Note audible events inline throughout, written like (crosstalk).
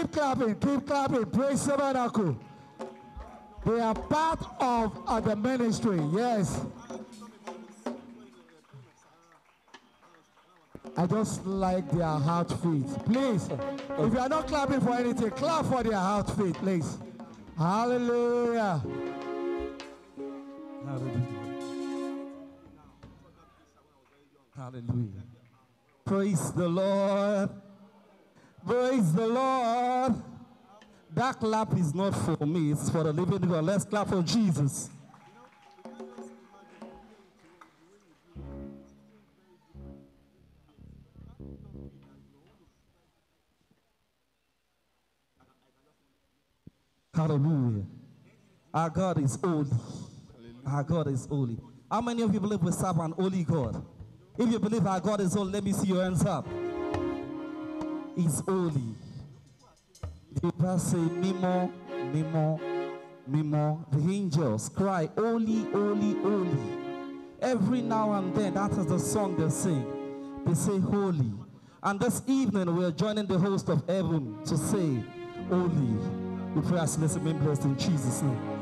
Keep clapping, keep clapping. Praise Tabernacle. They are part of uh, the ministry, yes. I just like their heart feet. Please, if you are not clapping for anything, clap for their heart feet, please. Hallelujah. Hallelujah. Hallelujah. Praise the Lord. Praise the Lord. That clap is not for me, it's for the living God. Let's clap for Jesus. Hallelujah. Our God is holy. Our God is holy. How many of you believe we serve an holy God? If you believe our God is holy, let me see your hands up is holy. The verse say, Mimo, Mimo, Mimo. The angels cry, Holy, Holy, Holy. Every now and then, that is the song they sing. They say, Holy. And this evening, we are joining the host of heaven to say, Holy. We pray as blessed being blessed in Jesus' name.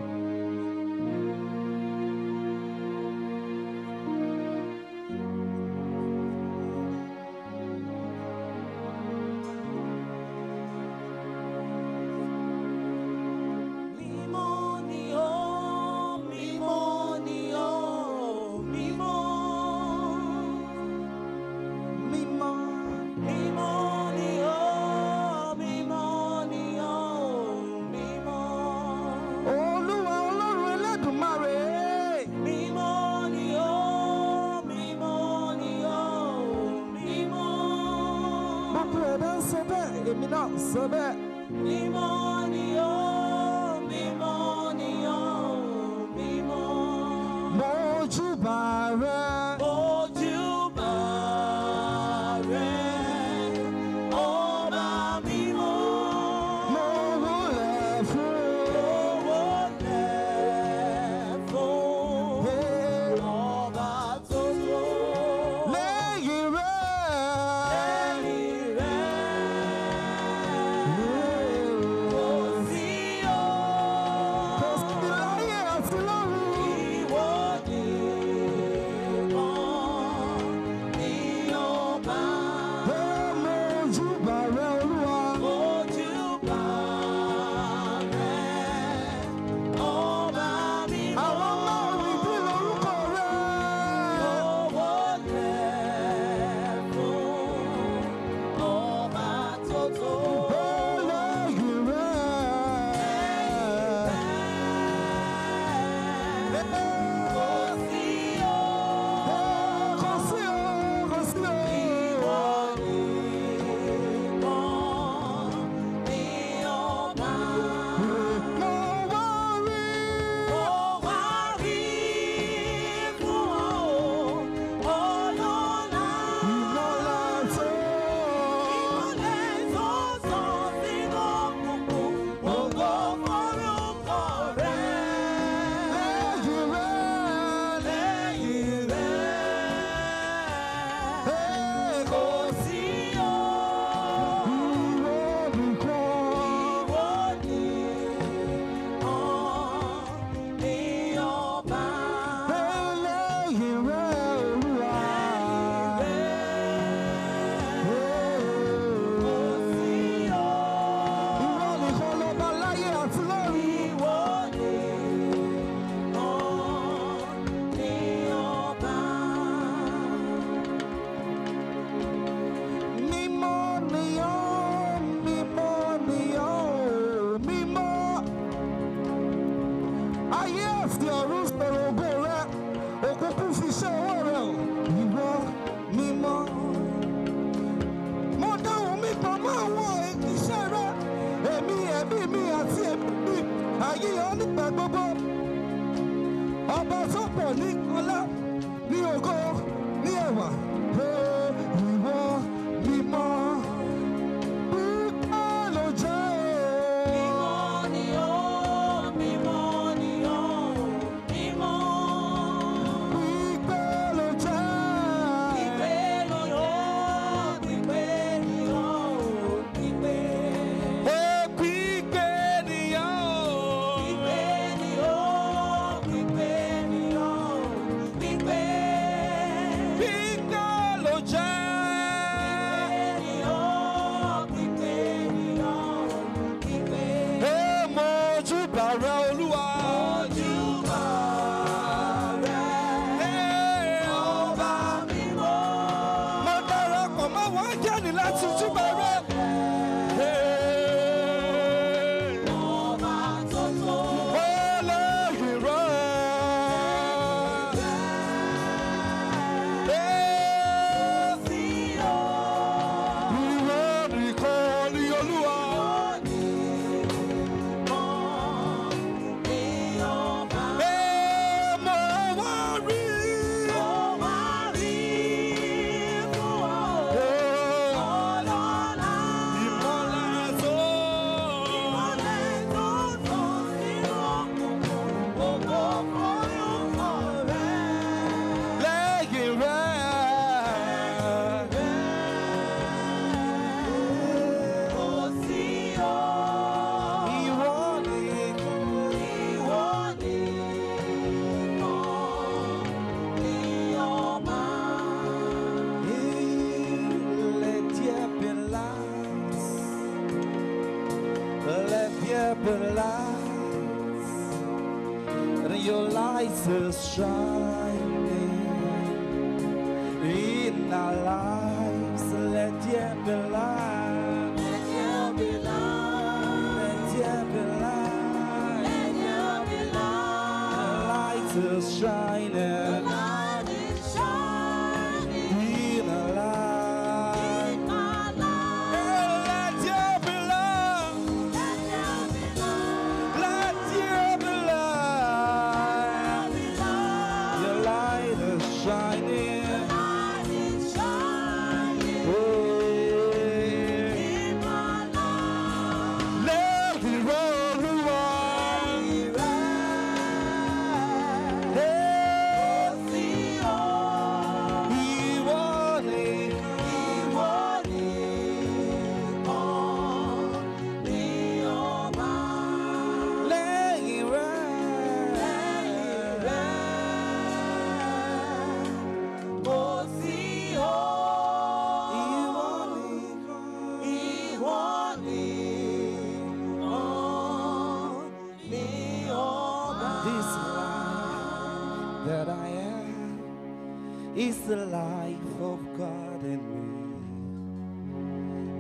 the life of God in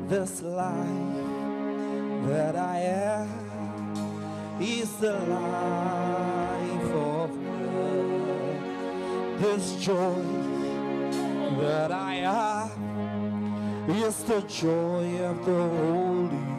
me. This life that I am is the life of God. This joy that I have is the joy of the Holy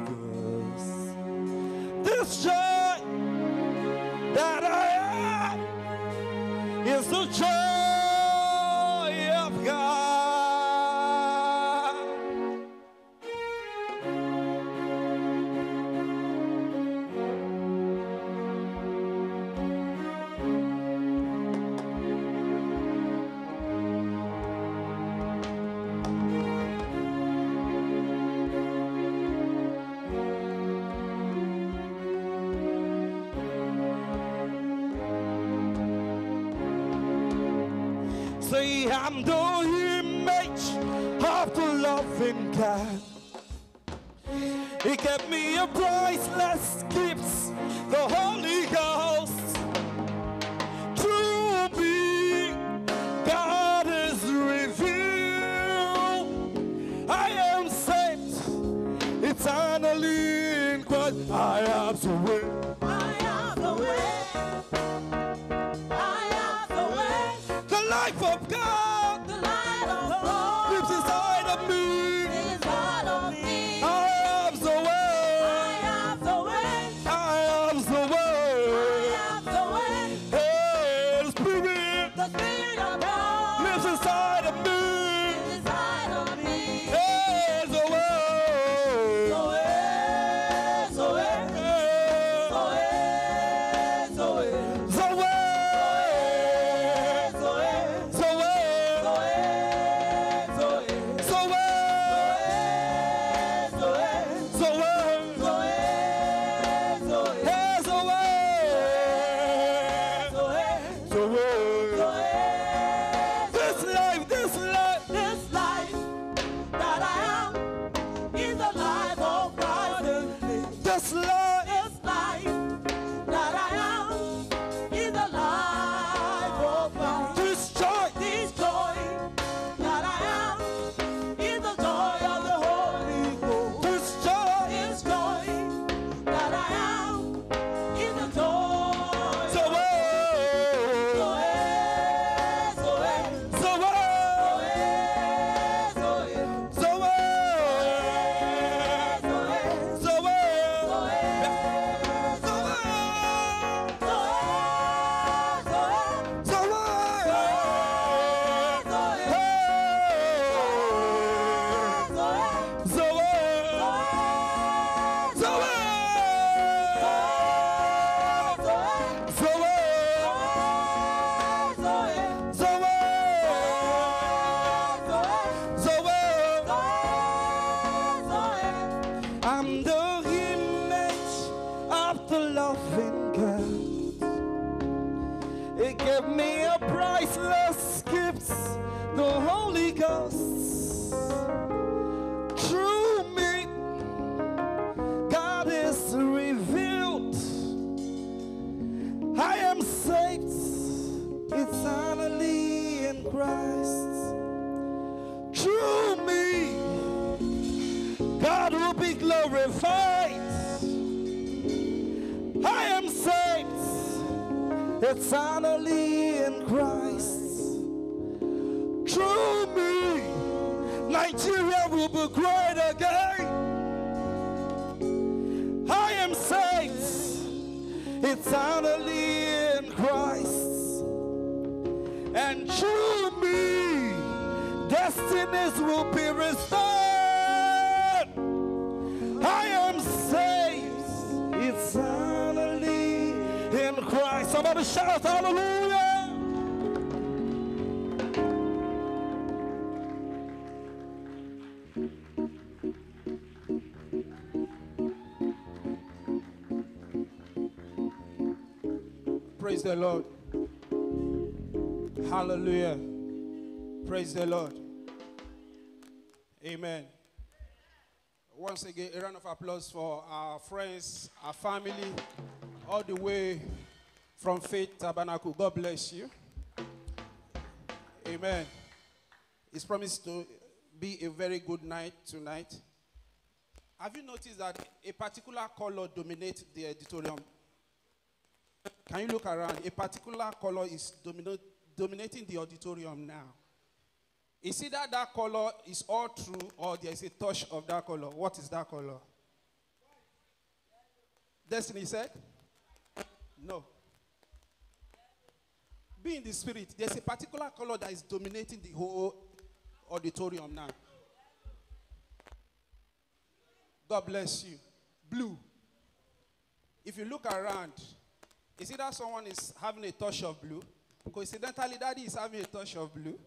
the Lord. Hallelujah. Praise the Lord. Amen. Once again, a round of applause for our friends, our family, all the way from Faith Tabernacle. God bless you. Amen. It's promised to be a very good night tonight. Have you noticed that a particular color dominates the auditorium can you look around? A particular color is domino- dominating the auditorium now. Is either that color is all true or there is a touch of that color. What is that color? Destiny said? No. Be in the spirit. There's a particular color that is dominating the whole auditorium now. God bless you. Blue. If you look around, is it that someone is having a touch of blue? Coincidentally, daddy is having a touch of blue.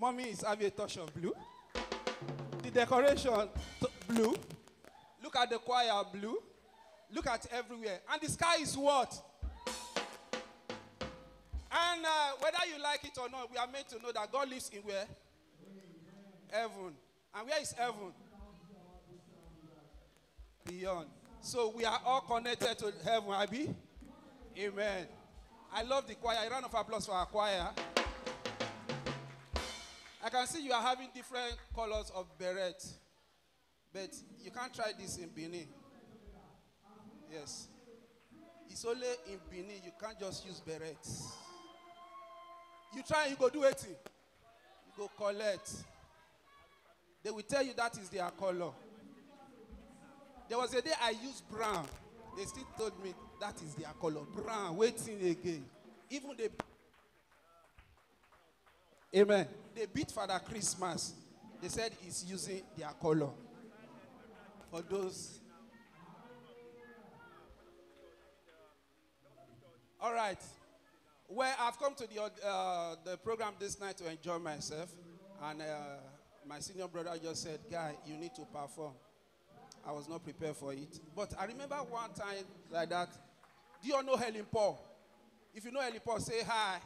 Mommy is having a touch of blue. The decoration, blue. Look at the choir, blue. Look at everywhere. And the sky is what? And uh, whether you like it or not, we are meant to know that God lives in where? Heaven. And where is heaven? Beyond. So we are all connected to heaven, I be. Amen. I love the choir. A round of applause for our choir. I can see you are having different colors of beret, but you can't try this in Benin. Yes. It's only in Benin. You can't just use beret. You try, you go do it. You go collect. They will tell you that is their color. There was a day I used brown. They still told me that is their color. Brown, waiting again. Even they. Amen. They beat Father Christmas. They said he's using their color. For those. All right. Well, I've come to the, uh, the program this night to enjoy myself. And uh, my senior brother just said, Guy, you need to perform. I was not prepared for it. But I remember one time like that, do you all know Helen Paul? If you know Helen Paul, say hi.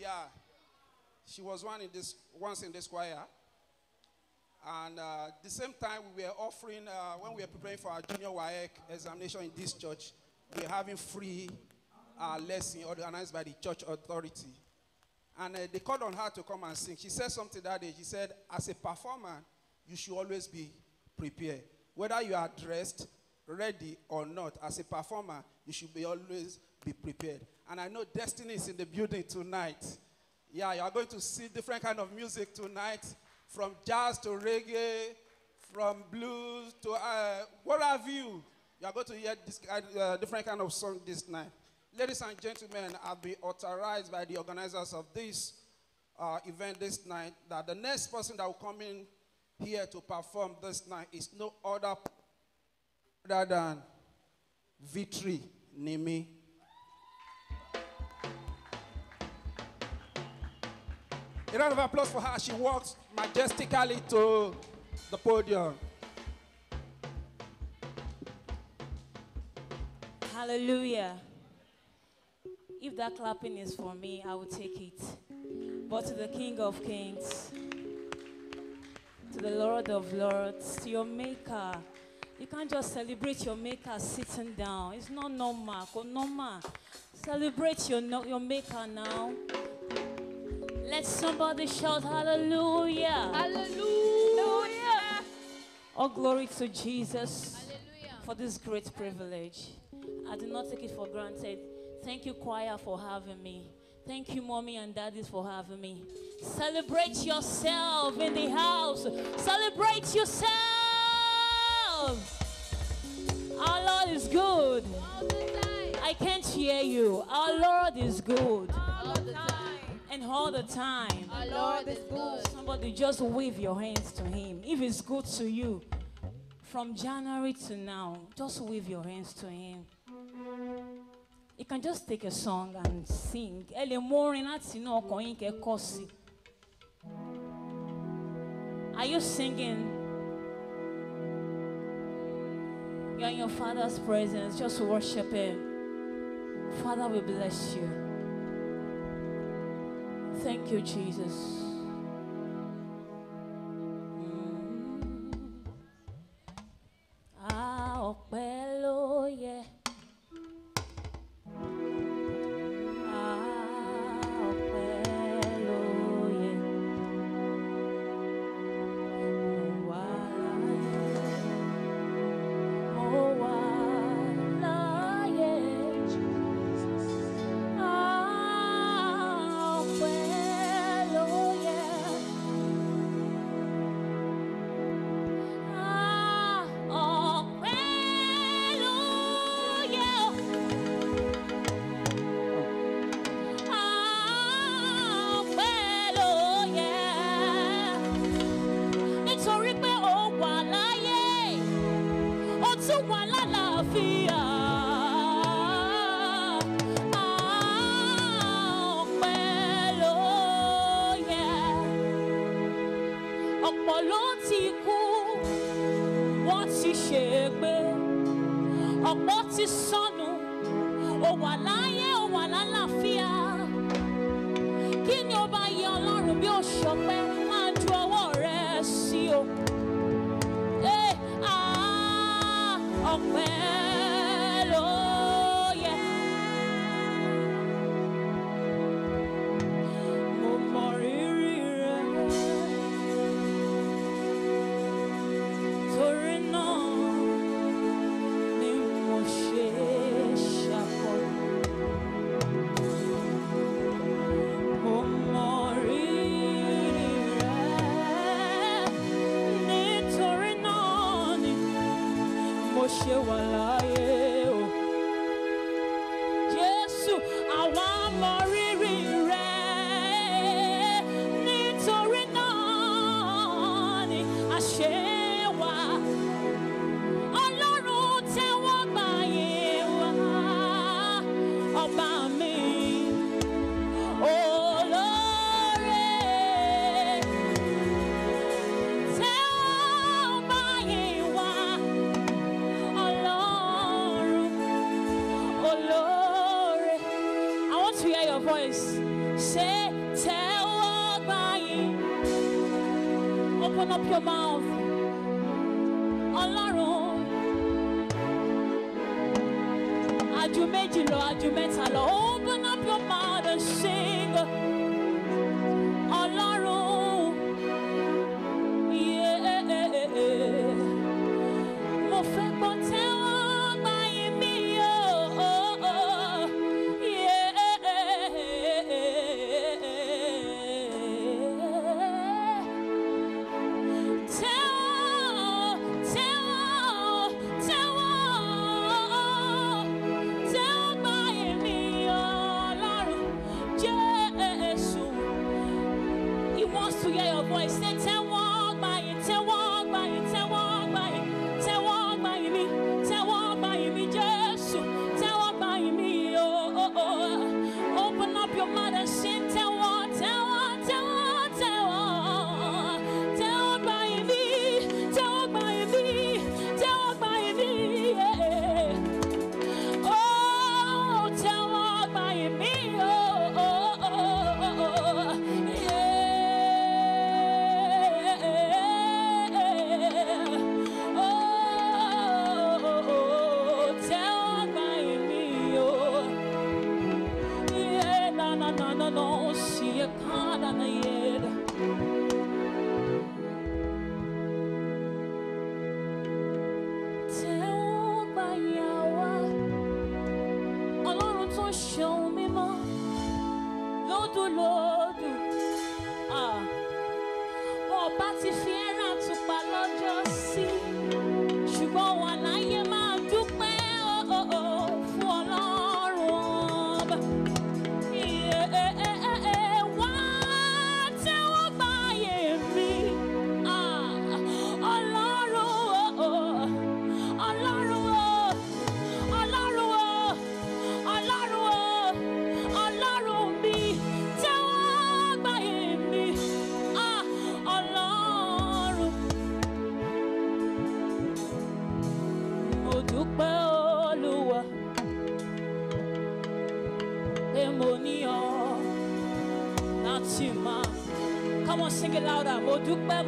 Yeah. She was one in this, once in this choir. And uh, the same time, we were offering, uh, when we were preparing for our junior WAEC examination in this church, we were having free uh, lesson organized by the church authority. And uh, they called on her to come and sing. She said something that day. She said, as a performer, you should always be prepared. Whether you are dressed, ready or not, as a performer, you should be always be prepared. And I know destiny is in the building tonight. Yeah, you are going to see different kind of music tonight, from jazz to reggae, from blues to uh, what have you. You are going to hear this, uh, different kind of song this night. Ladies and gentlemen, I've been authorized by the organizers of this uh, event this night that the next person that will come in here to perform this night is no other other than victory, Nimi. A round of applause for her. She walks majestically to the podium. Hallelujah. If that clapping is for me, I will take it. But to the King of Kings, to the Lord of Lords, to your Maker, you can't just celebrate your maker sitting down. It's not normal. Go normal. Celebrate your, your maker now. Let somebody shout hallelujah. Hallelujah. All glory to Jesus hallelujah. for this great privilege. I do not take it for granted. Thank you, choir, for having me. Thank you, mommy and daddies, for having me. Celebrate yourself in the house. Celebrate yourself. Our Lord is good. I can't hear you. Our Lord is good. And all the time. Our Lord is good. Somebody just wave your hands to Him. If it's good to you, from January to now, just wave your hands to Him. You can just take a song and sing. Early morning, mú orin láti kẹ́ Are you singing? You're in your Father's presence. Just worship Him. Father, we bless you. Thank you, Jesus.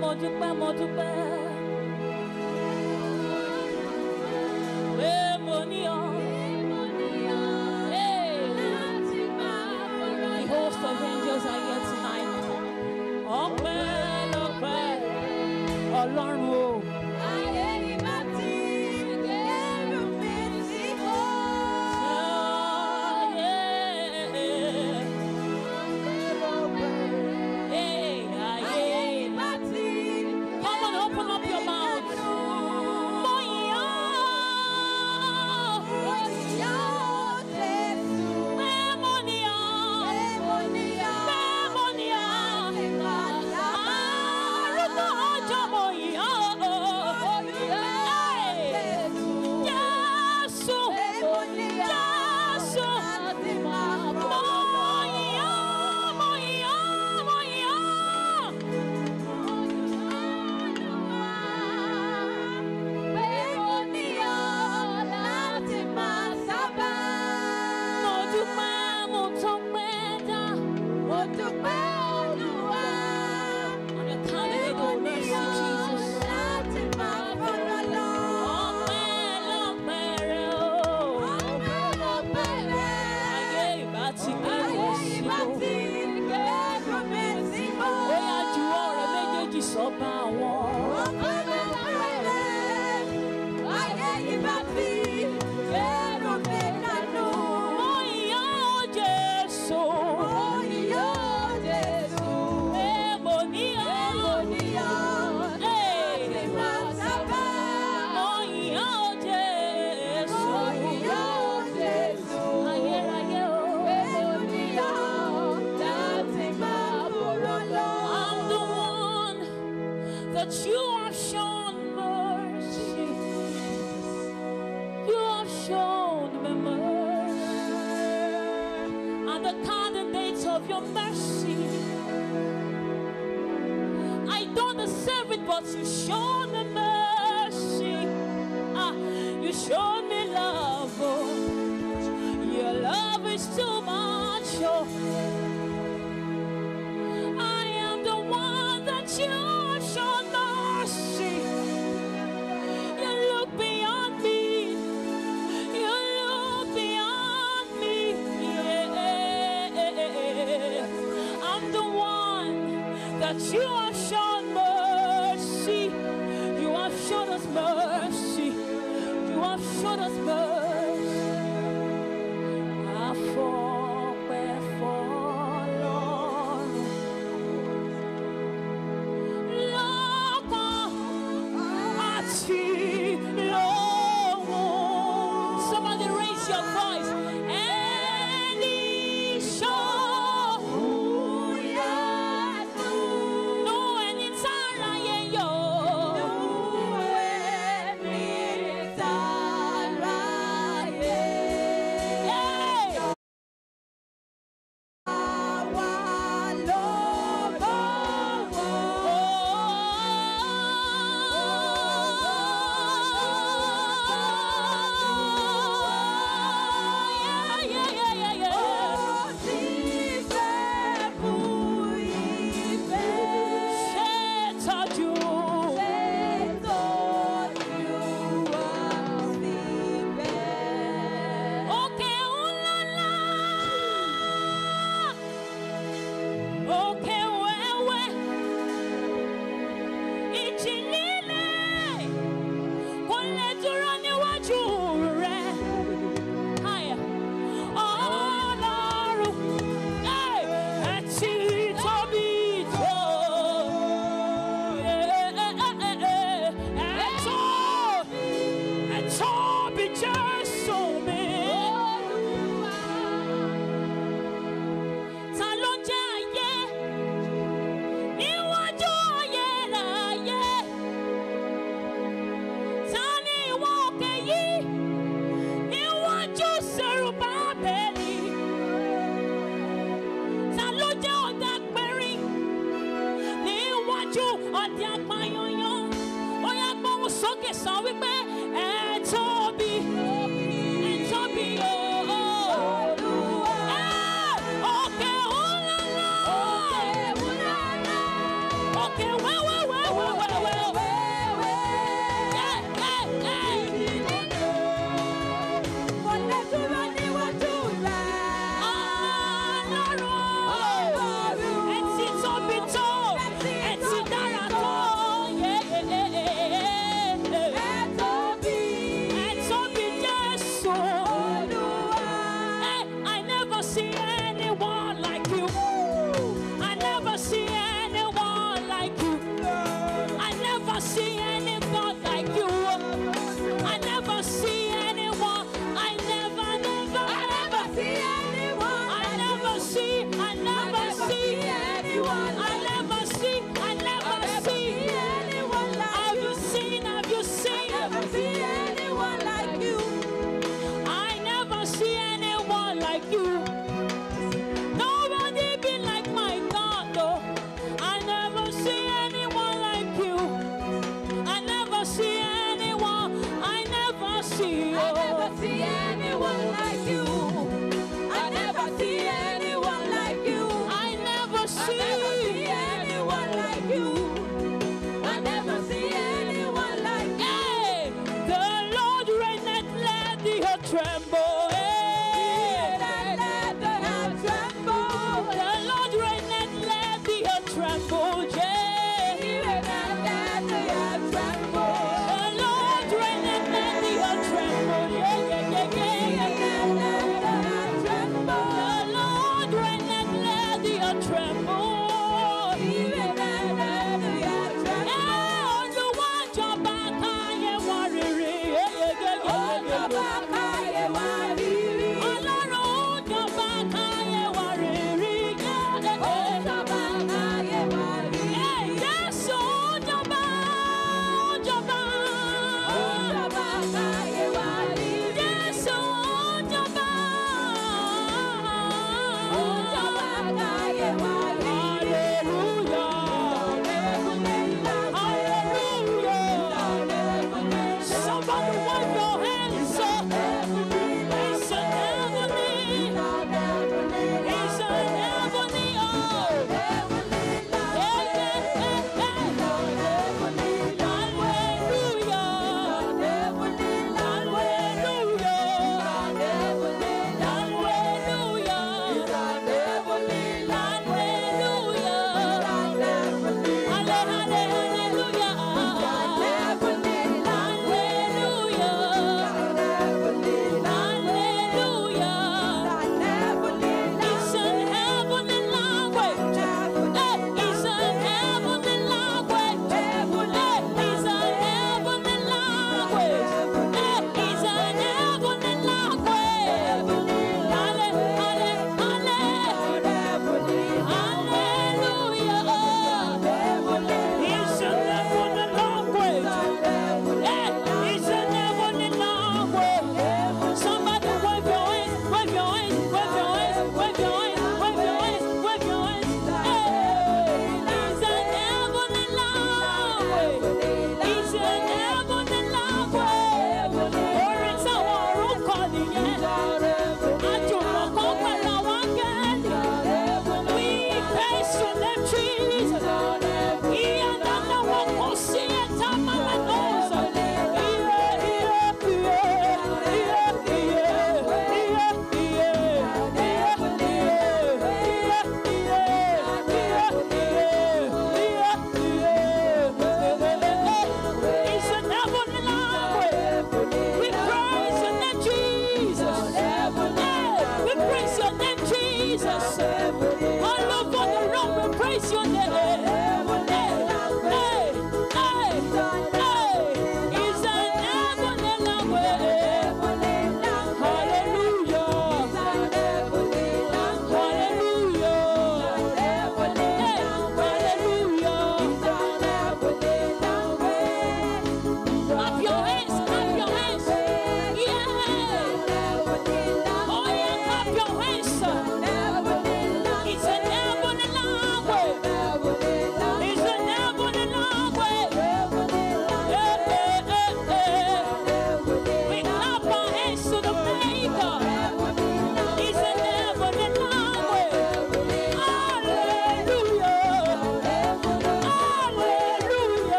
mo dúpẹ́ mo dúpẹ́.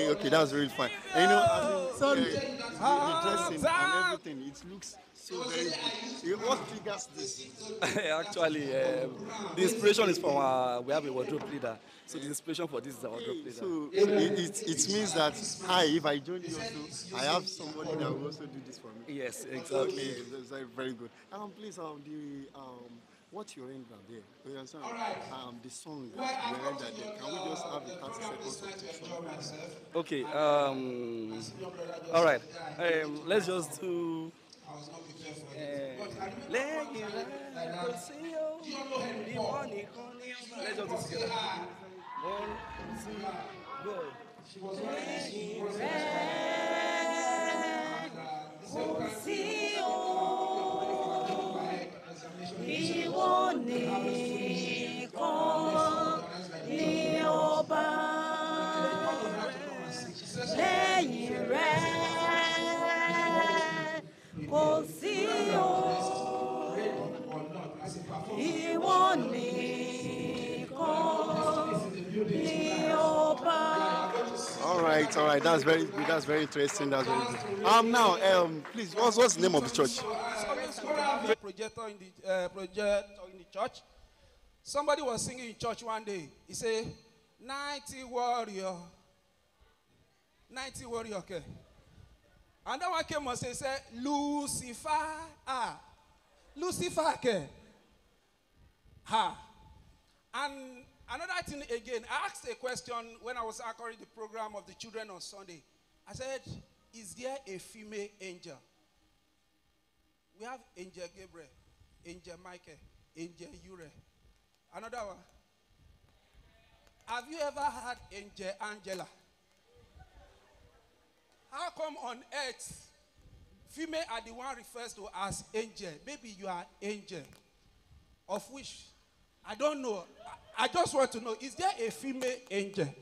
okay, okay, that's really fine. And, you know, I mean, sorry, uh, the dressing and uh, everything, it looks so very good. What triggers this? (laughs) Actually, um, the inspiration is from our, we have a wardrobe leader. So the inspiration for this is our wardrobe leader. So it, it, it means that I, if I join you also, I have somebody that will also do this for me. Yes, exactly. Okay, that's very good. Um, please, um, the um, What you render there, you understand? All right. Um, the song well, Can we just have the 30 seconds of the Okay. Um, all right. Um, let's just do. let see eh, you. Let's just do together. One, two, go. She was ìwọ nìkan ni ọba lẹ́yìn rẹ kò sí o ìwọ nìkan. All right, all right. That's very good. That's very interesting. That's very good. Um, now, um, please, what's, what's the name of the church? Projector in the uh, projector in the church. Somebody was singing in church one day. He said, 90 warrior. 90 warrior, okay. And that one came and said, Lucifer. Ah. Lucifer, okay. Ha. And Another thing again, I asked a question when I was anchoring the program of the children on Sunday. I said, Is there a female angel? We have Angel Gabriel, Angel Michael, Angel Ure. Another one. Have you ever had Angel Angela? How come on earth, female are the one refers to as angel? Maybe you are angel. Of which, I don't know. I, I just want to know is there a female angel?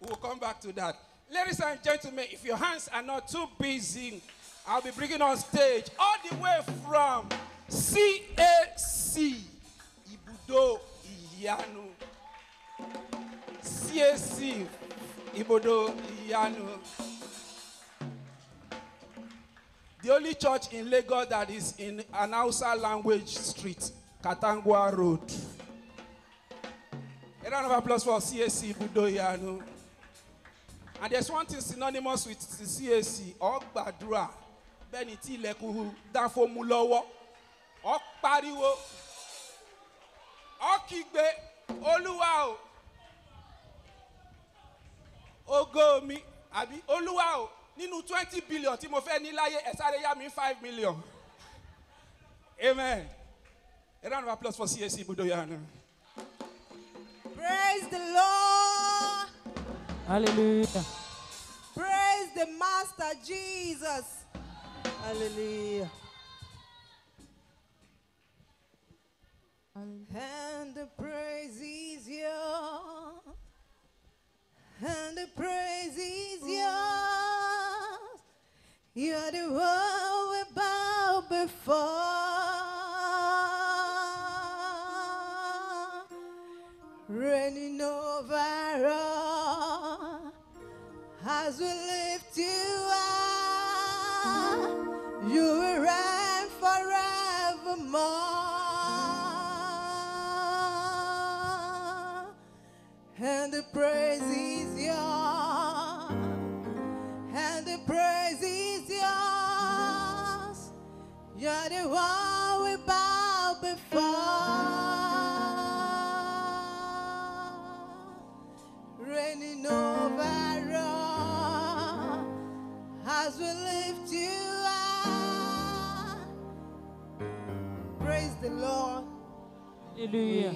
We'll come back to that. Ladies and gentlemen, if your hands are not too busy, I'll be bringing on stage all the way from CAC, Ibudo Iyanu. CAC, Ibudo Iyanu. The only church in Lagos that is in an Hausa language street. Katangwa Road. A round of applause for CAC Budoyanu. And there's one thing synonymous with CAC, Ọgbàdúrà, bẹ́ẹ̀ni tí ilẹ̀kùn dáfó mú lọ́wọ́, ọ pariwo, ọ Oluwao. Olúwa o, ògo mi, àbí billion tí mo fẹ́ ní láyé mi five million. Amen. A round of applause for CSC Budoyana. Praise the Lord. Hallelujah. Praise the Master Jesus. Hallelujah. And the praise is yours. And the praise is yours. You're the one we bow before. already know. 一绿。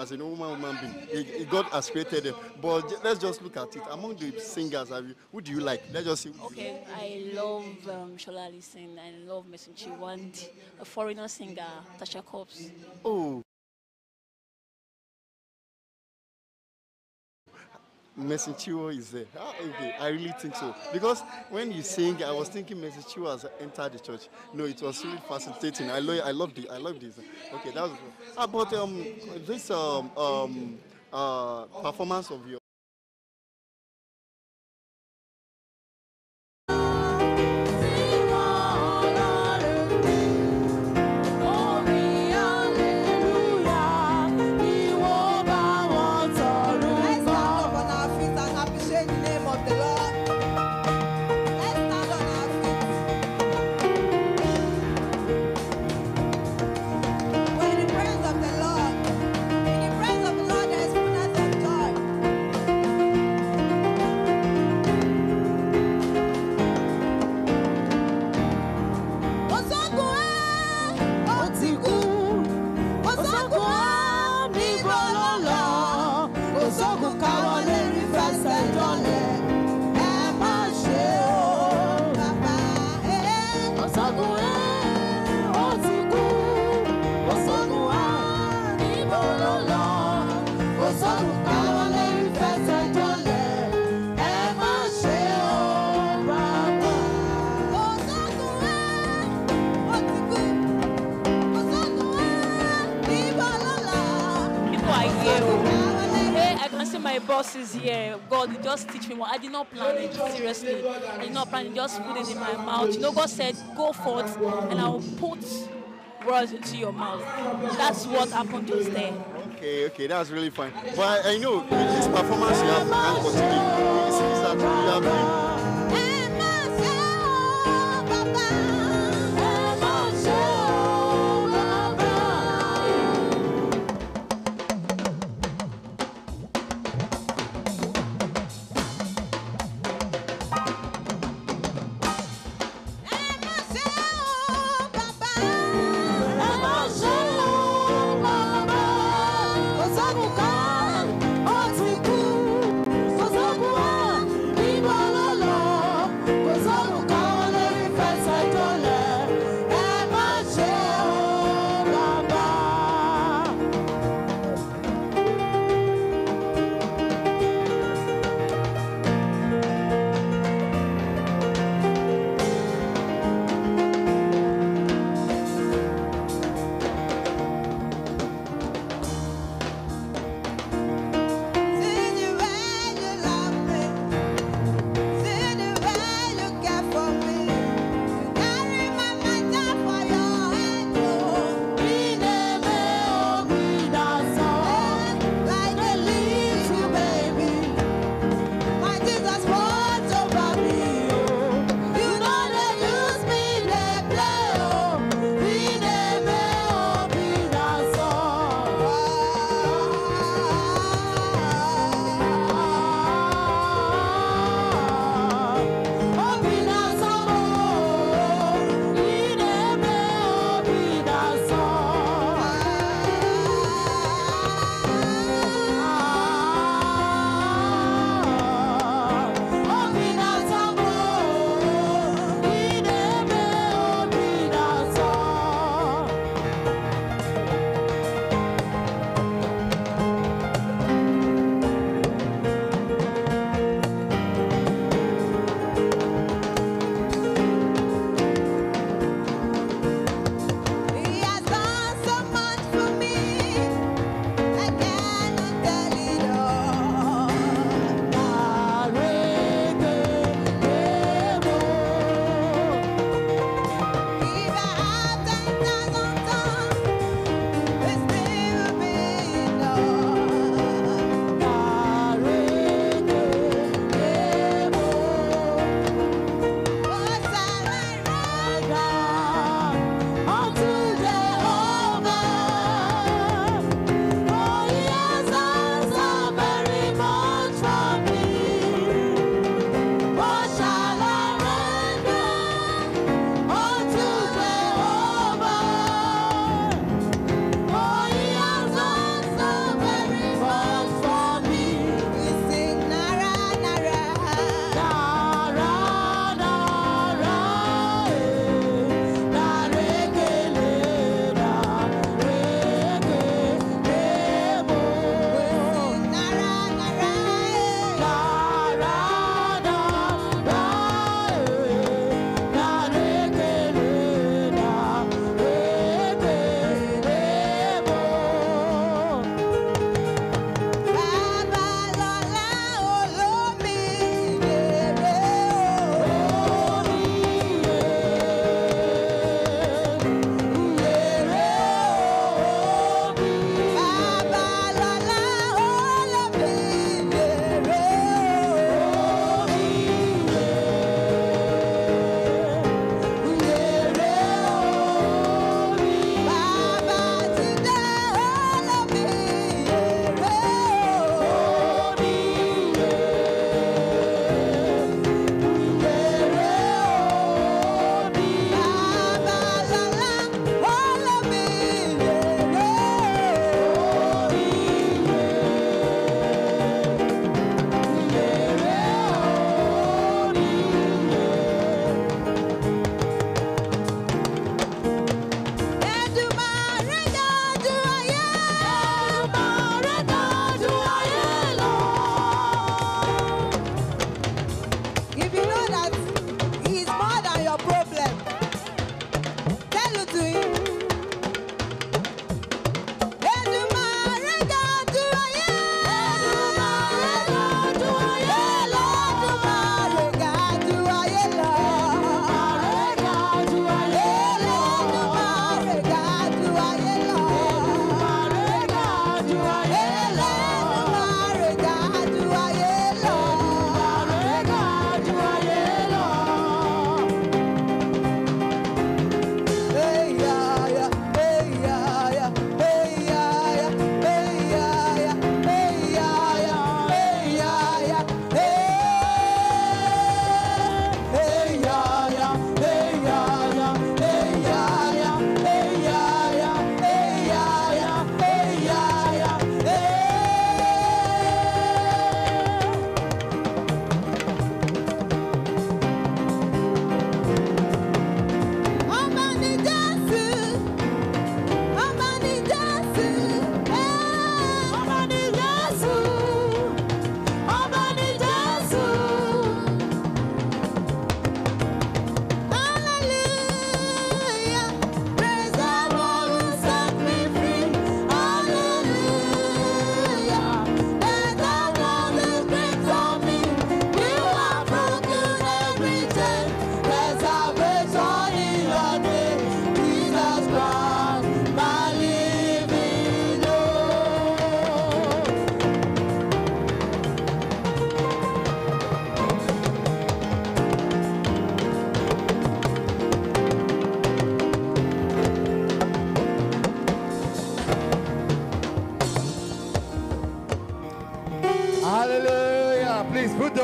as a normal human being, God has created them. But let's just look at it. Among the singers, have you, who do you like? Let's just see. Okay, I love um, Shola Listen. I love Mesun Chiwand, a foreigner singer, Tasha Cobbs. Oh. Messi Chiwo is there. Ah, okay. I really think so. Because when you sing, I was thinking Messi Chiwo has entered the church. No, it was really fascinating. I love, I love this. I love this. Okay, that was about um, this um, um, uh, performance of your is here. God, just teach me more. I did not plan it, seriously. I did not plan it, just put it in my mouth. You know, God said, go forth and I will put words into your mouth. That's what happened just there. Okay, okay, that's really fine. But I, I know this performance you have can continue. It seems that you have been.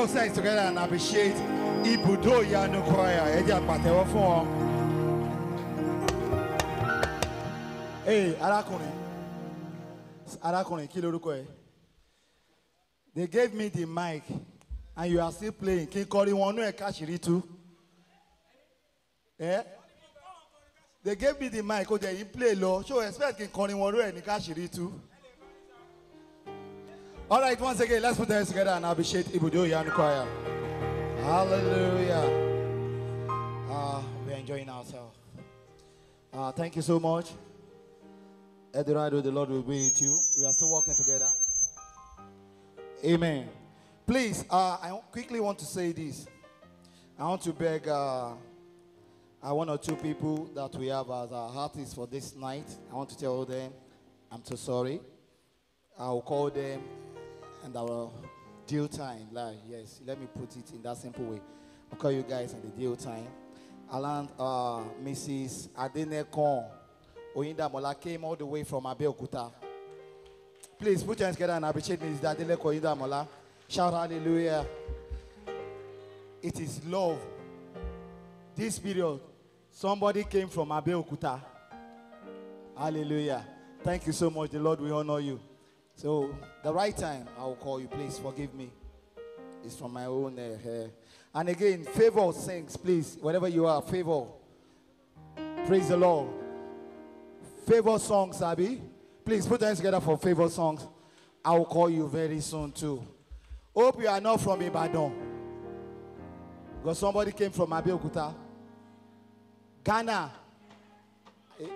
Hausa is together and appreciate Ibudo Yanu Choir. Ẹ jẹ́ àpàtẹ́wọ́ fún They gave me the mic and you are still playing. Kí n kọrin wọnú ẹ̀ káṣírí tú. They gave me the mic o they play low. Ṣé expect kí n kọrin wọnú ẹ̀ ní káṣírí tú? All right, once again, let's put our hands together and appreciate Ibudo the Choir. Hallelujah. Uh, ah, we're enjoying ourselves. Uh, thank you so much. Eduardo, the Lord will be with you. We are still working together. Amen. Please, uh, I quickly want to say this. I want to beg uh, one or two people that we have as our artists for this night. I want to tell them I'm so sorry. I'll call them and our due time. Like, yes, let me put it in that simple way. I'll call you guys in the due time. Alan, uh, Mrs. Adenekon Mola came all the way from Abeokuta. Please put your hands together and appreciate Mrs. Adenekon Mola. Shout hallelujah. It is love. This period, somebody came from Abeokuta. Hallelujah. Thank you so much. The Lord will honor you. So, the right time, I'll call you. Please forgive me. It's from my own uh, hair. And again, favor sings, please. Whatever you are, favor. Praise the Lord. Favor songs, Abby. Please put hands together for favor songs. I will call you very soon, too. Hope you are not from Ibadan. Because somebody came from Abeokuta. Ghana. Eh,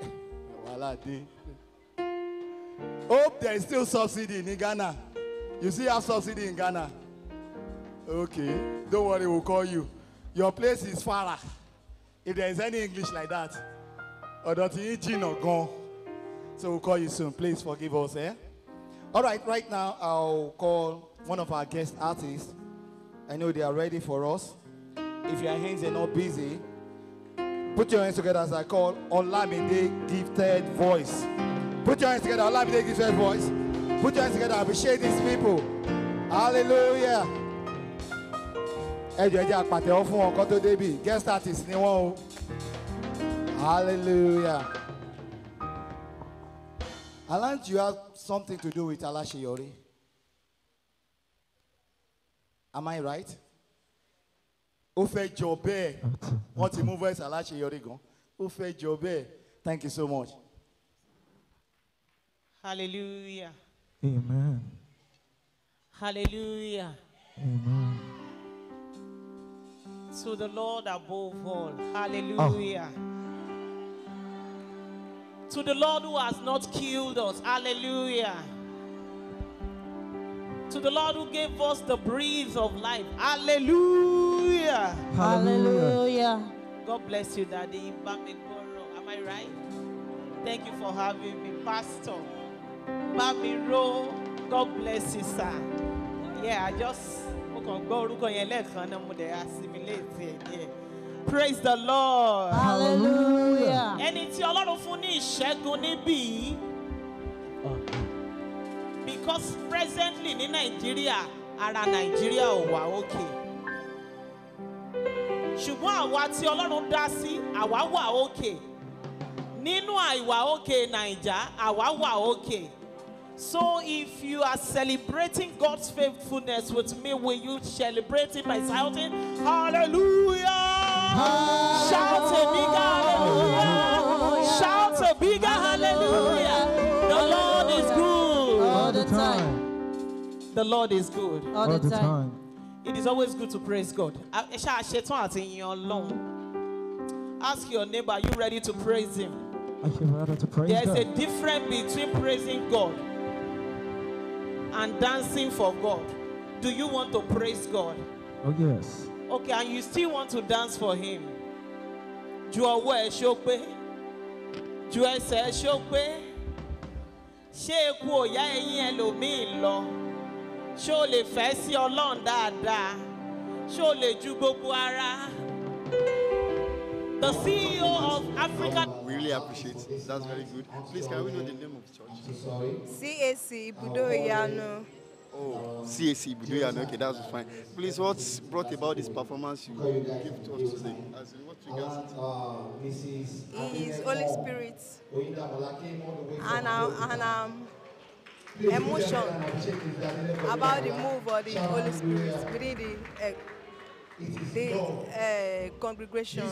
Hope there is still subsidy in Ghana. You see, have subsidy in Ghana. Okay, don't worry, we'll call you. Your place is Farah. If there is any English like that, or that engine or gone. So we'll call you soon. Please forgive us, eh? All right, right now I'll call one of our guest artists. I know they are ready for us. If your hands are not busy, put your hands together as I call Olamide Gifted Voice. Put your hands together. I love you. Give your voice. Put your hands together. I Appreciate these people. Hallelujah. Ẹjọ ẹjẹ àpàtẹ́wọ́ fún ọkọ tó débi. Guest artist ni wọ́n o. Hallelujah. I learned you have something to do with Alasheyori. Am I right? Ó fẹ́ jọ bẹ́ẹ̀. Wọ́n ti mú voice Alasheyori gan. Ó fẹ́ jọ bẹ́ẹ̀. Thank you so much. Hallelujah. Amen. Hallelujah. Amen. To the Lord above all. Ah. Hallelujah. Oh. To the Lord who has not killed us. Hallelujah. To the Lord who gave us the breath of life. Hallelujah. Hallelujah. God bless you, Daddy. Am I right? Thank you for having me, Pastor. Bamiro. God bless you, sir. Yeah, I just assimilate Praise the Lord. Hallelujah. And it's Ẹni lot of fún gonna be. Because presently in Nigeria, ara Nigeria ò wà òkè. Ṣùgbọ́n àwa tí Ọlọ́run dá sí, àwa wà òkè. Nínú àìwà òkè Nàìjà, àwa wà òkè. Okay. So if you are celebrating God's faithfulness with me, will you celebrate it by shouting, Hallelujah! Shout a bigger hallelujah! Shout a bigger hallelujah! The Lord is good. All the time. The Lord is good. All the time. It is always good to praise God. Ask your neighbor, are you ready to praise him? There's a difference between praising God and dancing for God. Do you want to praise God? Oh, yes. Okay, and you still want to dance for Him? the CEO of Africa. Oh, we really appreciate it. That's very good. Please, can we know the name of the church? CAC Budoyano. Oh, CAC Budoyano. Okay, that's fine. Please, what brought about this performance you give to us today? As in, what triggers it? He is Holy Spirit. And I'm, uh, and um emotion about the move of the Holy Spirit within the eh, the uh, congregation.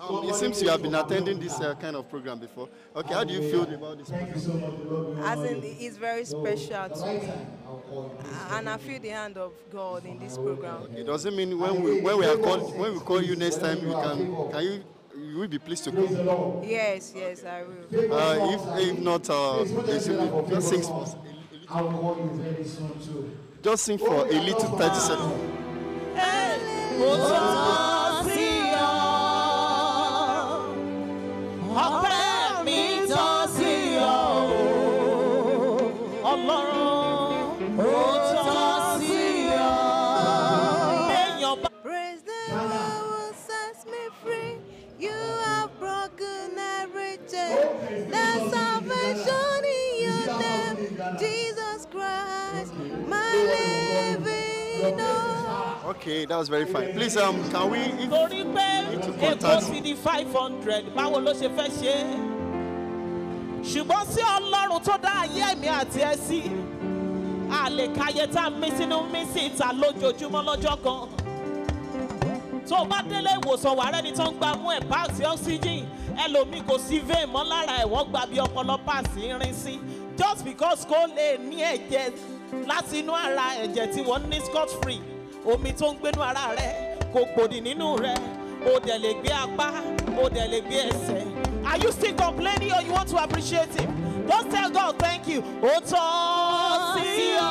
Um, it seems you have been attending this uh, kind of program before. Okay, how do you feel about this? Program? As in, it's very special to me, and I feel the hand of God in this program. It doesn't mean when we when we are called when we call you next time, you can can you you will be pleased to come. Yes, yes, I will. Uh, if, if not, uh, just sing for, just sing for a little 30 seconds. Allah Okay, that was very fine. Please, um, can we? If, torí pé èkó sì di five hundred Bawo lo ṣe fẹ́ ṣe é ṣùgbọ́n sí ọlọ́run tó dá ayé ẹ̀mí àti ẹ sí àlèkáyé tá a mí sínú mí sí ìta lójoojúmọ́ lọ́jọ́ kan tó o bá délé ìwòsàn wà rẹ́ni tó ń gba mú ẹ̀ páàsì ọ́síjìn ẹlòmíì kò sí vein mọ́ lára ẹ̀ gba bí ọpọlọ páàsì irin sí just because kò lè ní ẹ̀jẹ̀ láti inú ara ẹ̀jẹ̀ tí wọ́n ní scot free. omi tó ń gbénú ara rẹ kò gbòdì nínú rẹ o dẹ̀ lè gbé apá o dẹ̀ lè gbé ẹsẹ̀. Are you still complaining or you want to appreciate him? Just tell God thank you. Ó tọ́ sí ọ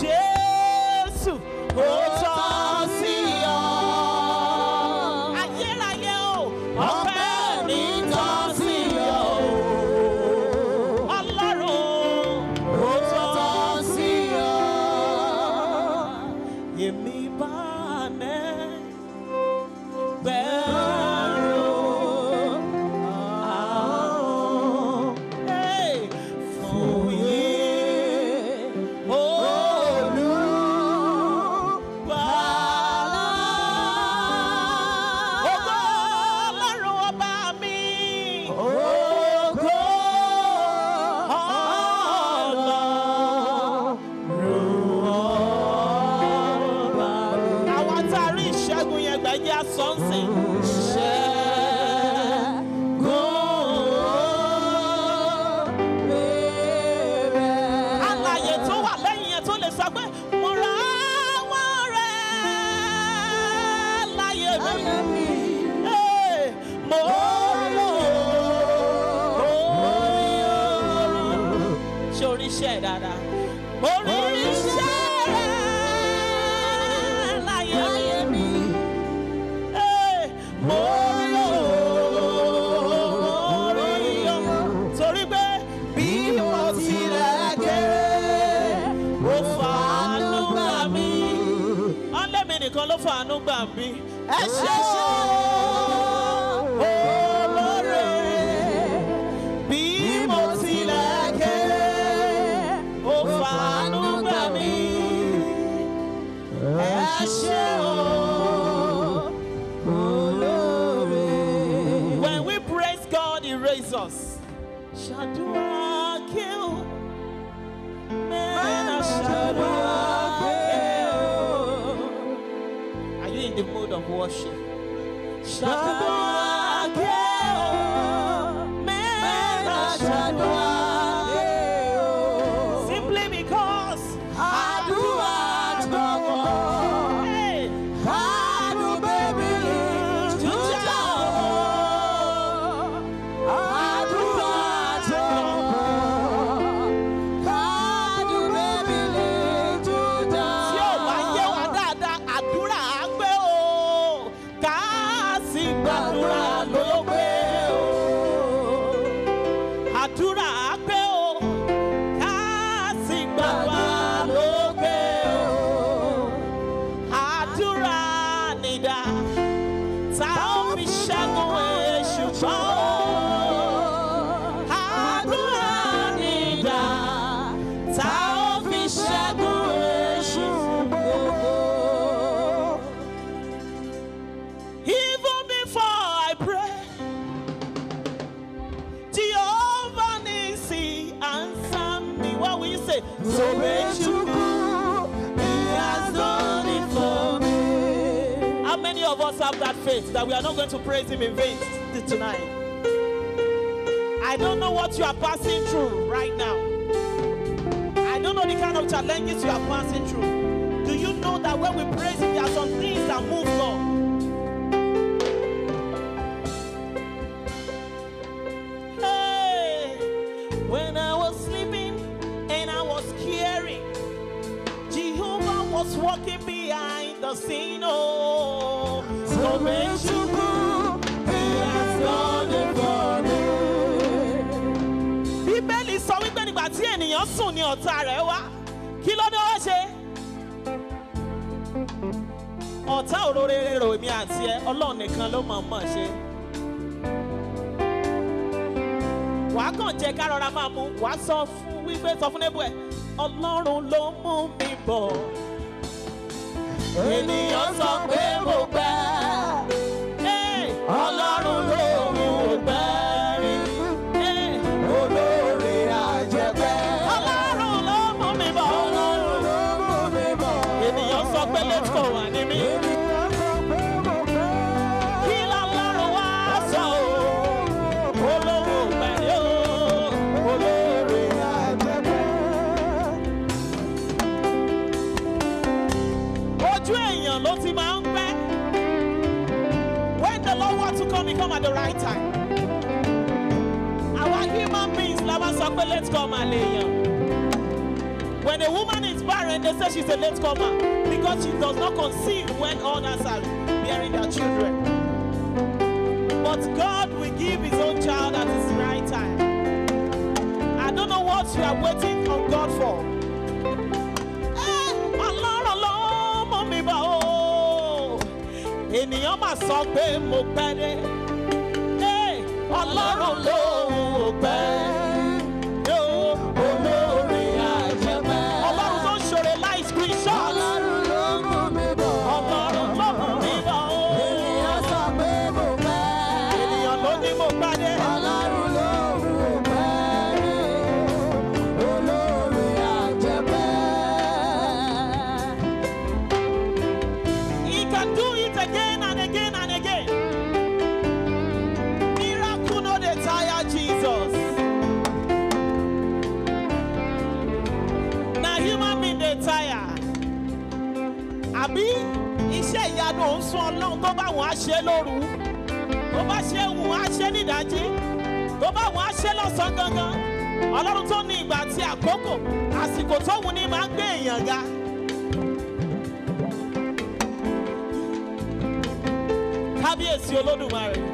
Jésù. Ó tọ́. 诶 (laughs) 呦 that we are not going to praise Him in vain tonight. I don't know what you are passing through right now. I don't know the kind of challenges you are passing through. Do you know that when we praise Him, there are some things that move God? When I was sleeping and I was caring, Jehovah was walking behind the scene. Oh. bíbélì sọ wípé nígbà tí ènìyàn sùn ni ọ̀tá rẹ̀ wá kí ló ní ó ṣe ọ̀tá òróró rò èmi àti ẹ ọlọ́run nìkan ló mọ̀ mọ̀ ṣe wàá kàn jẹ́ ká rọra máa mú wàá sọ fún wípé sọ fún lébù ẹ ọlọ́run ló mú mi bọ̀ ènìyàn sọ pé mo When a woman is barren, they say she's a late comer because she does not conceive when others are bearing their children. But God will give His own child at His right time. I don't know what you are waiting on God for. Eh, ènìyàn máa sọ pé mo pẹ́ dé. ṣe lóru tó bá ṣe wù á ṣe nídàájí tó bá wù á ṣe lọ́sàn-án gangan ọlọ́run tó ní ìgbà àti àkókò àsìkò tó wù ní máa ń gbé èèyàn ga. kábíyèsí olódùmarè.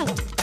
Ooh.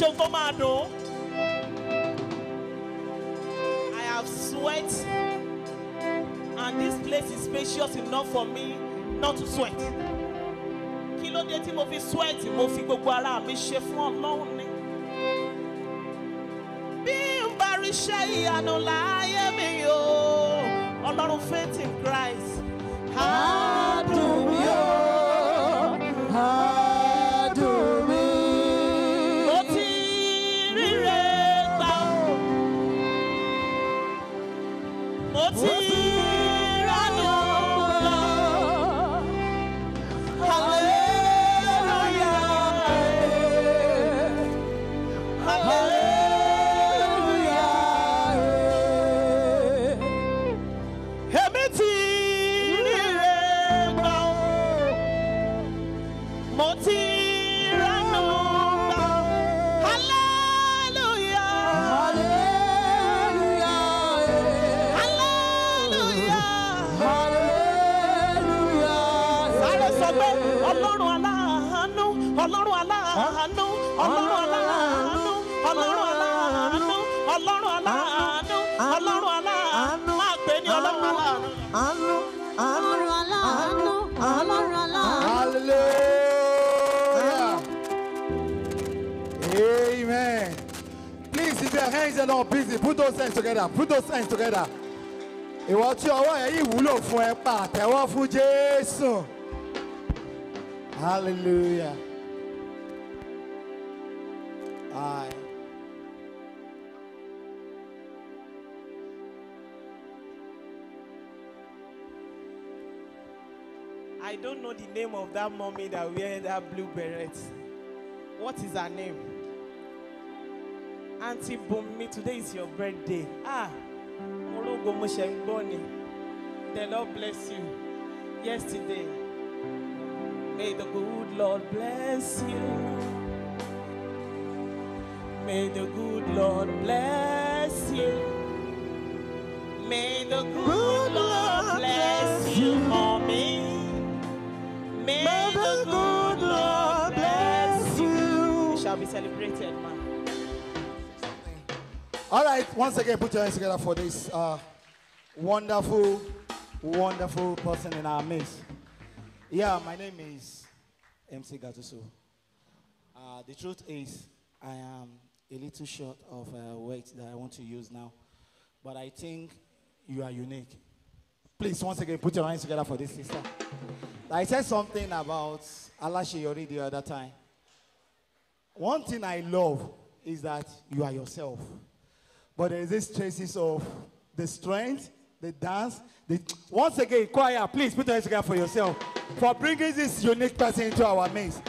heaven shall come I have sweat, and this place is spacious enough for me not to sweat. Kilo ló dé tí mo fi sweat? Mo fi gbogbo ara mi ṣe fún ọ̀nà. together put those hands together ìwọ tí ọwọ́ ẹ for wúlò path. ẹ pa àtẹ́wọ́ fún Jésù hallelujah I don't know the name of that mommy that wears that blue beret. What is her name? Auntie Bumi, today is your birthday the lord bless you yesterday may the good lord bless you may the good lord bless you may the good, lord bless you mommy. may, may the good lord bless you we shall be celebrated man all right once again put your hands together for this uh, wonderful, wonderful person in our midst. Yeah, my name is MC Gatuso. Uh, the truth is, I am a little short of uh, weight that I want to use now, but I think you are unique. Please, once again, put your hands together for this sister. I said something about Alashiyori the other time. One thing I love is that you are yourself, but there is this traces of the strength they dance. They... Once again, choir, please put your hands together for yourself for bringing this unique person into our midst.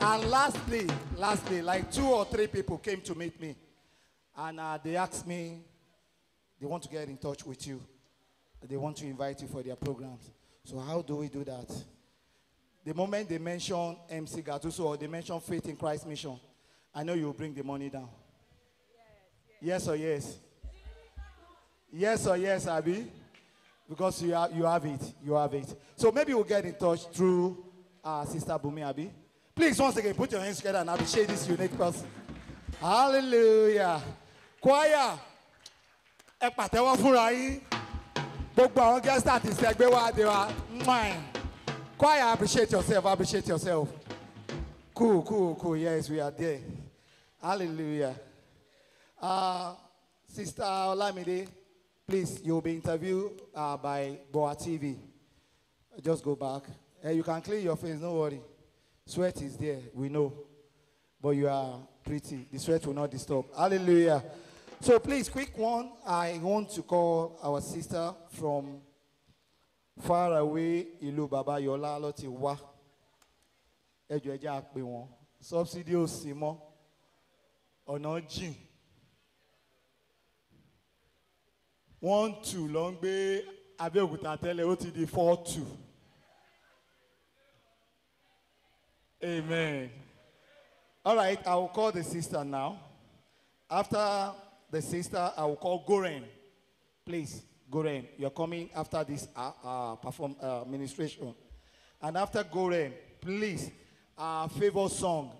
And lastly, lastly, like two or three people came to meet me. And uh, they asked me, they want to get in touch with you. They want to invite you for their programs. So how do we do that? The moment they mention MC Gatuso or they mention Faith in Christ Mission, I know you'll bring the money down. Yes, yes. yes or yes? Yes or yes, Abby? because you have, you have it. You have it. So maybe we'll get in touch through uh, Sister Bumi Abi. Please, once again, put your hands together and appreciate this unique person. Hallelujah. Choir, ẹ pàtẹ́wọ́ fúnra yín. Gbogbo àwọn guest artists ẹgbẹ́ wa Choir, appreciate yourself, appreciate yourself. Cool, cool, cool. Yes, we are there. Hallelujah. Uh, Sister Olamide. Please, you'll be interviewed uh, by Boa TV. Just go back. Uh, you can clean your face, no worry. Sweat is there, we know. But you are pretty. The sweat will not disturb. Hallelujah. So please, quick one. I want to call our sister from far away ìlú bàbá Yọlá Loti wá. Ẹjọ́ ẹjẹ́ àpè one two long be gbé Abẹ́òkúta tẹ́lẹ̀ ó ti di four two amen all right I will call the sister now after the sister I will call Goren please Goren you're coming after this uh, uh, perform uh, ministration and after Goren please our uh, song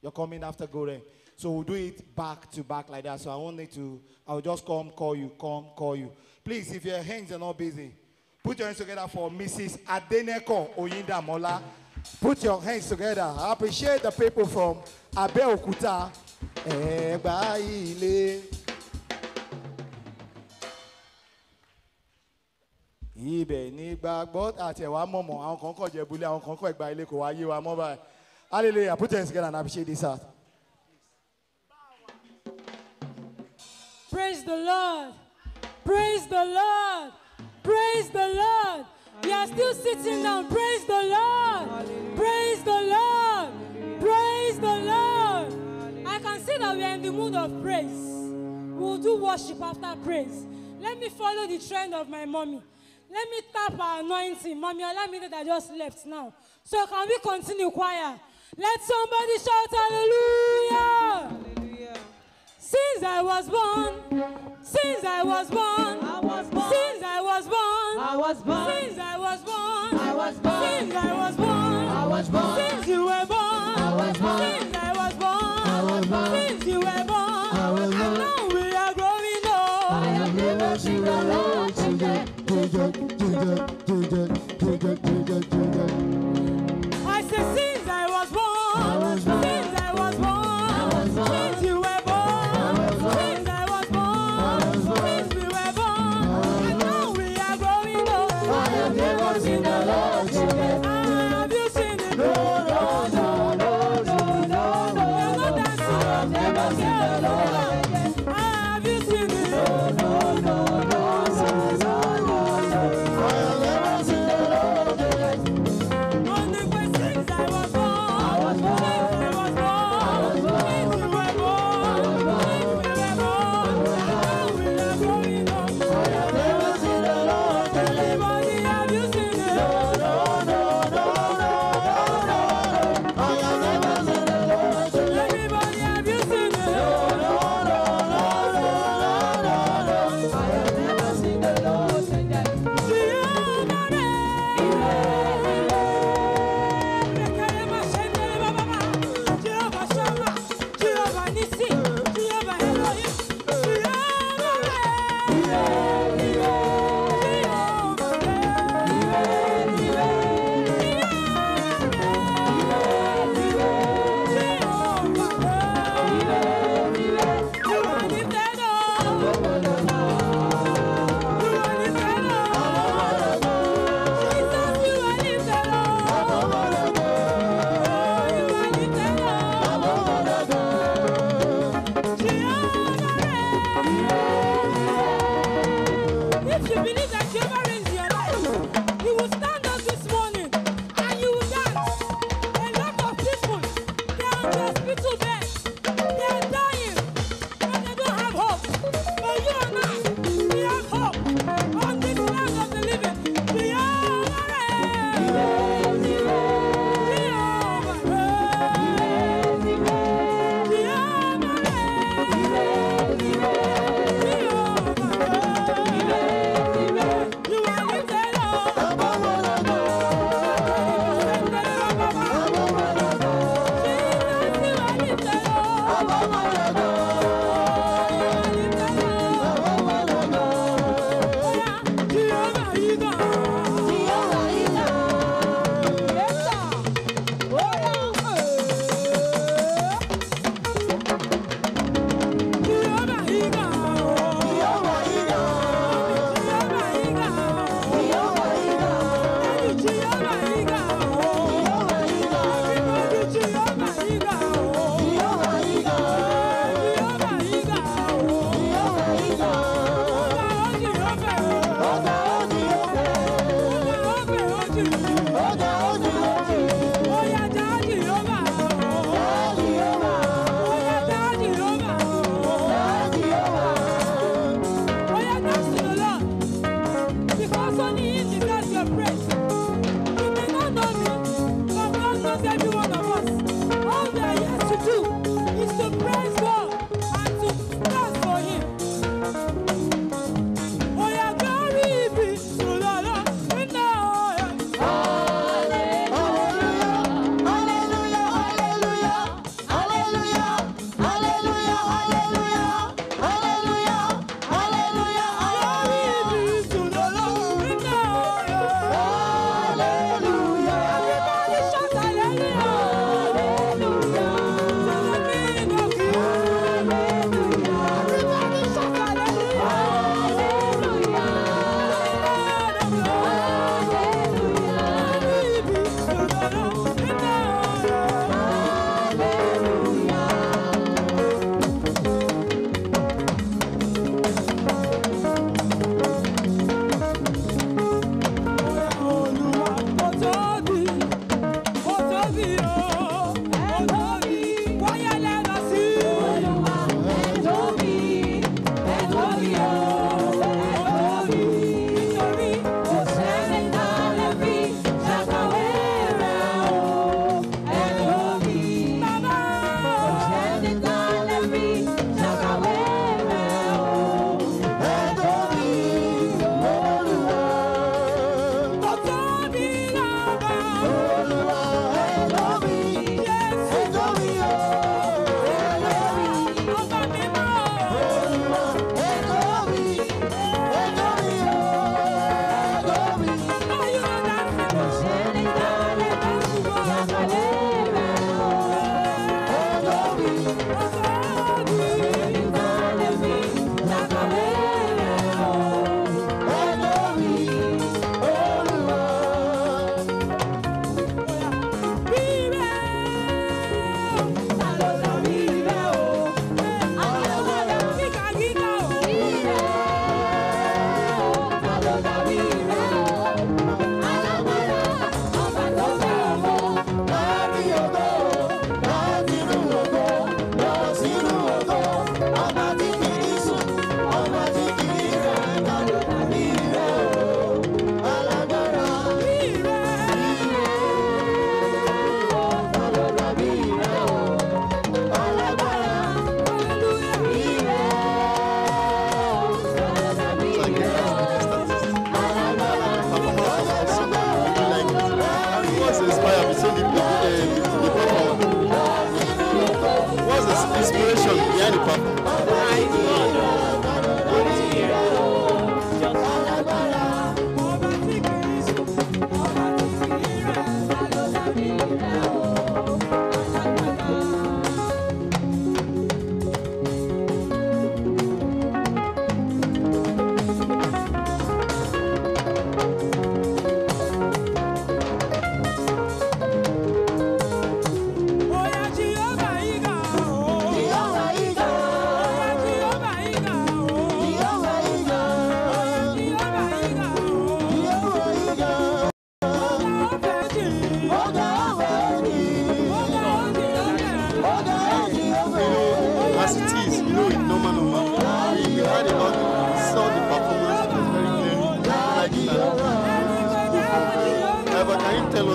you're coming after Goren. So we'll do it back to back like that. So I won't need to, I'll just come, call you, come, call you. Please, if your hands are not busy, put your hands together for Mrs. Adeneko Oyindamola. Put your hands together. I appreciate the people from Abeokuta. Okuta. Eh, ibẹ̀ ní gbàgbọ́ àtẹ̀wá mọ̀mọ́ àwọn kan kọ̀ jẹ́ bulẹ̀ àwọn kan kọ̀ Ẹ̀gbá Ilé kò wá yé wa mọ́ báyìí hallelujah put your hands together and appreciate this out. Praise the Lord. Praise the Lord. Praise the Lord. We are still sitting down. Praise the Lord. Praise the Lord. Praise the Lord. I can see that we are in the mood of praise. We'll do worship after praise. Let me follow the trend of my mommy. Let me tap our anointing. Mommy, allow me that I just left now. So can we continue choir? Let somebody shout hallelujah. Since I was born, since I was born, I was born. Since I was born, I was born. Since I was born, I was born. Since I was born, I was born. Since you were born, I was born. Since I was born, I was born. Since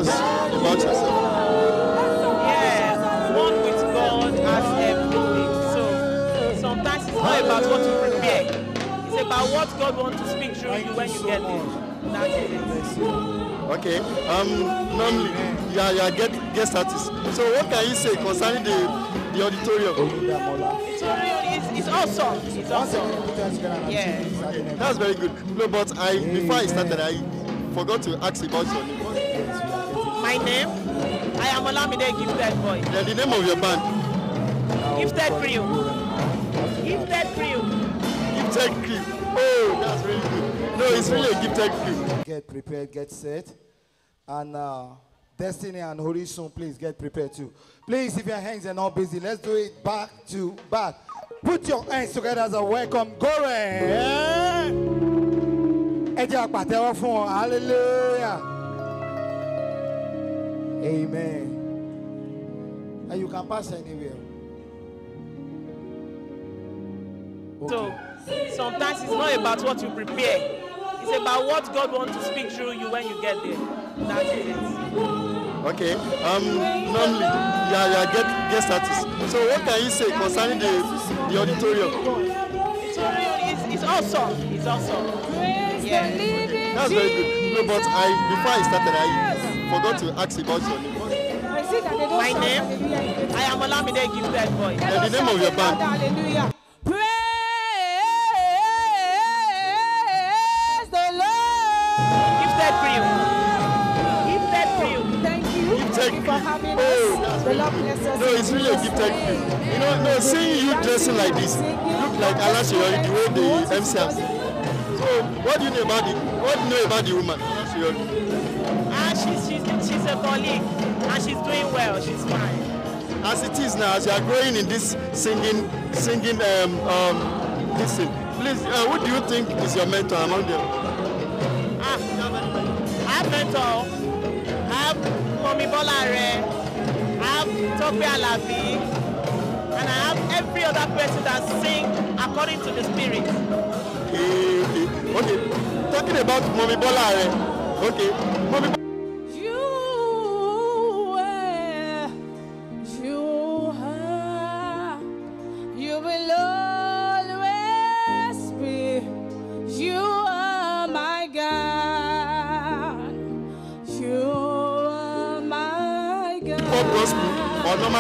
us about yourself? Yeah, one with God has everything. So sometimes it's not about what you prepare. It's about what God wants to speak through you when you get there. That's it. Okay. Um, normally, you are, you are get, guest artist. So what can you say concerning the, the auditorium? Auditorium is awesome. It's awesome. Yeah. Okay. That's very good. No, but I before I started, I forgot to ask about your name my name. I am Olamide Gifted Boy. Yeah, the name of your band? Gifted Crew. Gifted Crew. Gifted Crew. Oh, that's really good. No, it's really a gifted crew. Get prepared, get set. And uh, Destiny and Horizon, please get prepared too. Please, if your hands are not busy, let's do it back to back. Put your hands together as a welcome. Go ahead. jẹ́ àpàtẹ́wọ́ fún ọ. Hallelujah! Amen. And you can pass anywhere. Okay. So sometimes it's not about what you prepare. It's about what God wants to speak through you when you get there. That's it. Okay. Um. Normally, um, yeah, yeah. Get guest artist. So what can you say concerning the the auditorium? Auditorium is, is awesome. It's awesome. Yeah. That's very good. No, but I before I started, I forgot to ask about your name. My name? I am Olamide Gifted Boy. And the name of your band? Hallelujah. Praise the Lord. Gifted Crew. Gifted you. Thank you. Gifted Crew. for having oh, us. The Lord bless us. No, it's really a gifted crew. You You know, no, seeing you dressing like this, look like Alashiyori, the way the MC So, what do you know about the, what do you know about the woman, Alashiyori? she's a colleague and she's doing well. She's fine. As it is now, as you are growing in this singing, singing, um, um, this please, uh, what do you think is your mentor among them? Ah, I have mentor. I have Mami Bolare. I have Tope Alabi. And I have every other person that sing according to the spirit. Okay, eh, eh, okay. Talking about Mami Bolare, okay. Mami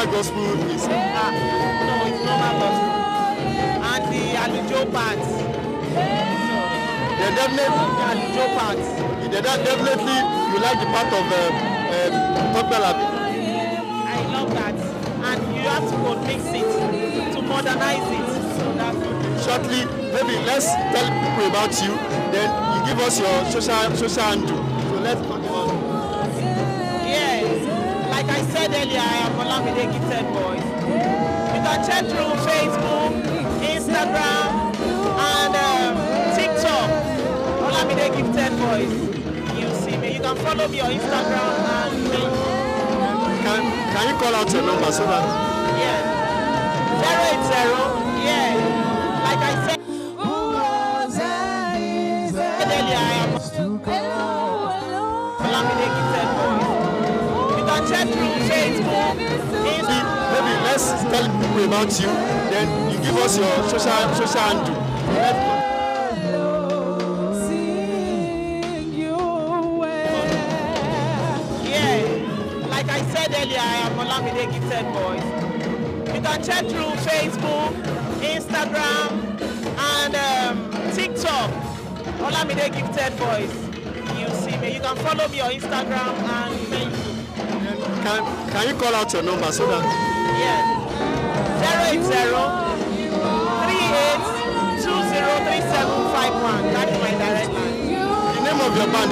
normal gospel is. Ah, no, it's normal gospel. And the Alijo part. They definitely the Alijo part. They definitely you like the part of uh, um, um I love that, and you have to mix it to modernize it. So that's Shortly, maybe let's tell people about you. Then you give us your social social handle. So let's. earlier, I am Olamide Gifted Boys. You can check through Facebook, Instagram, and um, TikTok, Olamide Gifted Boys. You see me. You can follow me on Instagram and Facebook. Can, can you call out your number so that? Yeah. 080 Richard Maybe let's tell people about you, then you give us your social social handle. Yeah, like I said earlier, I am Olamide Gifted Boys. You can check through Facebook, Instagram, and um, TikTok. Olamide Gifted Boys. You see me. You can follow me on Instagram can, can you call out your number so that? Yes. 080 38 That's my direct line. The name of your band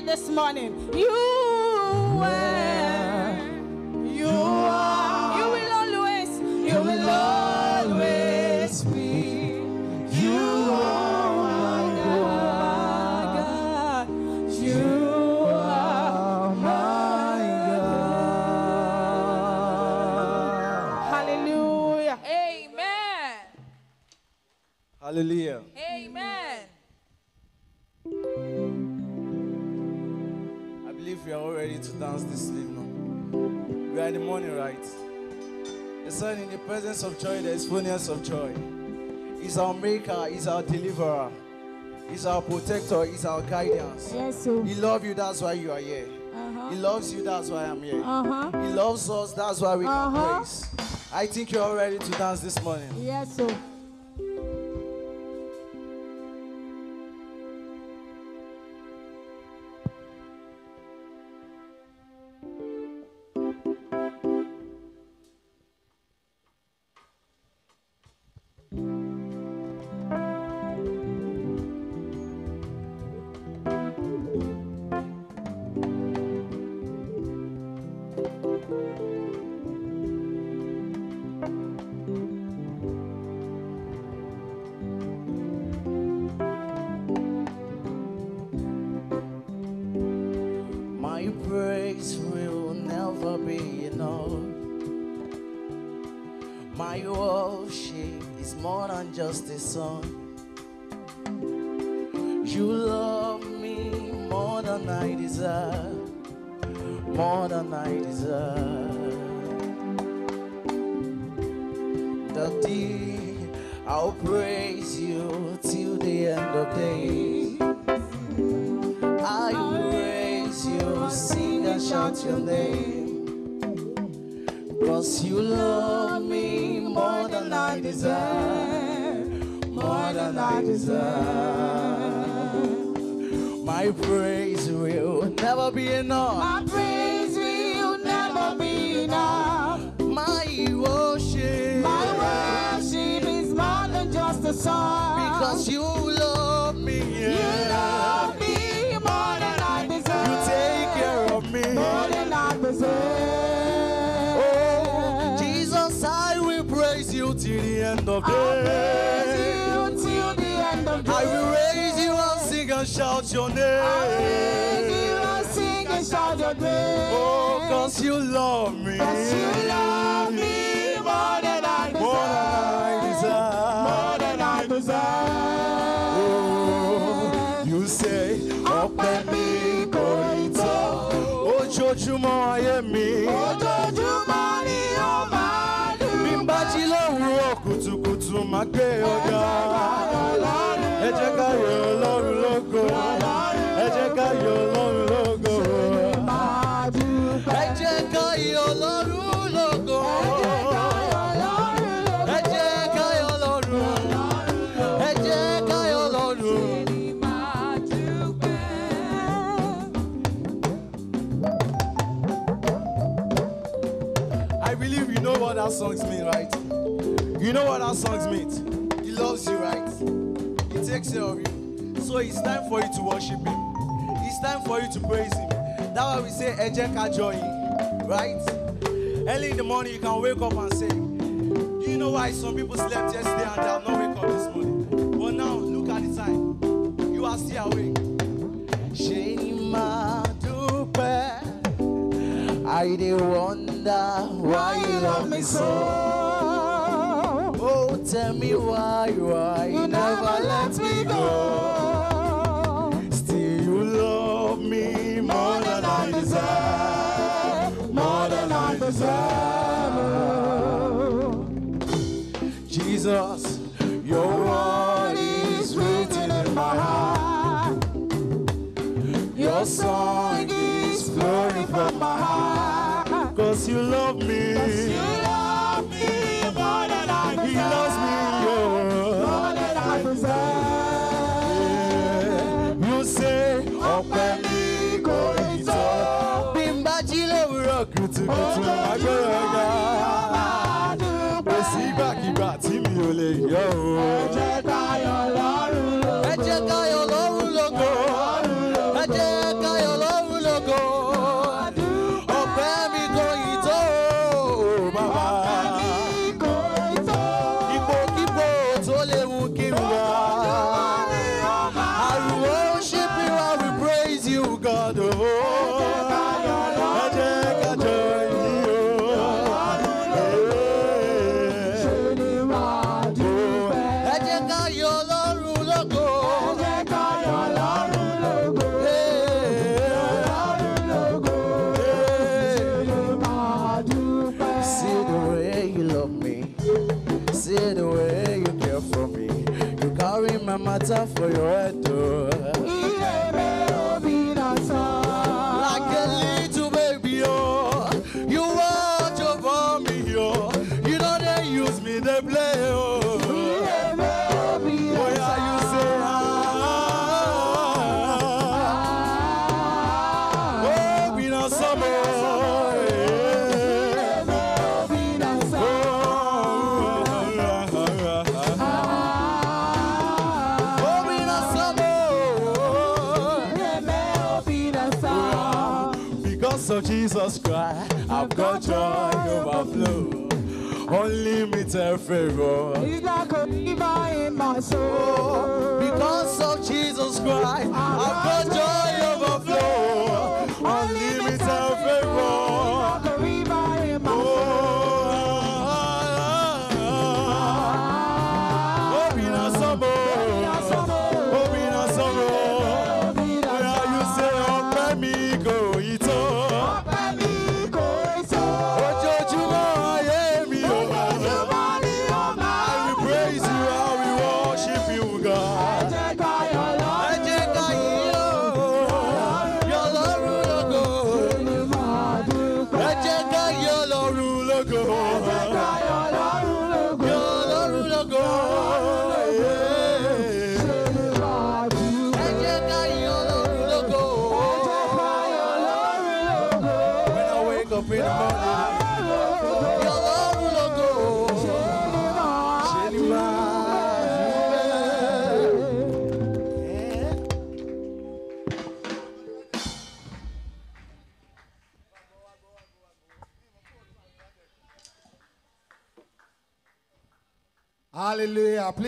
tonight, this morning. You He's our maker, He's our deliverer, He's our protector, He's our guidance. Yes, sir. He loves you, that's why you are here. Uh-huh. He loves you, that's why I'm here. Uh-huh. He loves us, that's why we uh-huh. can praise. I think you're all ready to dance this morning. Yes, sir.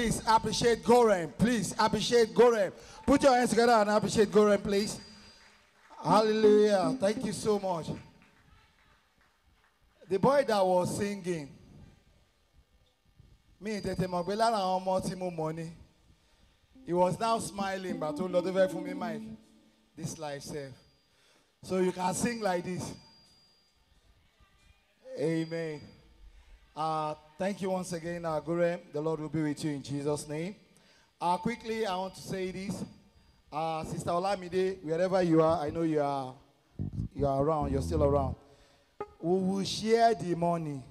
Please appreciate Gorem. Please appreciate Gorem. Put your hands together and appreciate Gorem, please. Hallelujah. Thank you so much. The boy that was singing, me, Tete Mobela, and Montimo Money, he was now smiling, but told Lord for me, Mike, this life self. So you can sing like this. Amen. Uh, Thank you once again, Agure. The Lord will be with you in Jesus' name. Uh, quickly, I want to say this. Uh, Sister Olamide, wherever you are, I know you are, you are around, you're still around. We will share the money.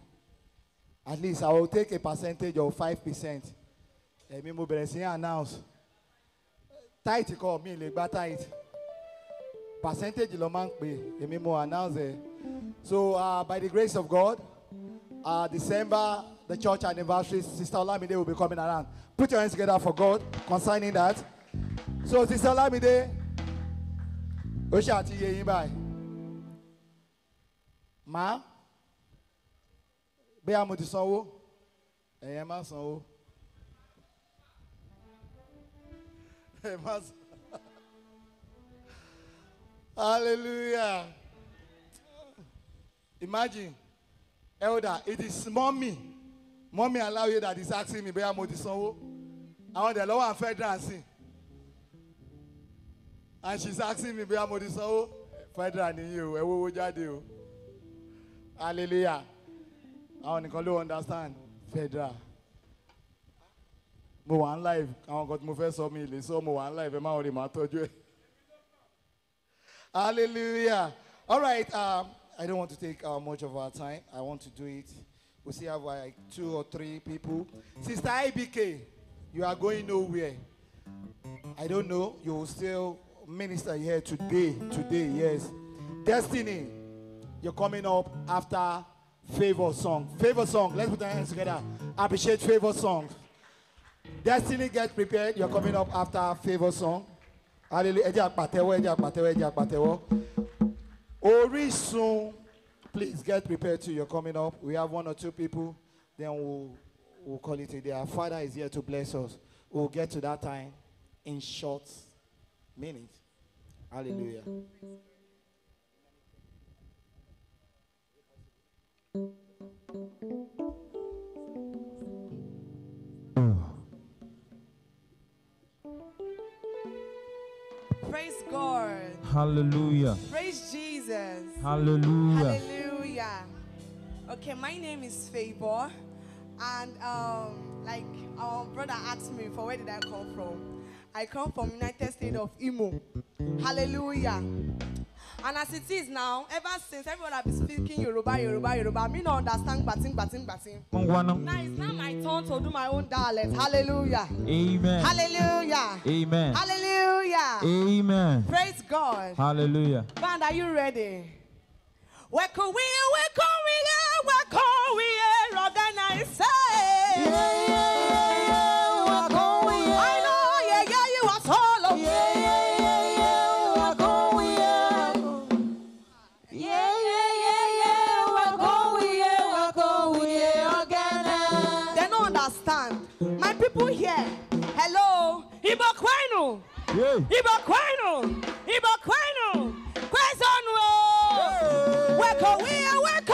At least I will take a percentage of 5%. Èmi mo announce. Tithe call me lè gba Percentage ló máa announce ẹ̀. So uh, by the grace of God. Uh, December, the church anniversary, Sister Olamide will be coming around. Put your hands together for God concerning that. So, Sister Olamide, Oshati Yeyimbai. Ma, be a mo ti má sanwó ẹ̀ má hallelujah imagine elder it is mummy mummy you that is asking me bóyá mo ti sanwó àwọn dẹ̀ lọ́wọ́ and federal sin and she is asking me bóyá mo ti sanwó federal nìyí o ẹ wọ́wọ́ jáde o hallelujah àwọn nìkan ló understand federal mo wà ń live àwọn kan tí mo fẹ́ sọ mi lè sọ mo wà ń live ẹ máa rìn máa tọ́jú ẹ hallelujah all right. Um, I don't want to take uh, much of our time. I want to do it. We still have uh, like two or three people. Sister IBK, you are going nowhere. I don't know. You will still minister here today. Today, yes. Destiny, you're coming up after favor song. Favor song. Let's put our hands together. Appreciate favor song. Destiny, get prepared. You're coming up after favor song. Orisun, please get prepared to your coming up. We have one or two people, then we'll, we'll call it a day. Our Father is here to bless us. We'll get to that time in short minutes. Hallelujah. Praise God. Hallelujah. Praise Jesus. Hallelujah. Hallelujah. Okay, my name is Faber, And um, like our brother asked me for where did I come from? I come from United States of Imo. Hallelujah. And as it is now, ever since everyone has been speaking Yoruba, Yoruba, Yoruba, me not understand batin, batin, batin. Now it's now my turn to do my own dialect. Hallelujah. Amen. Hallelujah. Amen. Hallelujah. Amen. Praise God. Hallelujah. Band, are you ready? Weko we, weko we, weko we, rather nice. Iba yeah. Ibo kwenu, Ibo kwenu, kwezonwo. Weko wia, weko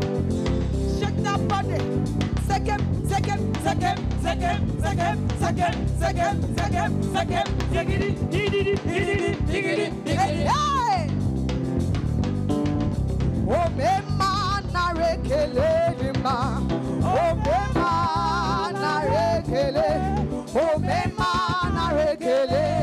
Oh, man! I Zakem, Zakem, Zakem, Zakem, rekele rima. Omema na rekele.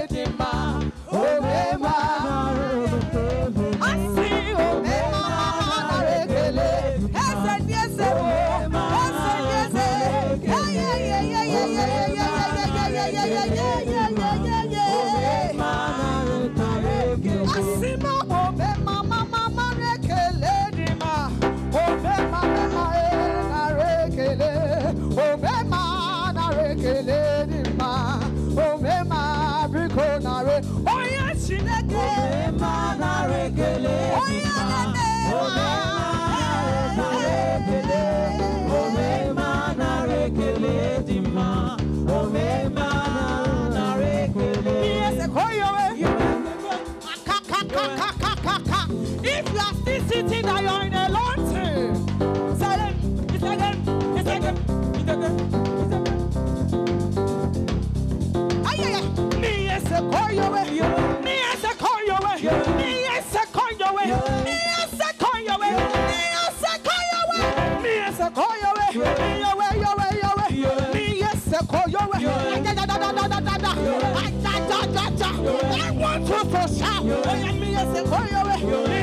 Oya mi yẹ sẹ yọ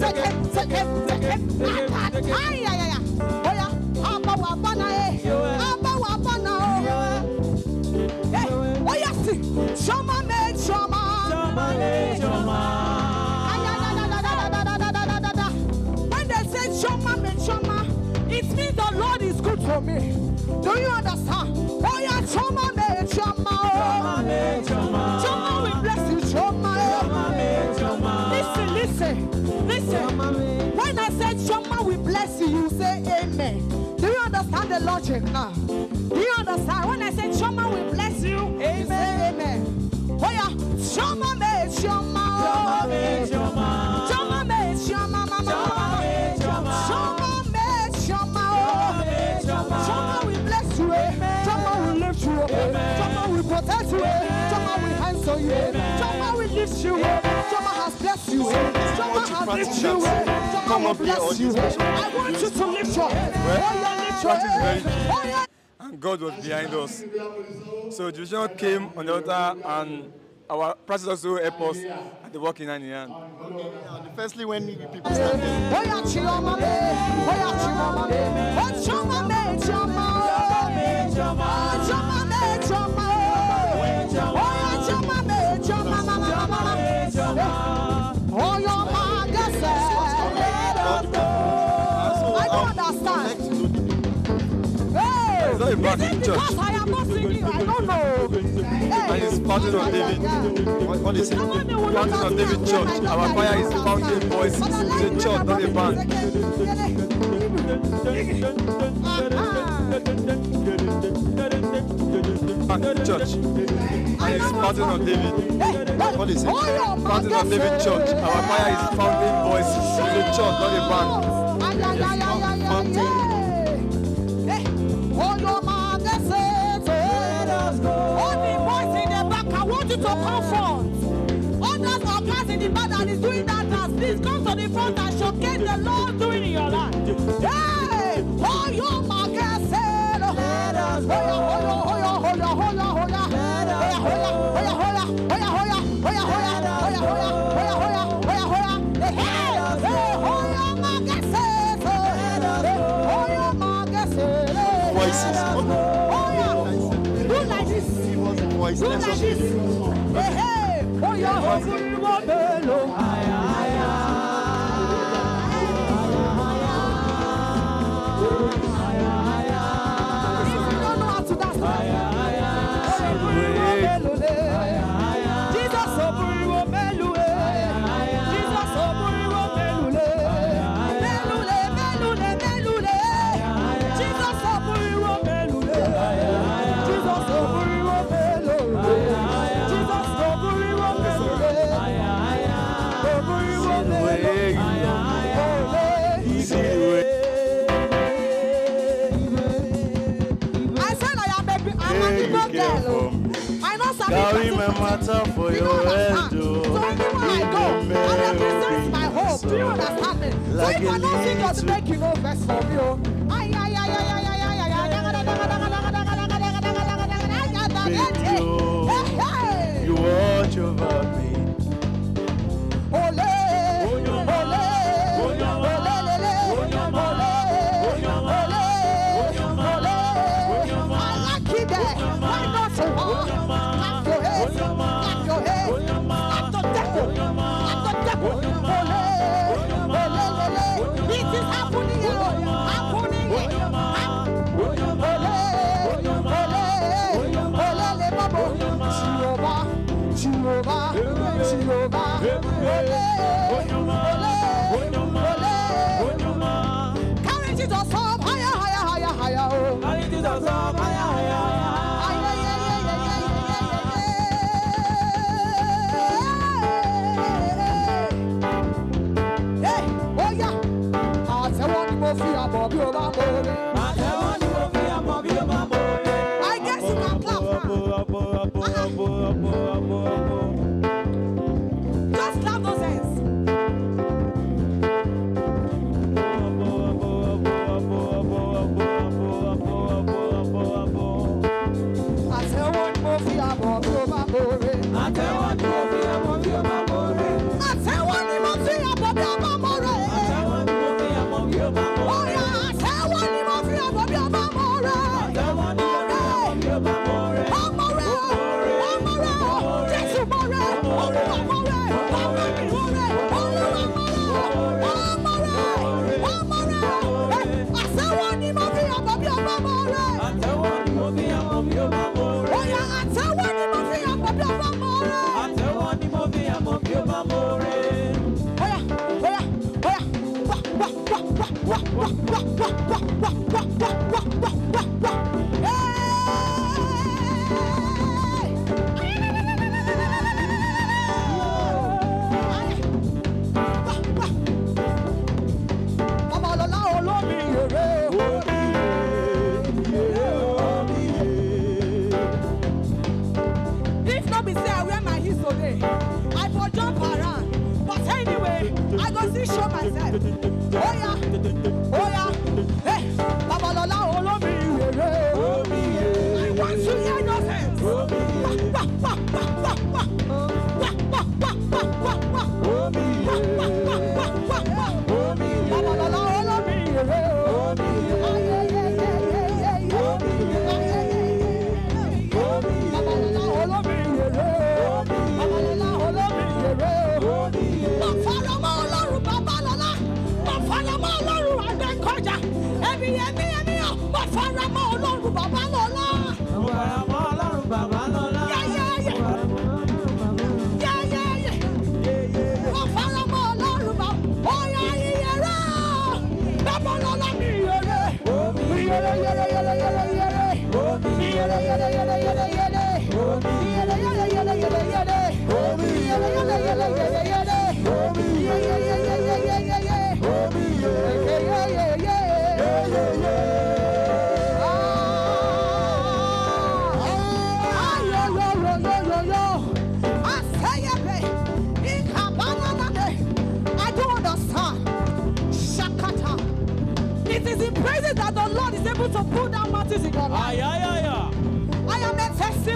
Zeke, Zeke, Zeke, Zeke, Zeke, the logic now. Do you understand? When I say Choma will bless you, amen. say amen. Oh yeah, Choma me Choma. Choma me Choma. Choma me Choma mama. Choma me Choma. Choma me Choma. Choma me Choma. Choma will bless you, eh? amen. Choma will lift you up, eh? amen. Choma will protect you, eh? amen. Choma will answer you, amen. Choma will lift you up. Choma has blessed you, amen. Choma has lifted you, amen. Choma will bless you. I want you to lift up. Oh yeah practice very good. And God was behind us. So the vision came on the altar and our practice also helped us at the work in hand in hand. Okay, firstly, when people stand. Oh, a man in church. I am not singing. I don't know. And he's pounding on David. What is it? Pounding on David Church. Our choir is pounding voices. It's a church, not a band. Church. And he's pounding on David. What is it? Pounding on David Church. Our choir is pounding voices. It's a church, not a band. Pounding. to come forth. All those are class in the back and is doing that dance. Please come to the front and showcase the Lord doing in your life. Hey! Oh, your market said, oh, yeah, oh, yeah, oh, yeah, oh, yeah, oh, yeah, oh, yeah, oh, yeah, oh, yeah, oh, yeah, oh, yeah, oh, yeah, oh, yeah, oh, yeah, oh, yeah, oh, yeah, oh, yeah, oh, yeah, voice. this? Oh, yeah, Do you understand? So anywhere I go, I represent my hope. Do you understand me? So if I don't see God for you know verse for me, oh. Ay, ay, ay, ay, ay, ay, ay, ay, ay, ay, ay, ay, You watch over me.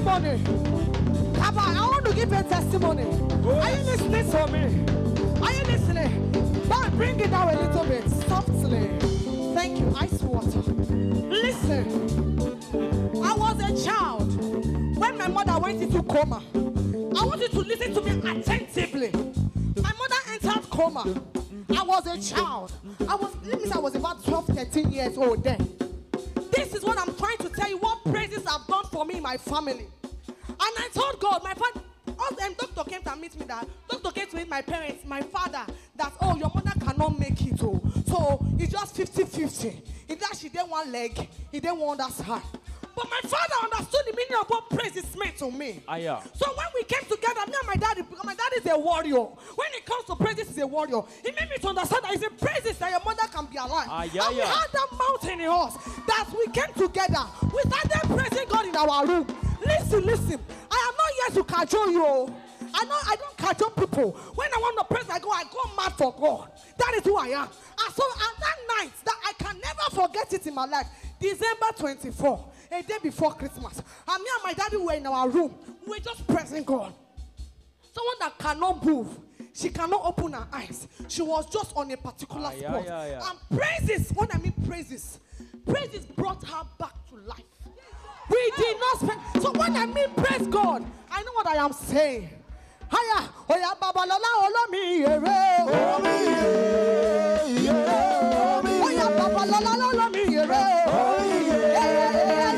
testimony. Papa, I want to give you a testimony. Oh, Are you listening to me? Are you listening? But bring it down a little bit softly. Thank you. Ice water. Listen. I was a child when my mother went into coma. I want you to listen to me attentively. My mother entered coma. I was a child. I was, let me say I was about 12, 13 years old then. my family. And I told God, my father, and um, doctor came to meet me that, doctor came to meet my parents, my father, that, oh, your mother cannot make it, oh. So it's just 50-50. Either she didn't want leg, he didn't want that side. But my father understood the meaning of what praise is meant to me. Ah, yeah. So when we came together, me and my daddy, because my daddy is a warrior. When it comes to praises, he's a warrior. He made me to understand that it's in praises that your mother can be alive. Ah, yeah, and yeah. we had that mountain in us that we came together. We started praising God in our room. Listen, listen. I am not here to cajole you. I know I don't cajole people. When I want to praise, I go, I go mad for God. That is who I am. And so, on that night, that I can never forget it in my life, December 24 a day before Christmas. And me and my daddy were in our room. We were just pressing God. Someone that cannot move. She cannot open her eyes. She was just on a particular spot. Yeah, yeah. And praises, what I mean praises, praises brought her back to life. We did not spend. So when I mean praise God, I know what I am saying. Haya, oya ere. Oya ere.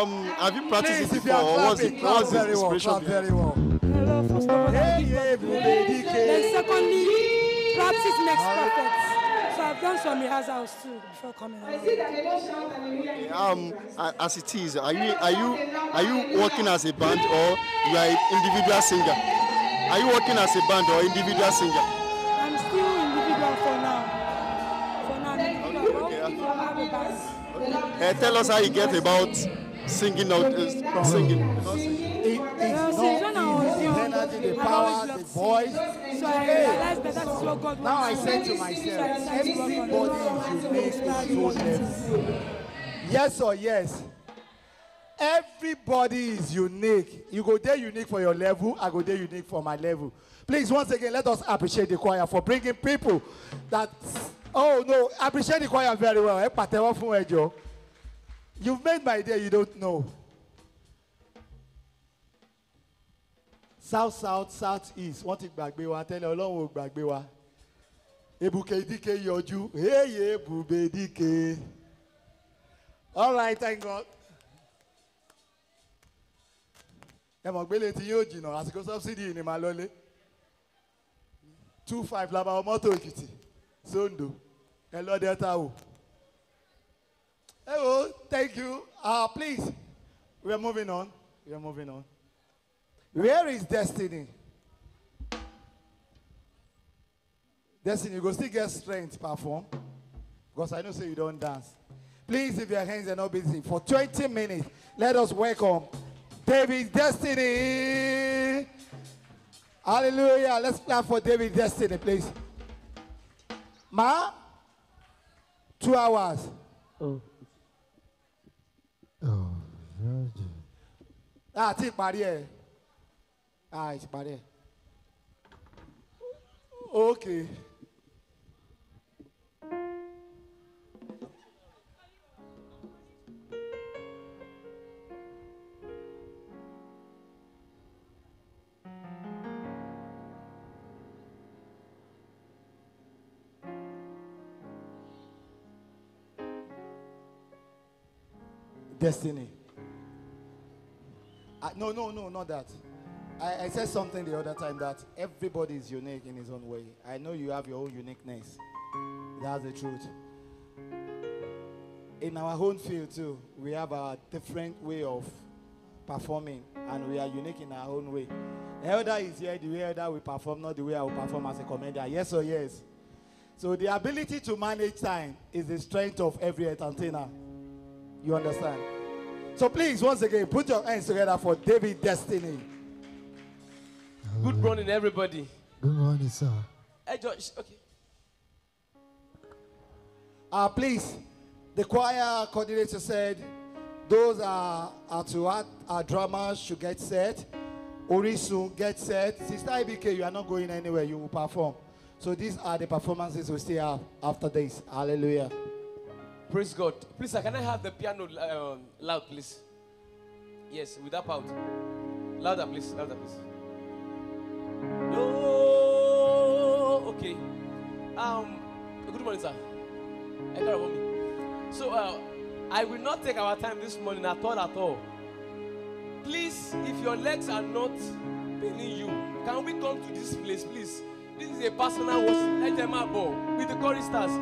Um, have you practiced Please, it before? What's the, what's the inspiration? Well, very well. Hey, hey, then secondly, practice next prophet. So I've done some rehearsals too before coming. Um, as it is, are you are you are you working as a band or you are an individual singer? Are you working as a band or individual singer? I'm still individual for now. For now, individual. Okay, okay. Uh, eh, tell us how you get about singing out, uh, singing. the energy, the power, the voice. So I that that is what God Now I said to myself, everybody you meet is unique. Yes or yes? Everybody is unique. You go there unique for your level, I go there unique for my level. Please, once again, let us appreciate the choir for bringing people that, oh no, appreciate the choir very well. Eh, pàtẹ́wọ́ You've made my day, you don't know. South, south, south, east. Wọ́n ti gbàgbé wa tẹ́lẹ̀ Ọlọ́run ò gbàgbé wa. Ebuke Dike yọjú. Eye Ebube Dike. All right, thank God. Ẹ mọ̀ gbélé tí yóò jìnnà àsìkò sọ́bsidì ni màá lọlé. Two five la máa mọ́tò Èkìtì, Sóńdó, ẹ lọ́dẹ́ta o. Hello, oh, thank you. Uh, please, we are moving on. We are moving on. Where is destiny? Destiny, you go still get strength perform. Because I know say you don't dance. Please, if your hands are not busy, for 20 minutes, let us welcome David Destiny. Hallelujah. Let's clap for David Destiny, please. Ma, two hours. Oh. Ah, àti ìparí ẹ̀ àti ah, ìparí ẹ̀ okay. destiny. I, no, no, no, not that. I, I said something the other time that everybody is unique in his own way. I know you have your own uniqueness. That's the truth. In our own field, too, we have a different way of performing, and we are unique in our own way. Elder is here the way elder will perform, not the way I will perform as a commander. Yes or yes? So the ability to manage time is the strength of every entertainer. You understand? So please, once again, put your hands together for David Destiny. Good morning, everybody. Good morning, sir. Hey, Okay. Uh, please, the choir coordinator said those are, are to act, our dramas should get set. Orisun, get set. Sister IBK, you are not going anywhere. You will perform. So these are the performances we still have after this. Hallelujah. Praise God. Please, sir, can I have the piano um, loud, please? Yes, with that out. Louder, please. Louder, please. No. Okay. Um. Good morning, sir. I So, uh, I will not take our time this morning at all, at all. Please, if your legs are not paining you, can we come to this place, please? This is a personal worship. Let them out, with the choristers.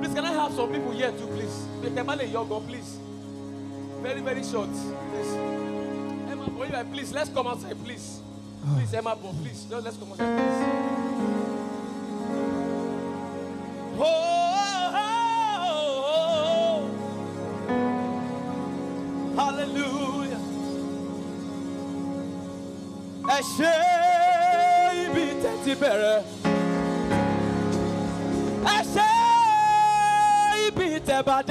Please, can I have some people here too, please? Temale Yogo, please. Very, very short, please. Emma, boy, please, let's come outside, please. Please, Emma, boy, please. Just let's come outside, please. Oh. oh, oh, oh. Hallelujah. Ẹ ṣe ibi tẹ́tí But.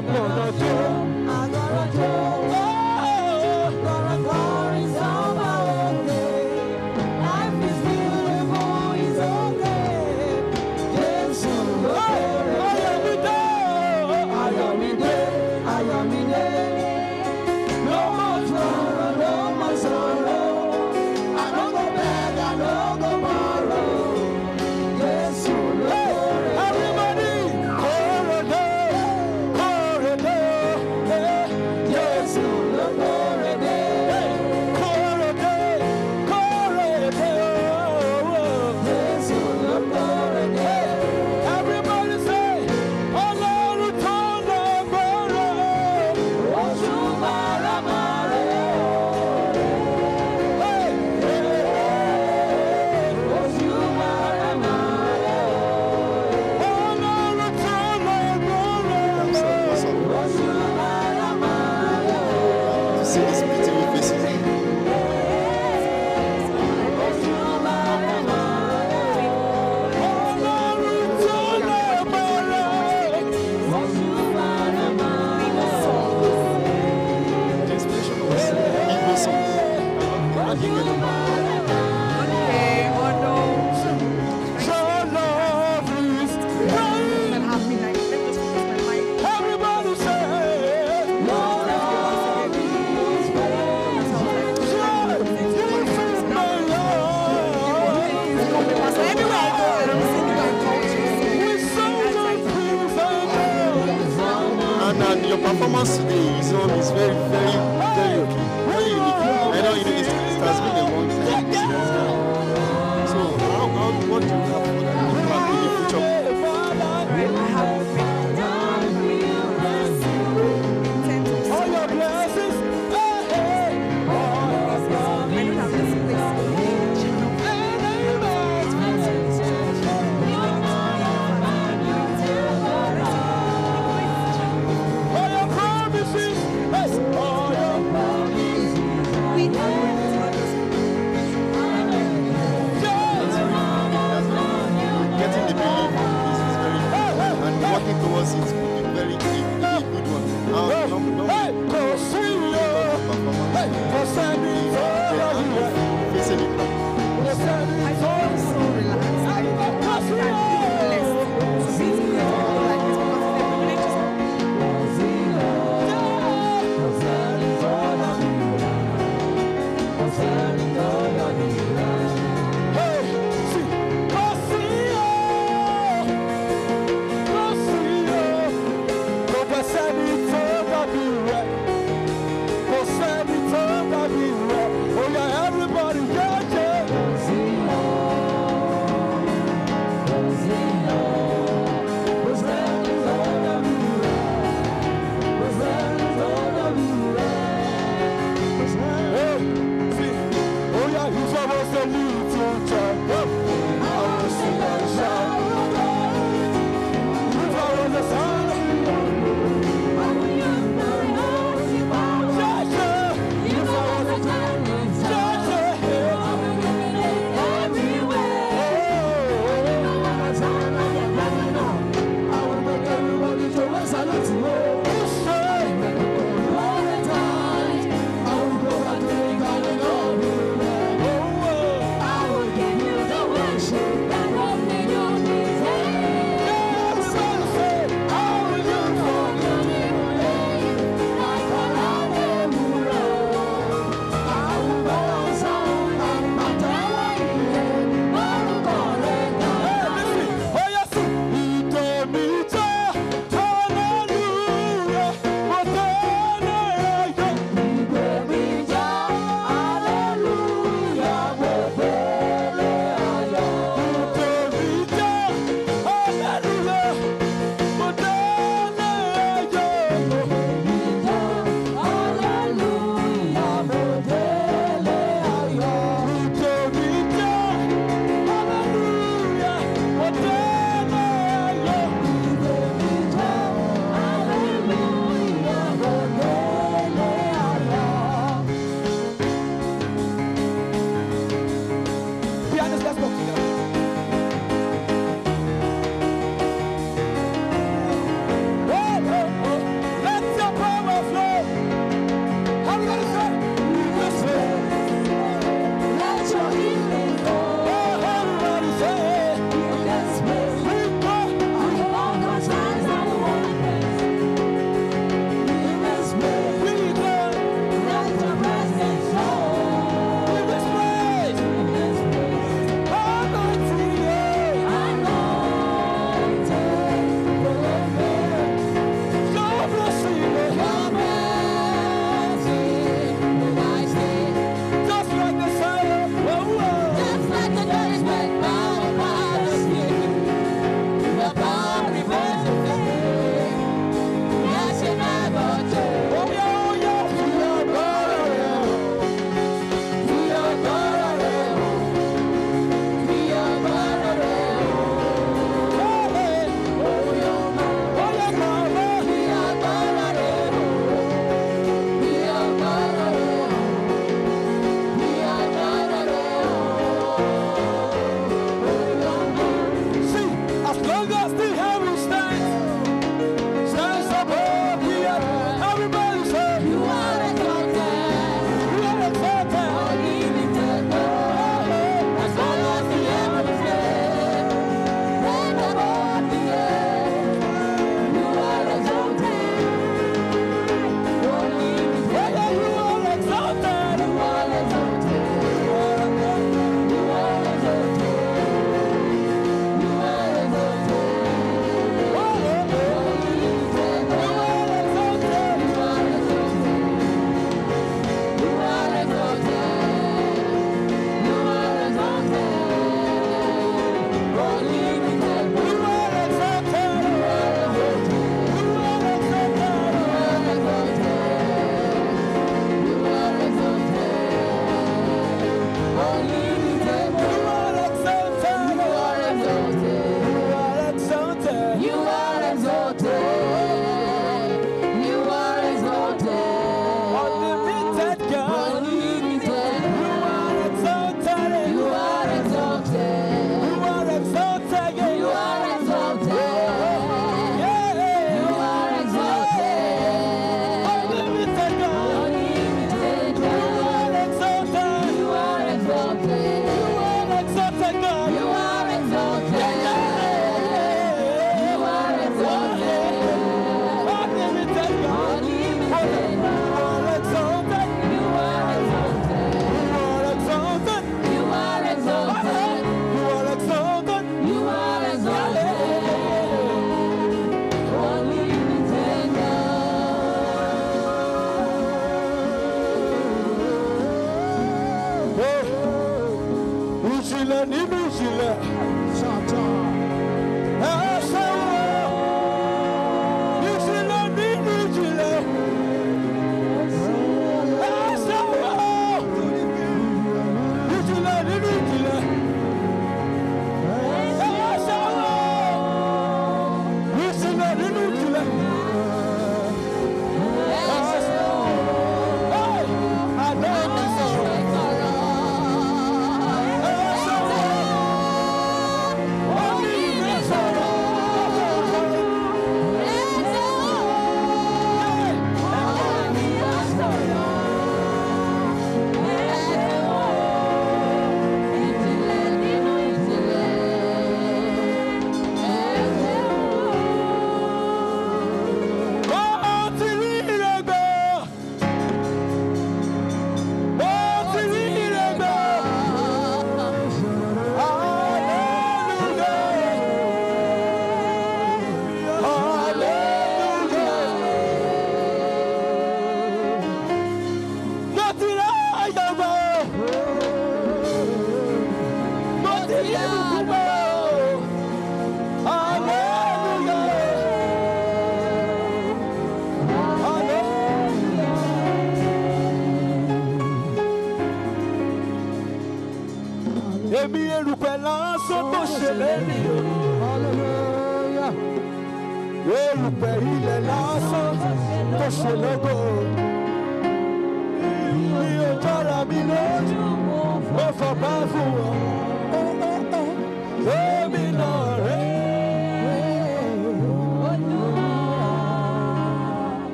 我的天！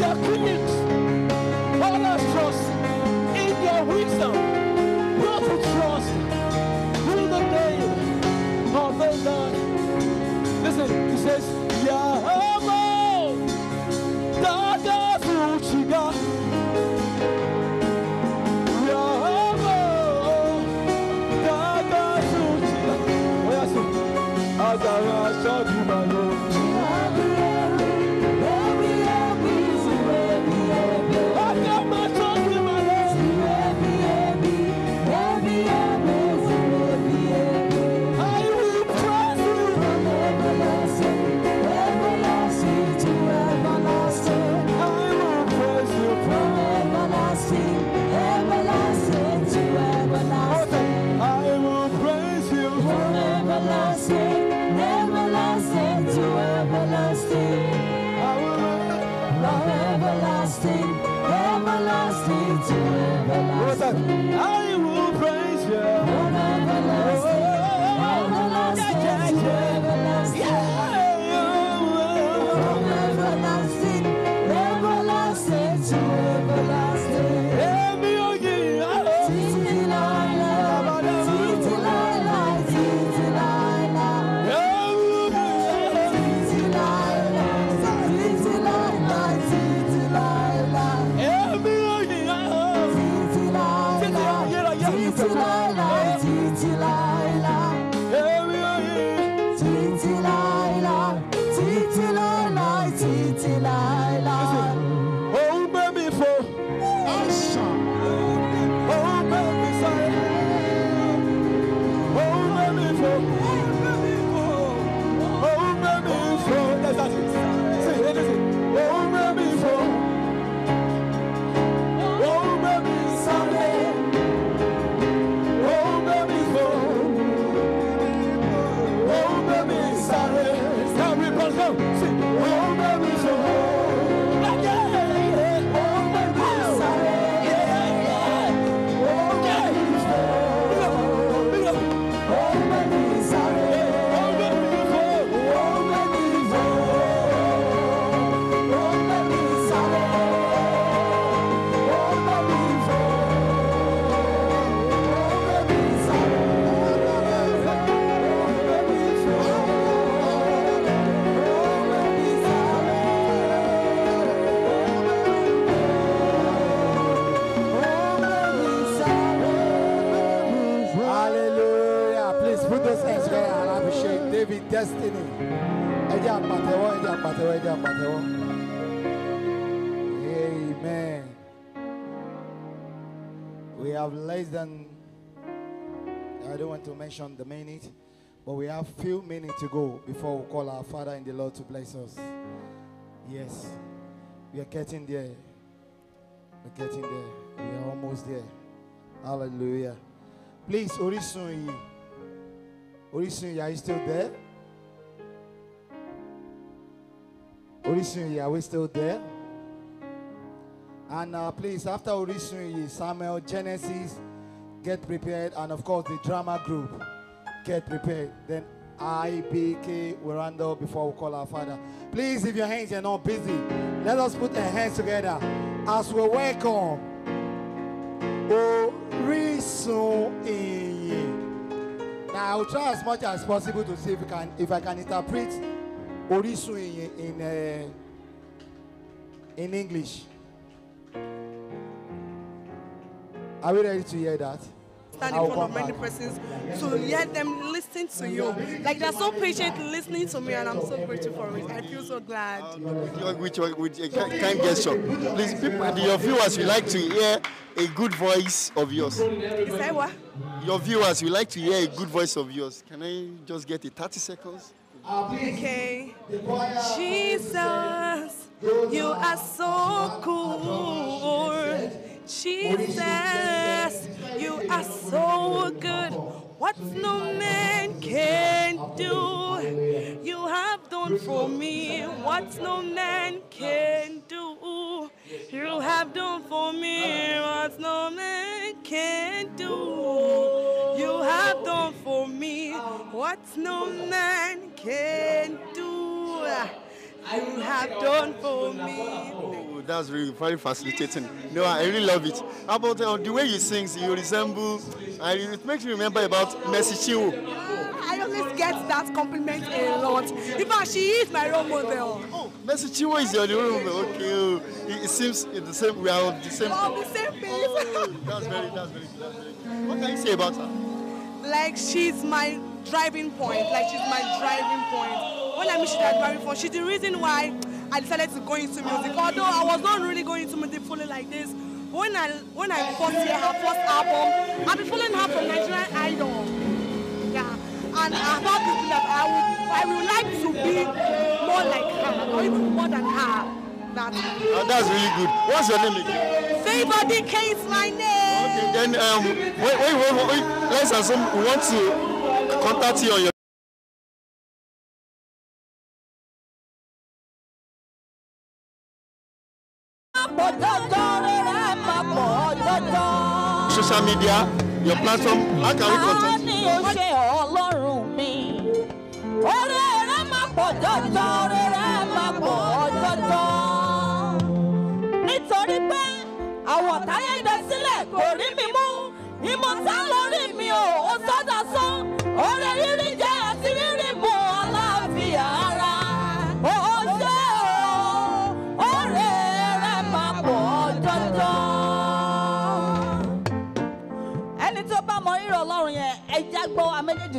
their opinions. All us trust in your wisdom. Not to trust in the name of the Lord. Listen, he says, less than, I don't want to mention the minute, but we have few minutes to go before we call our Father in the Lord to bless us. Yes, we are getting there. We're getting there. We are almost there. Hallelujah. Please, Orisun Yi. Orisun Yi, are you still there? Orisun Yi, are we still there? And uh, please, after Orisun Yi, Samuel, Genesis, get prepared, and of course the drama group, get prepared. Then IBK Werando before we call our Father. Please, if your hands are not busy, let us put our hands together as we welcome Orisun in. Now, I will try as much as possible to see if, we can, if I can interpret Orisun in, uh, in English. Are we ready to hear that? Stand in front of many persons to hear them listen to you. Like they're so patient listening to me, and I'm so grateful for it. I feel so glad. Uh, with your, with your, kind gesture, please, people, your viewers, we like to hear a good voice of yours. Is that what? Your viewers, we like to hear a good voice of yours. Can I just get a 30 seconds? Okay. Jesus, you are so cool. Jesus, you are so good. What no man can do, you have done for me. What no man can do, you have done for me. What no man can do, you have done for me. What no man can do. you have done for me. Oh, that's really very facilitating. No, I really love it. How about uh, the way you sing, you resemble, and it makes me remember about Mercy Chiu. Ah, I always get that compliment a lot. In fact, she is my role model. Oh, Mercy Chiu is your role model. Okay, it, oh, it seems it's the same. We are on the same. On the same oh, page. Oh, that's very, that's very, that's very. What can you say about her? Like she's my driving point. Like she's my driving point won't let me shoot at Barry She's the reason why I decided to go into music. Although I was not really going into music fully like this, when I when I first hear her first album, I've been following her from Nigerian Idol. Yeah. And I thought people that I would I would like to be more like her or even more than her. That. Oh, that's really good. What's your name again? Favor DK is my name. Okay, then um, wait, wait, wait, wait. Let's assume we want to contact you on your social media, your platform? How can we contact you?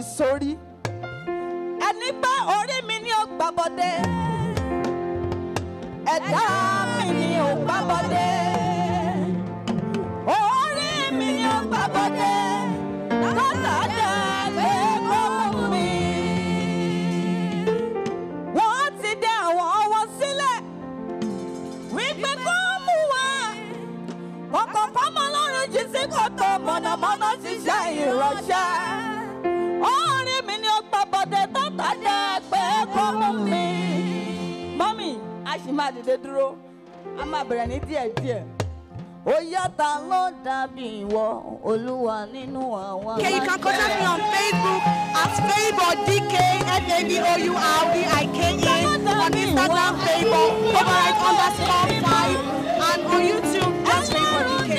ti sórí ẹni pé orí mi ni ó gbàbọdé ẹ̀dá mi ni ó gbàbọdé orí mi ni ó gbàbọdé látàdé lẹ́gbọ́n mi. wọ́n ti dé àwọn ọwọ́ sílẹ̀ wípé kó mú wa ọkọ̀ fọ́mọ lọ́rùn jù sí kòtò mọ̀nàmọ́ná ti ṣe ìránṣẹ́ dáadáa pé kó mú mi. mọ́mì a sì máa dìde dúró a máa bẹ̀rẹ̀ ní díẹ̀díẹ̀. ó yàtà ló dàbí ìwọ olúwa nínú Okay, you can contact me on Facebook at Favour DK f a b o u r d i k e on Instagram Favour override underscore five and on YouTube as Favour DK.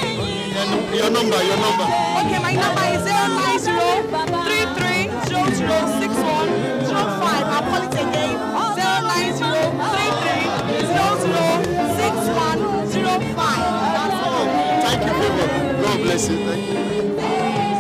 Your number, your number. Okay, my number is zero nine zero three three zero. bless you. Thank you.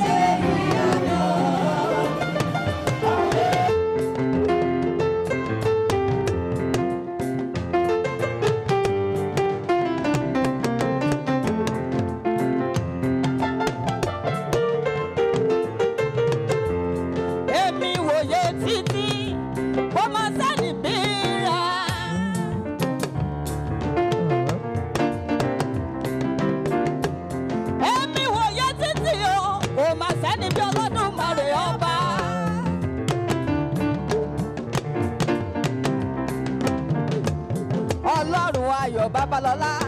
巴罗拉。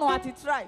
want to try.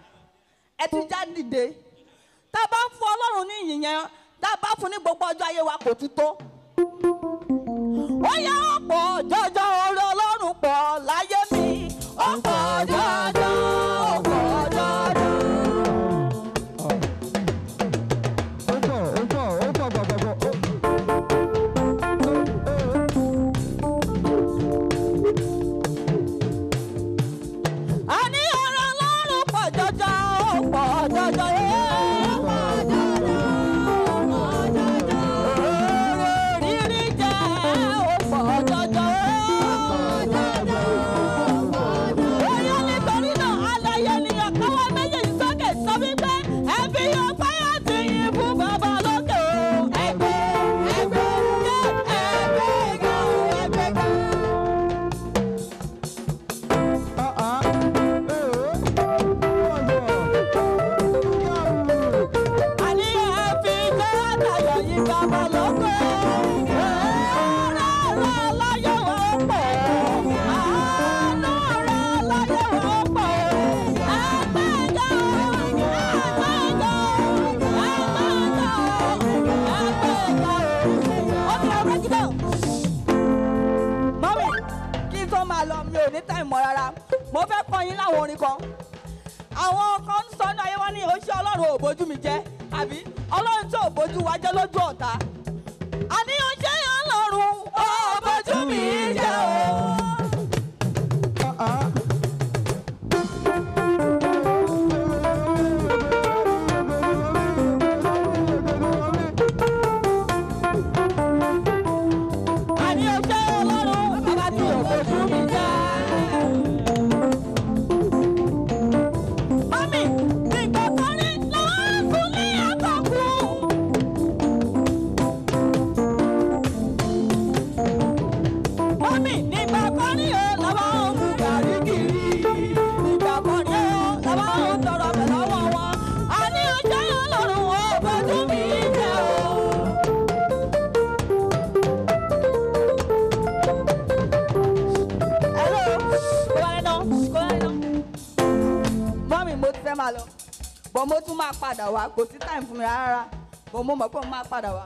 máa padà wá kò sí time fún mi rárá mo mọ̀ pé mo máa padà wá.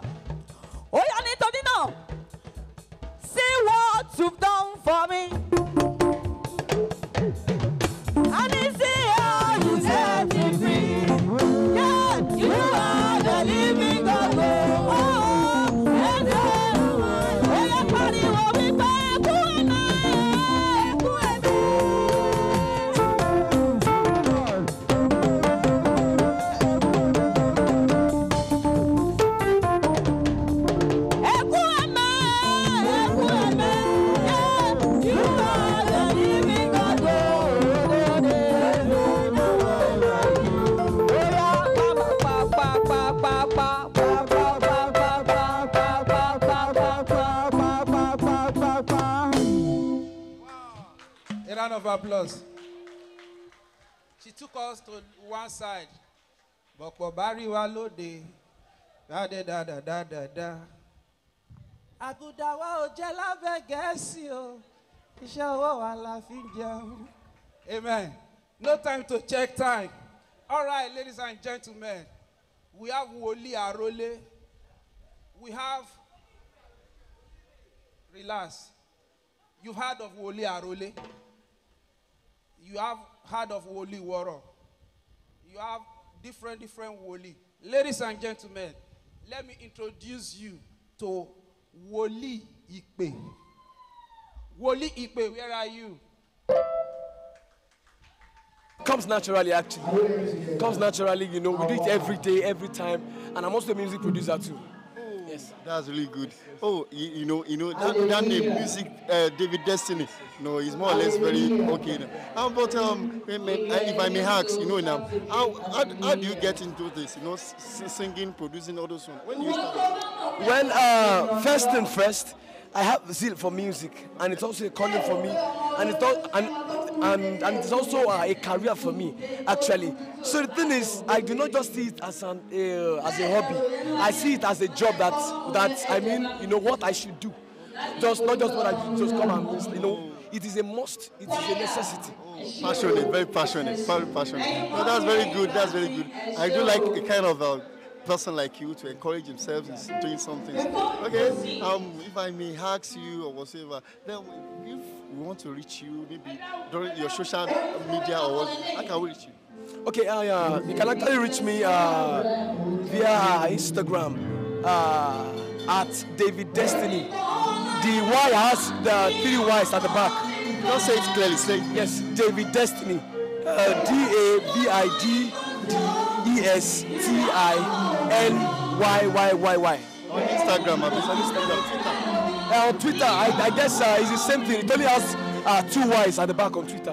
rí wa lóde dáadé dáadáa dáadáa. àgùdà wa ò jẹ́ lábẹ́ gẹ̀ẹ́sì o je o amen no time to check time all right ladies and gentlemen we have Woli àrólé we have relax you've heard of wòlíì àrólé you have heard of Woli wọ̀rọ̀ you have heard of Woli woro you have different, different woli. Ladies and gentlemen, let me introduce you to Woli Ipe. Woli Ipe, where are you? Comes naturally, actually. Comes naturally, you know. We do it every day, every time. And I'm also a music producer, too. Yes. That's really good. Oh, you, you know, you know that, that name, music, uh, David Destiny. No, he's more or less very okay. Now. Um, about um, uh, if I may ask, you know, now, how, how, how do you get into this? You know, singing, producing, all those songs. When you start? uh, first and first, I have zeal for music, and it's also a calling for me, and it's all, and and, and it's also uh, a career for me, actually. So the thing is, I do not just see it as, an, uh, as a hobby. I see it as a job that, that, I mean, you know, what I should do. Just not just what I just come and, you know, it is a must, it is a necessity. Passionate, very passionate, very passionate. that's very good, that's very good. I do like a kind of uh, person like you to encourage himself is doing something. Okay, um, if I may ask you or whatever, then if we want to reach you, maybe during your social media or what, how can we reach you? Okay, uh, you can actually reach me uh, via Instagram uh, at David Destiny. The Y has the three Ys at the back. Don't say it clearly. Say it. yes, David Destiny. Uh, D A V I D D E S T I L-Y-Y-Y-Y. On Instagram, on Instagram. Uh, on Twitter, I, I guess uh, it's the same thing. It only has uh, two Y's at the back on Twitter.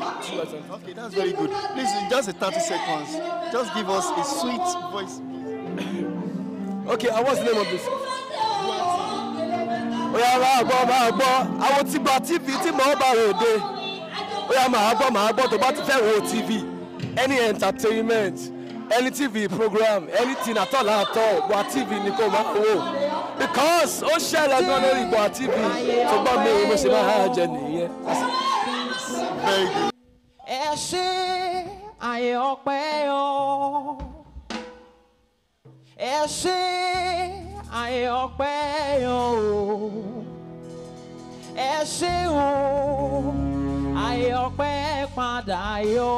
Okay. Okay, that's very good. Please, in just 30 seconds, just give us a sweet voice. (coughs) okay, and what's the name of this? Oya máa gbọ́ máa gbọ́ àwọn tí gba TV tí mò ń bá rò Oya máa gbọ́ máa gbọ́ tó bá ti fẹ́ wo TV any entertainment any tv program anything at all at all Gboah TV ni kò máa wò because ó ṣẹlẹ̀ gan lórí Gboah TV tó gbọ́ mi ìwé ṣe máa jẹ nìyẹn. ẹ ṣe àyè ọpẹ́ o ẹ ṣe àyè ọpẹ́ o ẹ ṣe o àyè ọpẹ́ padà yọ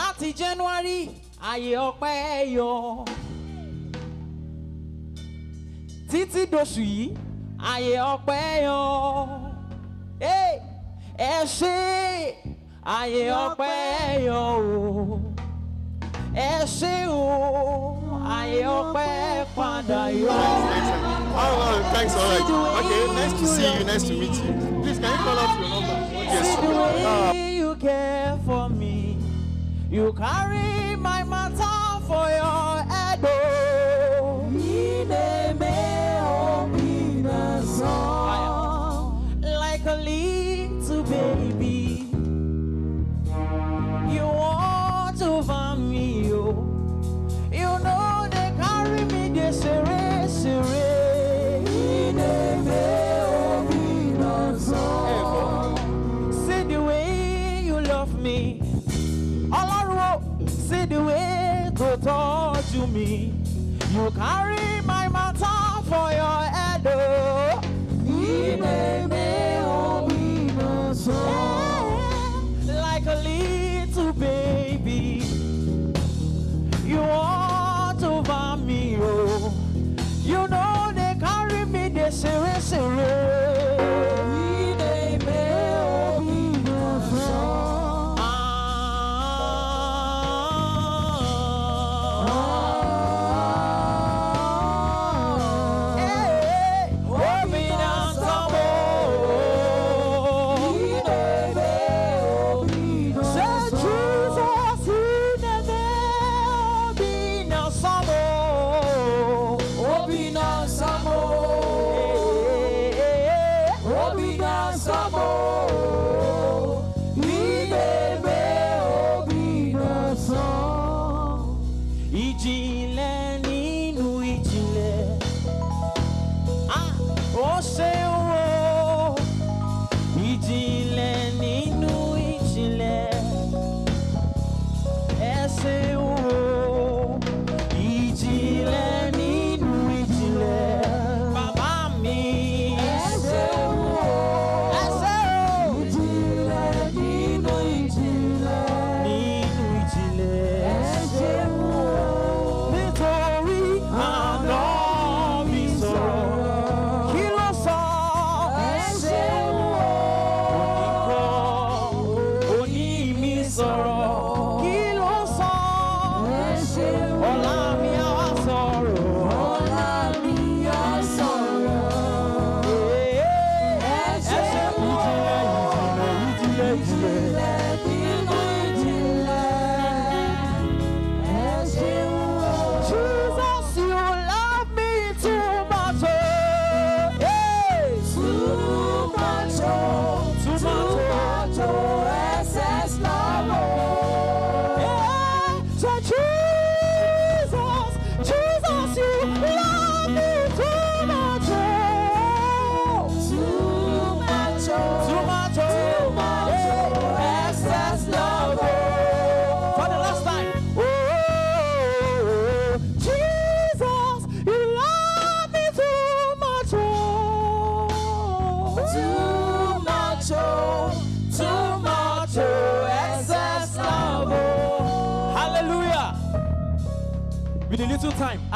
láti January ayé ọpẹ́ yọ títí dòṣù yìí ayé ọpẹ́ yọ ẹ ṣe ayé ọpẹ́ yọ o ẹ ṣe o ayé ọpẹ́ padà yọ. Oh, well, thanks, all right. Okay, nice to see you, nice to meet you. Please, can you call out your number? Yes. See you care for me. You carry my matter for your to me, You carry my matter for your head. Oh. oh like a little baby. You want over me, oh. You know they carry me, they say, say, oh.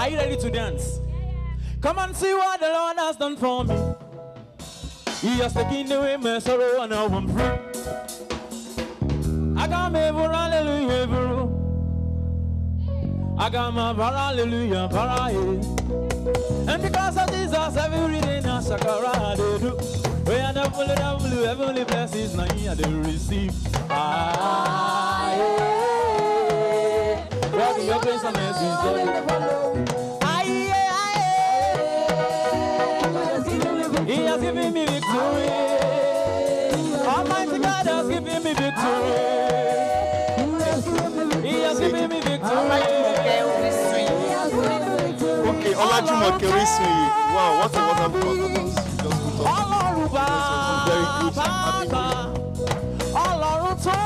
Are you ready to dance? Come and see what the Lord has done for me. He has taken away my sorrow and now I'm free. I got my hallelujah, I got my hallelujah, And because of Jesus, every day now, shakara they do. We are the full the blue, heavenly blessings, now here they receive. Ah, yeah. Welcome, your place, and mercy, so He has given me victory. Hallelujah. Almighty God has given me victory. He has given me victory. Okay, all Olajumoke Orísun. Wow, what a wonderful performance. Just put up. Very good, bá bá. Ọlọ́run tó.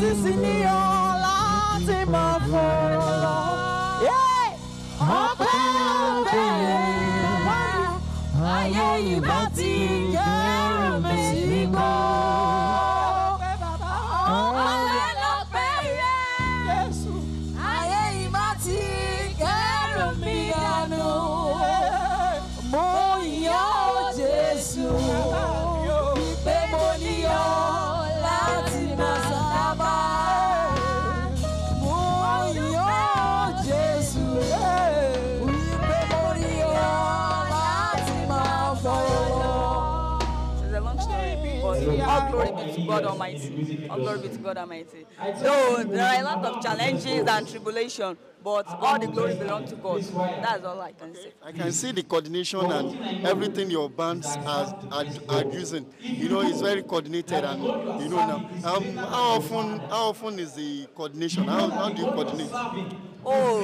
sísí ní ọ̀la tí mo Yeah, lọ. ọpẹ́ ọpẹ́ ayé ìbá ti yẹ. Glory be to God Almighty. Though there are a lot of challenges and tribulation, but all the glory belongs to God. That's all I can say. I can see the coordination and everything your bands are, are, are using. You know, it's very coordinated, and you know now. Um, how often? How often is the coordination? How, how do you coordinate? oh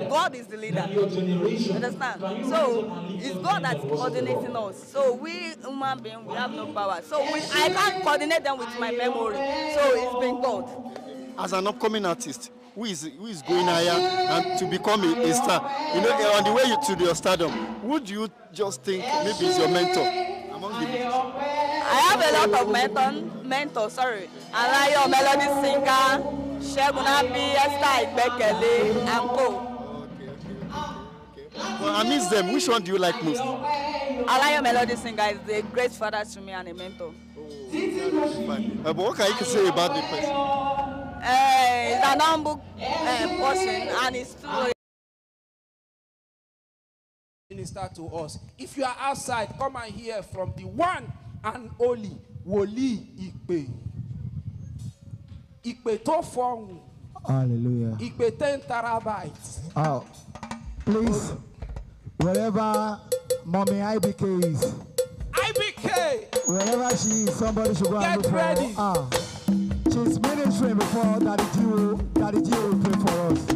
no god is the leader understand so it's god that's coordinating us so we human being we have no power so we i can't coordinate them with my memory so it's been god. as an upcoming artist who is who is going higher and to become a, a star you know eh, on the way you, to your stardom would you just think maybe is your mentor among the i have a lot of mentor mentor sorry I like your melody singer Ṣẹ́gun Abi, Esther Ìgbẹ́kẹ̀lé, and Well, I miss them. Which one do you like most? Alayo Melody Singer is a great father to me and a mentor. Oh, uh, but what can you say about the person? Uh, he's an humble uh, person and he's true. Minister to us. If you are outside, come and hear from the one and only Woli Ipe. Hallelujah. Ìpè ten terabytes. Oh, please, wherever mommy IBK is. IBK. Wherever she is, somebody should go Get and look ready. for her. Ah, she's ministering before Daddy G will, Daddy G will pray for us.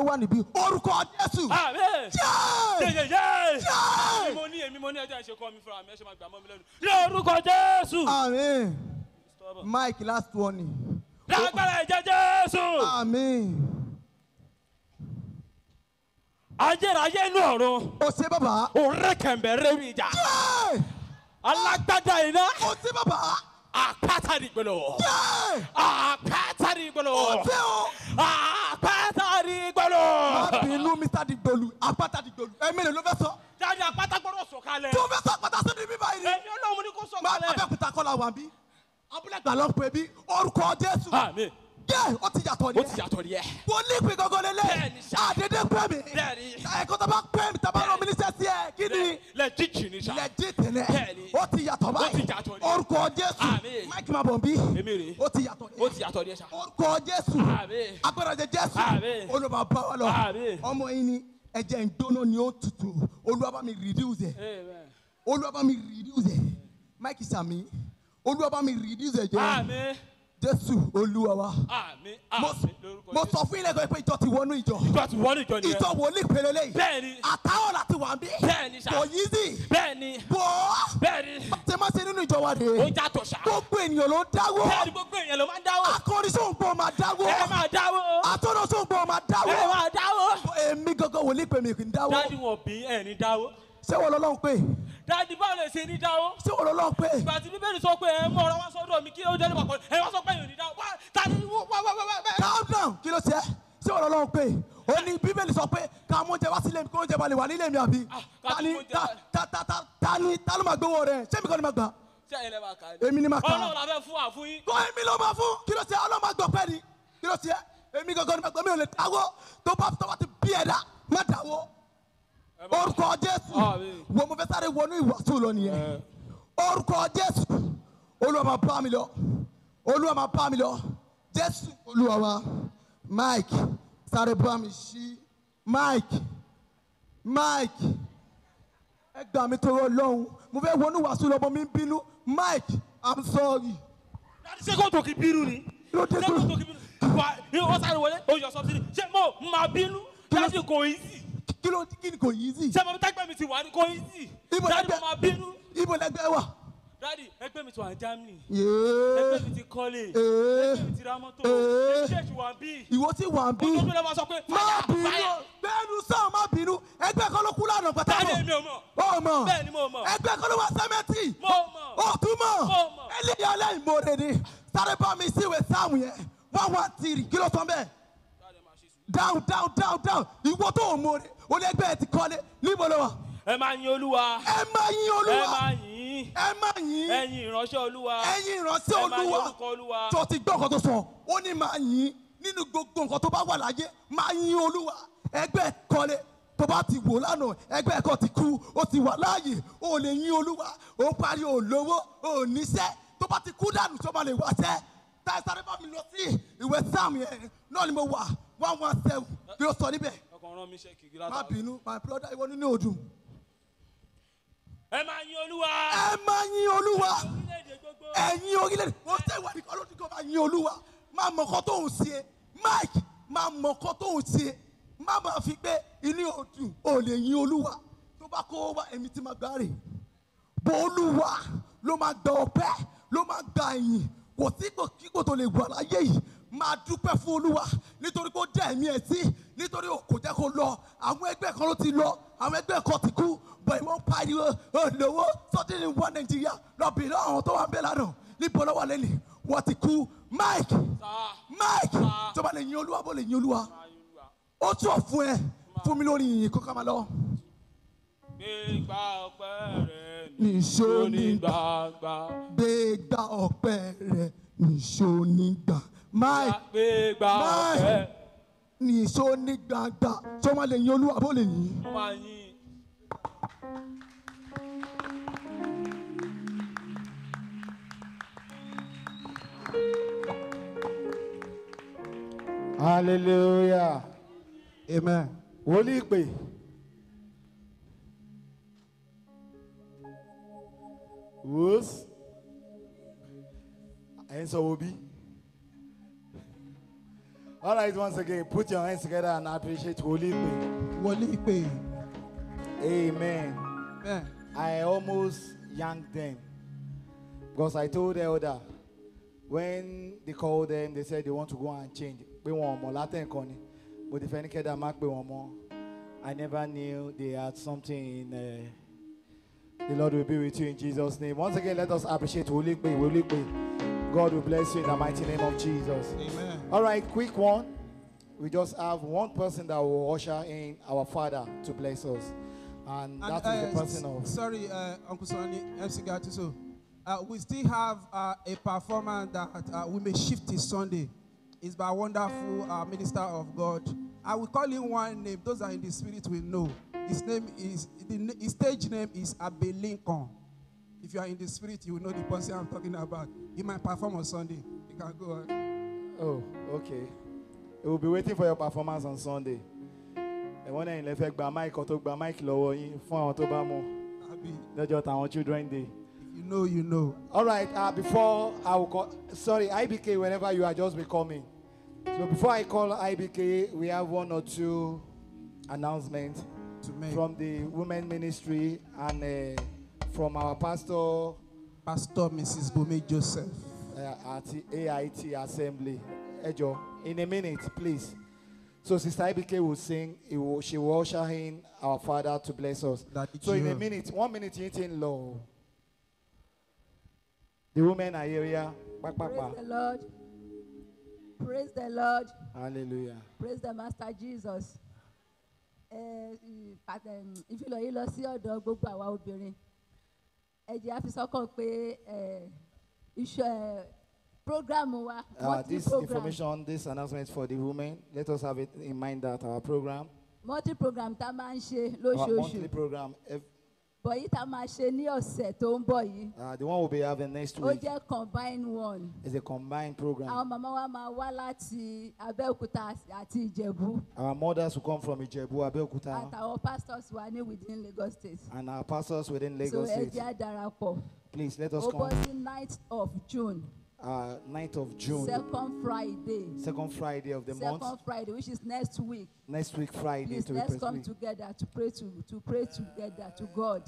ló wà níbí orúkọ jésù. àmín. mo ní èmi mo ní ẹjọ́ ìṣe kọ́ mi fúnra mi ẹ ṣe máa gbà mọ́ mi lẹ́nu. jésù. mike last warning. lágbára ẹ̀jẹ̀ jésù. àmín. ajẹ́rayé inú ọ̀run. o ṣe bàbá. o rẹ kẹ̀mbẹ̀ rẹ mi jà. alágbádá iná. o ṣe bàbá. àpáta nìgbọ̀lọ̀. àpáta nìgbọ̀lọ̀. o ṣe o irú mr digbolu apata digbolu ẹ̀mẹ́lẹ̀ ló fẹ́ sọ. jáde apata gbọ́dọ̀ sọ̀kalẹ̀. tó fẹ́ sọ apata sódì bíbá yìí ni. èmi olóhùn ni kò sọ̀kalẹ̀. máa abẹ́kúta kọ́lá wà bí. abúlé gbàlọ́ pé bí orúkọ jésù. àmín dé ó ti yàtọ̀ ni. ó ti yàtọ̀ ni ẹ. wòlíì pin gangan lélẹ̀. bẹ́ẹ̀ni sa. àdédé pè mí. bẹ́ẹ̀ni. ẹ̀kọ́ tó bá pè mí tó bá rán mi sí ẹ kí ni. lẹ́jìtì ni sa. lẹ́jìtì ni. bẹ́ẹ̀ni. ó ti yàtọ̀ báyìí. ó ti yàtọ̀ ni. orúkọ jésù. àmín. máìkì máa bọ̀ n bí. èmi rè. ó ti yàtọ̀ ni. ó ti yàtọ̀ ni sa. orúkọ jésù. àmín. agbára jésù. àmín. olùmọ̀ bá lọ. àmín. ọmọ yín ni ẹ̀jẹ̀ mi reduce ẹ̀ olúwa mi reduce ẹ̀ máìkì sàmì mi reduce ẹ̀ jésù olúwa wa. àmì àmì lórúkọ jésù. mo sọ fún ilé ẹgbẹ́ pé ìjọ ti wọnú ìjọ. ìjọ ti wọnú ìjọ nìyẹn. ìjọ wòlíì pèlélẹ́ yìí. bẹ́ẹ̀ni. àtàwọn láti wà ń bí. bẹ́ẹ̀ni sá. kò yí sí. bẹ́ẹ̀ni. bọ́. bẹ́ẹ̀ni. ṣe máa ṣe nínú ìjọ wa de. ó já tọ̀ sá. gbogbo ènìyàn ló ń dáwó. bẹ́ẹ̀ni gbogbo ènìyàn ló máa ń dáwó. akọrin sóhun máa dáwó. ẹ máa dáwó. àtọ́nà sóhun máa dáwó. ẹ máa dáwó. èmi gangan wòlíì ní dáwó ṣé wọ́n lọ́lọ́run pé. dadi báwo lè ṣe ní dáwọ́. ṣé wọ́n lọ́lọ́run pé. ìgbà tí bíbélì sọ pé ẹ mọ ọ̀rọ̀ wá sọ́dọ̀ mi kí ó jẹ́ nípa kọ́ni ẹ wá sọ pé yóò ní dáwọ́ wá ta ni wá wá wá wá. calm down kí ló ṣe é ṣé wọ́n lọ́lọ́run pé ó ní bíbélì sọ pé ká mú oúnjẹ wá sílé mi kí oúnjẹ bá lè wà nílé mi àbí. Ah, ta ni ta ta ta ta ni ta ló máa gbowó rẹ ṣé mi kọ́ ni máa gbà èmi ni ma ka ọlọ́run abẹ́ fún wa fún yín. kó èmi ló máa fún kí ló ṣe ọlọ́run máa gbọ́ pẹ́ ni kí ló ṣe èmi gangan ni ma gbọ́ mi ò lè dáwọ́ tó bá tọ́wọ́ ti bí ẹ̀dá má dáwọ́ orúkọ jésù wo mo fẹ́ sáré wọnú ìwàásù lọ nìyẹn orúkọ jésù olúwa máa bá mi lọ olúwa máa bá mi lọ jésù olúwa wa mike sáré bá mi ṣí mike mike ẹ gbà mí tọrọ lọ́hùn mo fẹ́ wọnú ìwàásù lọ́mọ mi ń bínú mike i'm sorry. dadi ṣé kò tó kí bínú ni ṣé kò tó kí bínú ni wà ní ọ̀sán ìwọlé oṣù ọ̀sán ti ni ṣé mo máa bínú dadi kò í sí kí ló kí ni kò easy. ṣé bàbá tẹ́gbẹ́ mi ti wà ní kò easy. ibo lẹgbẹ́ máa bínú. ibo lẹgbẹ́ wà. dadi ẹgbẹ́ mi ti wà ní Germany. ẹgbẹ́ mi ti kọ́lé. ẹgbẹ́ mi ti ra mọ́tò. ṣéèṣì wà bí. ìwọ ti wà bí. olóògbé lọ máa sọ pé. má bínú bẹ́ẹ̀nu sọ má bínú ẹgbẹ́ kan ló kú lánàá pátá mọ̀. bẹ́ẹ̀ni mi ò mọ̀. ó mọ̀ bẹ́ẹ̀ni mo mọ̀. ẹgbẹ́ kan ló wá sẹ́mẹ́tì. mo mọ̀. ó tún mọ̀. eléyàlẹ́ ìmoore ni sáré bá mi síwèé sáàmù yẹn wá wá tìrì kí ló sọ bẹ́ẹ̀ down down down down ìwọ tó o mọ̀ rẹ̀ o lè gbẹ́ ẹ ti kọ́lé níbo ló wà. ẹ máa yin olúwa. ẹ máa yin olúwa. ẹ máa yin. ẹ máa yin. ẹ yin ìránṣẹ́ olúwa. ẹ yin ìránṣẹ́ olúwa. ẹ máa yin orúkọ olúwa. tó ti gbọ́ nǹkan tó sọ ó ní máa yin nínú gbogbo nǹkan tó bá wà láyé máa yin olúwa ẹgbẹ́ kọ́lé tó bá ti wò lánàá ẹgbẹ́ ẹ̀kọ́ ti kú ó ti wà láàyè ó lè yin olúwa ó parí òlówó ó níṣẹ́ tó bá ti kú dànù tó bá lè wáṣẹ́ tá a sáré bá mi lọ sí ìwé sam yẹn náà ni mo wà one one seven bí o sọ níbẹ̀. má bínú my brother ìwọ nínú òdùn. ẹ máa yin olúwa. ẹ máa yin olúwa. ẹ̀yin orílẹ̀-èdè wọ́n tẹ̀ wá nìkan ló ti kọ́ máa yin olúwa máa mọ̀kọ́ tó ń ṣe mike máa mọ̀kọ́ tó ń ṣe má máa fi pé inú òdùn ò lè yin olúwa tó bá kó wá èmi ti máa gbá rè bó olúwa ló máa gba ọpẹ́ ló máa gba ẹ̀yìn kò sígbò kígbò tó lè wà láyé yìí máa dúpẹ́ fún olúwa nítorí kó dá ẹ̀mí ẹ̀ sí nítorí kò jẹ́ kó lọ àwọn ẹgbẹ́ kan ló ti lọ àwọn ẹgbẹ́ kan ti kú bọ̀ ìwọ́n pariwo olówó sọ́dínì wọ nàìjíríà lọ́bì lọ́wọ́ àwọn tó wà ń bẹ̀ lánàá níbo lọ́wọ́ lẹ́lẹ̀ wọ́n ti kú mike mike tó bá lè yin olúwa bó lè yin olúwa ó tún ọ̀ fún ẹ fún mi lórí yìnyín kó ká máa lọ. gbígbà ọpẹ́ rẹ̀ nìṣó nígbà gbé gba ọpẹ́ rẹ nìṣó nígbà máì máì nìṣó nígbàgbà tí wọ́n máa lè yin olúwa bó lè yin. hallelujah amen wòlíì pè. Who's? Answer will be. All right, once again, put your hands together and appreciate Wolipe. Wolipe. Amen. Amen. I almost yanked them because I told the elder when they called them, they said they want to go and change. We want more Latin corny, but if any kid mark we want more. I never knew they had something in. Uh, the Lord will be with you in Jesus' name. Once again, let us appreciate Wulikbe. Wulikbe. God will bless you in the mighty name of Jesus. Amen. All right, quick one. We just have one person that will usher in our Father to bless us. And, and that uh, is the uh, person of. Sorry, uh, Uncle Sonny, MC Gatiso. Uh, we still have uh, a performer that uh, we may shift this Sunday. It's by wonderful uh, minister of God. I will call him one name. Those are in the spirit will know. His name is his stage name is Abe Lincoln. If you are in the spirit, you will know the person I'm talking about. He might perform on Sunday. You can go on. Oh, okay. He will be waiting for your performance on Sunday. Ẹ̀wọ́n náà ilẹ̀ fẹ́ gba mic ọ̀tọ̀ gba mic lọ́wọ́ yín fún àwọn tó You know, you know. All right, uh, before I will call, sorry, IBK, whenever you are, just be coming. So before I call IBK, we have one or two announcements to make. from the women ministry and uh, from our pastor Pastor Mrs. Bumi Joseph. uh, at the AIT assembly. Ejo, in a minute, please. So Sister IBK will sing. He will, she will usher him our Father to bless us. That is So in a minute, one minute, you ain't low. The women are here. yeah. Back, back, Praise the Lord. Praise the Lord. Hallelujah. Praise the Master Jesus. ìfilọ̀ yìí lọ sí ọ̀dọ̀ gbogbo àwa obìnrin ẹ jẹ́ pé iṣẹ́ program wa. Ah, this information this announcement for the women let us have it in mind that our program. multi program tá máa ń ṣe lóṣooṣù. our monthly program every. but it ah, the one we'll be having next week. ó combined one. it's a combined program. our mothers who come from ìjẹ̀bú abẹ́òkúta. and our pastors wà ní within lagos state. and our pastors within lagos so, state. please let us come. ó bọ́ sí of june uh, 9th of June. Second Friday. Second Friday of the Second month. Second Friday, which is next week. Next week Friday. Please, to let's come together to pray to to pray together to God.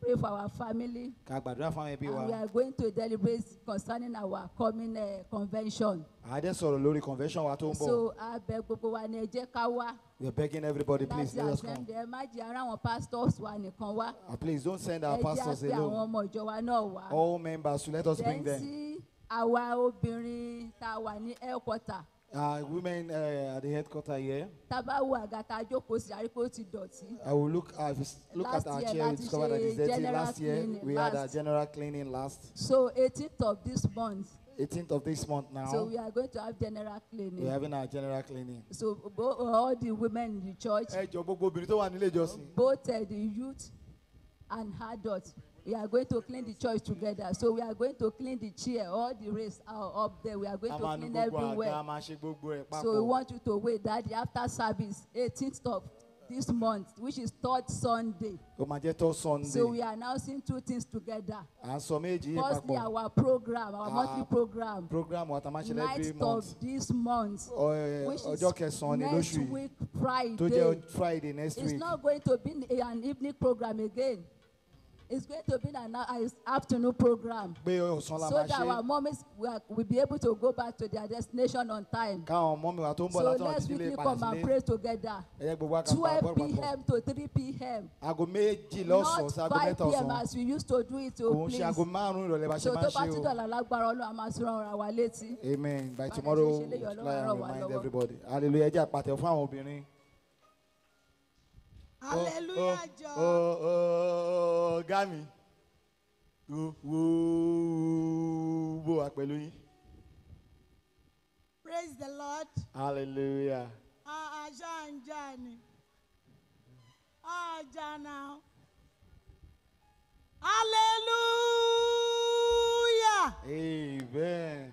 pray for our family. ká gbàdúrà fún àwọn ẹbí wa. and we are going to deliberate concerning our coming uh, convention. àádẹ́ sọ̀rọ̀ lórí convention wa tó ń bọ̀. so a bẹ gbogbo wa ni ẹ jẹ́ ká wá. we are begging everybody please let us come. láti má jẹ́ ara àwọn pastors wa nìkan wá. Ah, please don't send our pastors alone. ẹ jẹ́ àti àwọn ọmọ ìjọ wa náà wá. all members let us bring them. then sí àwa obìnrin tá wà ní airport. Uh, women uh, at the headquarter here. ti dọ̀tí. I will look at look last at our chair, we discovered that it's dirty. Last year we last. had a general cleaning last. So 18th of this month. 18th of this month now. So we are going to have general cleaning. We're having our general cleaning. So all the women in the church. Both uh, the youth and adults. We are going to clean the church together. So we are going to clean the chair, all the race are up there. We are going to clean everywhere. So we want you to wait, Daddy, after service, 18th of this month, which is third Sunday. So we are announcing two things together. And so Firstly, our program, our uh, monthly program. Program what Ninth every month. of this month, uh, which is next week Friday. Friday next it's not going to be an evening program again. It's going to be an afternoon program. Pé ọ̀sán la máa ṣe. So that our mummies will, be able to go back to their destination on time. Káwọn mọ́mí wa tó ń bọ̀ látọ̀ àti sílé padà sílé. So let's quickly come and pray together. Ẹyẹ gbogbo àkàtà bọ́ọ̀lù pàtó. twelve p.m. to three p.m. Aago méjì lọ́sàn sí aago mẹ́ta ọ̀sán. Not five p.m. as we used to do it o oh, please. Kò ń ṣe aago márùn-ún ìrọ̀lẹ́ bá ṣe máa ṣe o. So tó bá ti dọ̀là Ọlọ́run a máa sọ ọ̀rọ̀ àwa létí. Amen. By tomorrow, we'll try and remind everybody. Hallelujah. Ẹ jẹ́ àpàtẹ fún àwọn obìnrin. hallelujah oh, oh, John. Oh, oh mi you wa pẹ̀lú yín. praise the lord. hallelujah. àṣà John, jà ni John now. hallelujah. amen.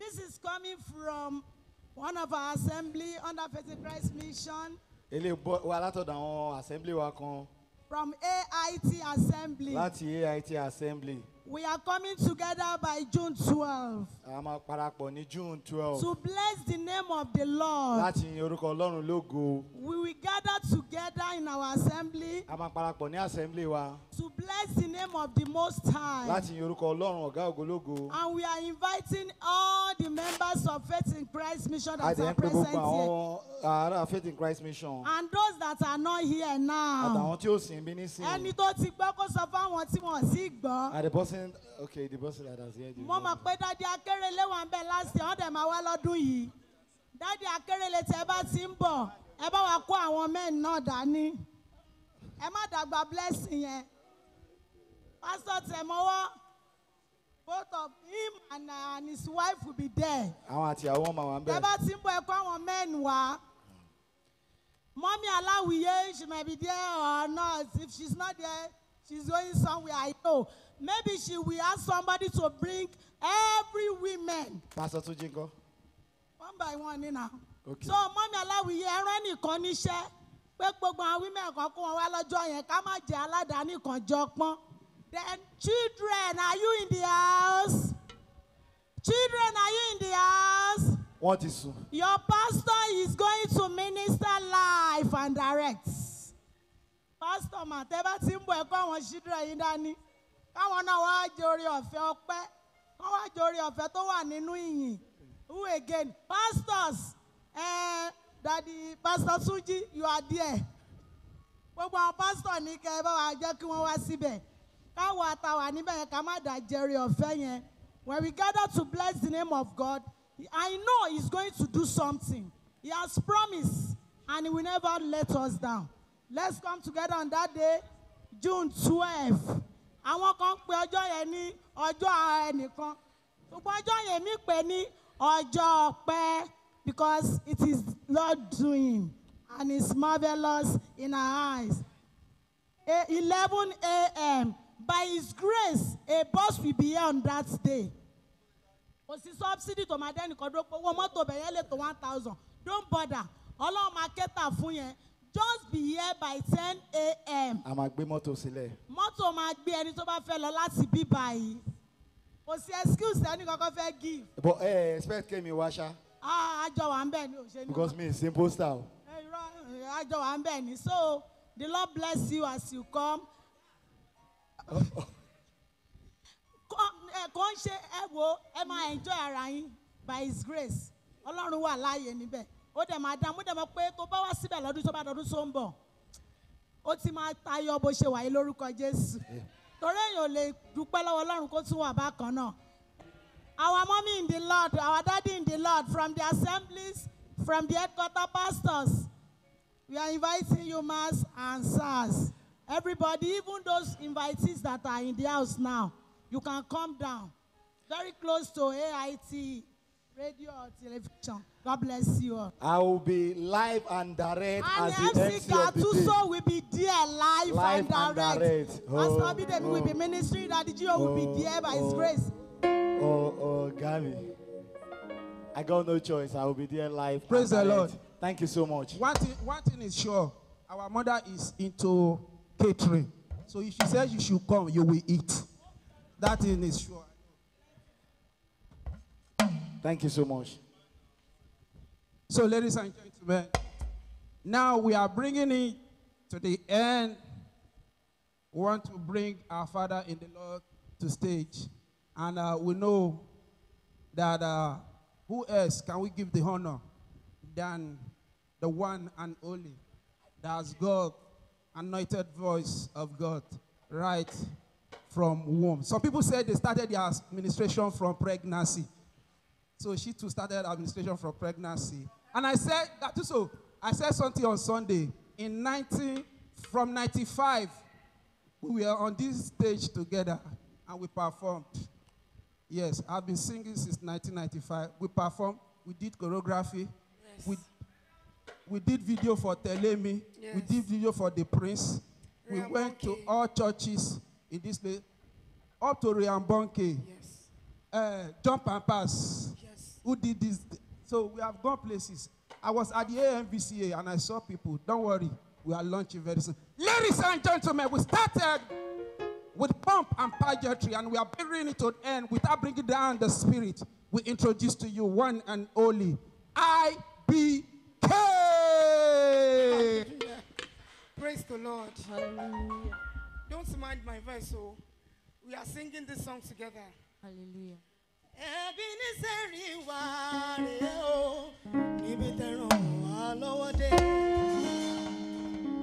this is coming from one of our assembly under Christ mission. ilé bọ́ wa látọ̀dọ̀ àwọn assembly wa kan. from AIT assembly. láti AIT assembly. We are coming together by June 12. A máa parapọ̀ ní June 12. To bless the name of the Lord. Láti yin orúkọ Ọlọ́run lógo. We will gather together in our assembly. A máa parapọ̀ ní assembly wa. To bless the name of the Most High. Láti yin orúkọ Ọlọ́run ọ̀gá ògo And we are inviting all the members of Faith in Christ Mission that are present here. Àdéhùn pé gbogbo àwọn ará Faith in Christ Mission. And those that are not here now. Àtàwọn tí ó sìn bí nísìnyí. Ẹni tó ti gbọ́ kó sọ fáwọn tí wọ́n sì gbọ́. Àdèbọ́sẹ̀ person okay the person that has heard you. mo mọ̀ pé dádì akérèlé wà ń bẹ̀ láti ọ̀hún dẹ̀ máa wá lọ́dún yìí dádì akérèlé tẹ́ bá ti ń bọ̀ ẹ bá wa kó àwọn mẹ́rin náà dání ẹ má dàgbà blessing yẹn pastor tẹ̀mọ́wọ́ both of him and, uh, and his wife will be there. àwọn àti àwọn ọmọ wa ń bẹ̀. tẹ́ bá ti ń bọ̀ ẹ kó àwọn mẹ́rin wá. Mommy Alawiye, she may be there or not. If she's not there, she's going somewhere. I know. Maybe she will ask somebody to bring every woman. Pastor Tujinko. One by one ni na. Okay. So mọ́mí aláwìyé ẹran nìkan níṣẹ́ pé gbogbo àwọn women kan kó wọn wá lọ́jọ́ yẹn ká má jẹ́ aládàáni kan jọ pọ́n. Then children are you in the house? Children are you in the house? Wọ́n ti sùn. Your pastor is going to minister live and direct. Pastor Màtẹ́bá ti ń bọ̀ ẹ̀kọ́ àwọn children yìí dání. káwọn náà wá jòrè ọ̀fẹ́ ọpẹ́ kọ́ wá jòrè ọ̀fẹ́ tó wà nínú ìyìn who again pastors eh, daddy pastor Suji you are there gbogbo àwọn pastor ní kẹ́ ẹ bá wa jẹ́ kí wọ́n wá síbẹ̀ káwọn àtàwà níbẹ̀ yẹn ká má dà jèrè ọ̀fẹ́ yẹn when we gather to bless the name of God I know he's going to do something he has promised and he will never let us down let's come together on that day June twelve. àwọn kan ń pe ọjọ́ yẹn ní ọjọ́ ẹnìkan ṣùgbọ́n ọjọ́ yẹn mi pè ní ọjọ́ ọpẹ́ because it is Lord doing and it's marvelous in our eyes. At 11 a.m. by his grace a bus will be here on that day. kò sí subsidy tó máa dẹ́nìkan dó owó mọ́tò bẹ̀yẹ́ lè tó one thousand don't bother ọlọ́run máa kẹ́tà fún yẹn just be here by ten a.m. a máa gbé mọ́tò sílẹ̀. mọ́tò máa gbé ẹni tó bá fẹ́ lọ láti bí báyìí kò sí excuse ẹni kankan fẹ́ give. but ẹ eh, ẹ expect kemi wá ah àjọ wà ń bẹ̀ ni òṣèlú. because me sin poster o. àjọ wà ń bẹ̀ ni so the lord bless you as you come. Eh, kò ń ṣe ẹ wo ẹ máa enjoy ara yín by his grace ọlọ́run wà láàyè níbẹ̀ ó dẹ̀ máa dá mú dẹ̀ mọ́ pé tó bá wá síbẹ̀ lọ́dún tó bá dọdún tó ń bọ̀ ó ti máa tayọ bó ṣe wáyé lórúkọ Jésù torí èèyàn ò lè dúpẹ́ lọ́wọ́ Ọlọ́run kó tún wà bákan náà our mommy in the Lord our daddy in the Lord from the assemblies from the headquarter pastors we are inviting you mass and sars everybody even those invitees that are in the house now you can come down very close to AIT. radio or television. God bless you all. I will be live and direct and as the MC Gatuso will be there live, live and direct. And direct. Oh, Pastor Biden oh, will be ministering. Daddy Gio oh, will be there by oh, His grace. Oh, oh, Gabby. I got no choice. I will be there live. Praise the Lord. Thank you so much. One thing, one thing is sure. Our mother is into catering. So if she says you should come, you will eat. That thing is sure. Thank you so much. So, ladies and gentlemen, now we are bringing it to the end. We want to bring our Father in the Lord to stage. And uh, we know that uh, who else can we give the honor than the one and only? That's God, anointed voice of God, right from womb. Some people say they started their administration from pregnancy. So she too started administration from pregnancy. And I said that too, so I said something on Sunday. In 19, from 95, we were on this stage together and we performed. Yes, I've been singing since 1995. We performed, we did choreography, yes. we, we did video for Telemi, yes. we did video for The Prince. We went to all churches in this place, up to Riambonke. Yes. Uh, jump and pass. Yes who did this. So we have gone places. I was at the AMVCA and I saw people. Don't worry, we are launching very soon. Ladies and gentlemen, we started with pomp and pageantry and we are bringing it to an end without bringing down the spirit. We introduce to you one and only IBK. Praise the Lord. Hallelujah. Don't mind my voice, so oh. we are singing this song together. Hallelujah. ẹbí ní sẹ́rí wà rèé o níbi tẹ̀ràn wà lọ́wọ́ dé.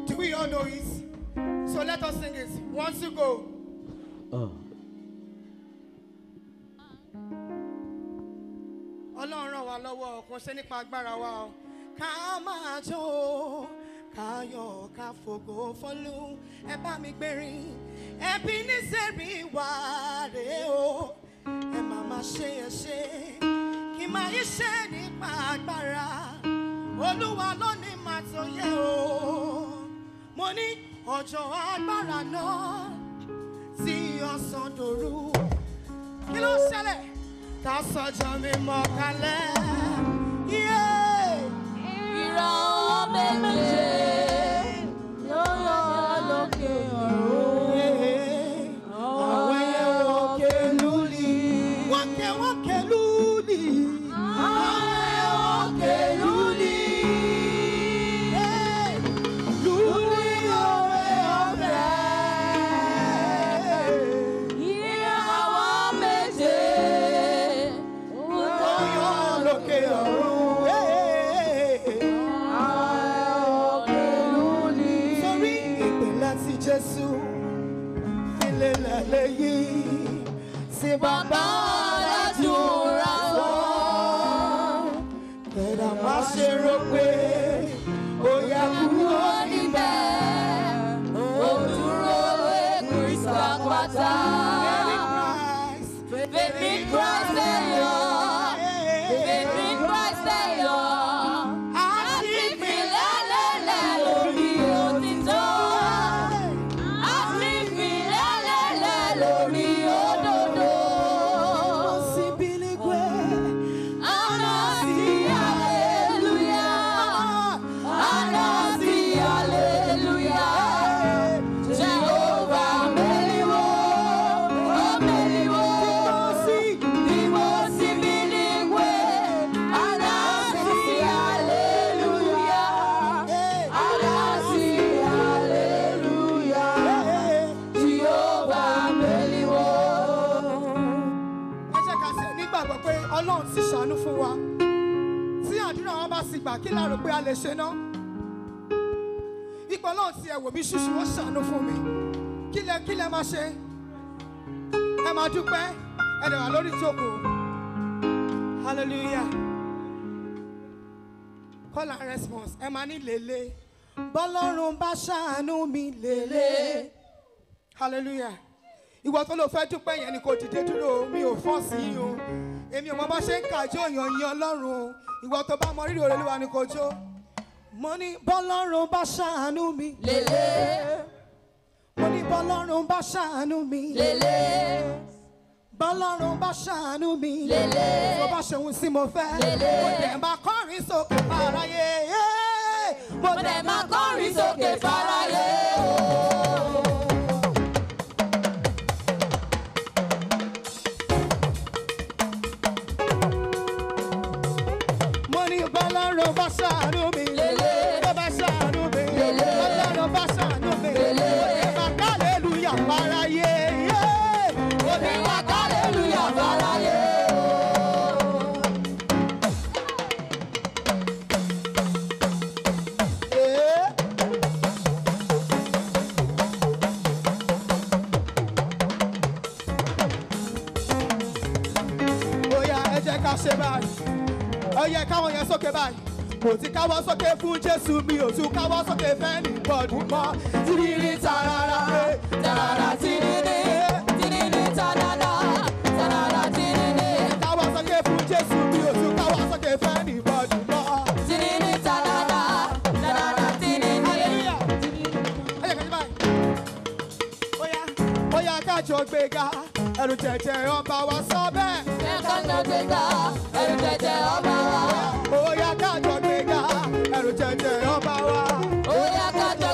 Do we all know it? So let us sing it once you go. Oh. Ọlọ́run ràn wá lọ́wọ́ kò ṣe nípa agbára wa o. Ká máa jó káyọ̀ ká fògo fọ́lú ẹ bá mi gbérin ẹbí ní sẹ́rí wà rèé o máa ṣe ẹ̀ṣẹ̀ kí máa iṣẹ́ nípa agbára olúwa lónìí máa tó yẹ o mo ní ọjọ́ agbára náà tí ọ̀sán dòru kí ló ṣẹlẹ̀ ta sọjọ́ mi mọ́ kalẹ̀ ìràwọ̀ méje. obi susu ó sànú fún mi kí lẹ kí lẹ máa ṣe ẹ máa dúpẹ́ ẹ dẹ̀ wà lórí hallelujah call and response ẹ máa ní lélẹ̀ bọ́lọ́run bá ṣàánú mi lele. hallelujah ìwọ tó lọ fẹ́ dúpẹ́ yẹn ni kò dìde dúró mi ò fọ́ sí i o èmi ò mọ bá ṣe ń kàjọ yàn yàn lọ́rùn ìwọ tó bá mọ rírì òrèlúwa ni kò jó mo ní bọ́lọ́run bá ṣàánú mi. lélẹ̀. mo ní bọ́lọ́run bá ṣàánú mi. lélẹ̀. bọ́lọ́run bá ṣàánú mi. lélẹ̀. mo bá ṣe ohun tí mo fẹ́. lélẹ̀. mo dẹ̀ máa kọrin sókè fáráyé. mo dẹ̀ máa kọrin sókè fáráyé. mo ní bọ́lọ́run bá ṣàánú mi. ó yẹ káwọn yẹn sókè báyìí mo ti káwọ́ sókè fún jésù mi ò tún káwọ́ sókè fẹ́ẹ́nì bọ́ọ̀dù mọ́. tìrìrì tàràrà tàràrà tìrìrì tìrìrì tàràrà tàràrà tìrìrì. káwọ́ sókè fún jésù mi ò tún káwọ́ sókè fẹ́ẹ́nì bọ́ọ̀dù mọ́. tìrìrì tàràrà tàràrà tìrìrì. hallelujah ó yẹ báyìí. ó yá kájọ gbéga ẹrù jẹjẹ ọba wa sọ bẹ́ẹ̀. Oh gbéga ẹrù jẹjẹ ọba wa. Oh yá kájọ gbéga ẹrù jẹjẹ ọba wa. ó yá kájọ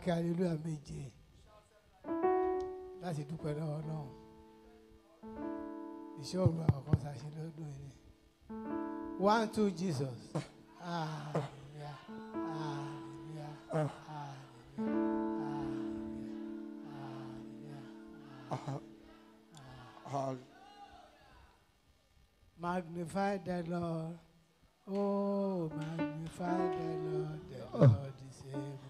ké hallelujah méje láti dúpẹ́ lọ́wọ́ náà iṣẹ́ òru àkọ́kọ́ tá ṣe lọ́dún yìí one two Jesus Magnify the Lord. Oh, magnify the Lord. The oh. Lord is able.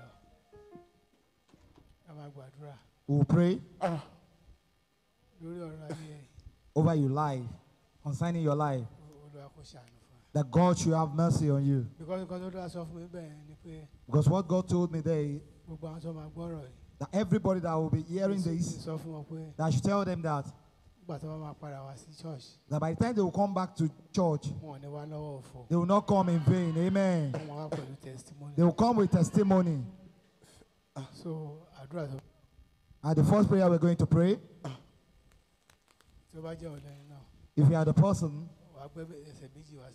We'll pray ah. over your life, concerning your life, that God should have mercy on you. Because what God told me there, that everybody that will be hearing this, that I should tell them that that by the time they will come back to church, they will not come in vain. Amen. They will come with testimony. So and the first prayer we're going to pray. If you are the person,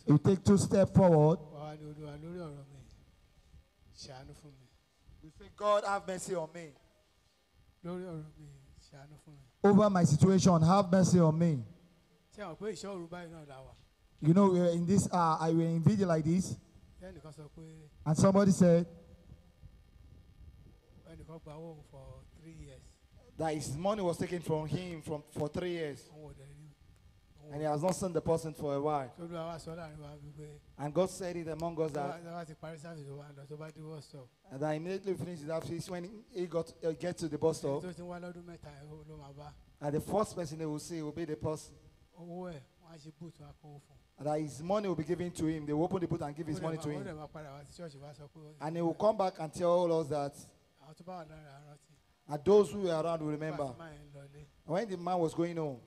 you take two steps forward. You say, God, have mercy on me. Over my situation, have mercy on me. You know, uh, in this, uh, I will invite you like this. And somebody said, that his money was taken from him from, for three years. And he has not seen the person for a while. And God said it among us that, and that immediately finished that office when he got uh, get to the bus stop. And the first person they will see will be the person. And that his money will be given to him. They will open the boot and give his money to him. And he will come back and tell all us that and those who were around will remember. When the man was going home,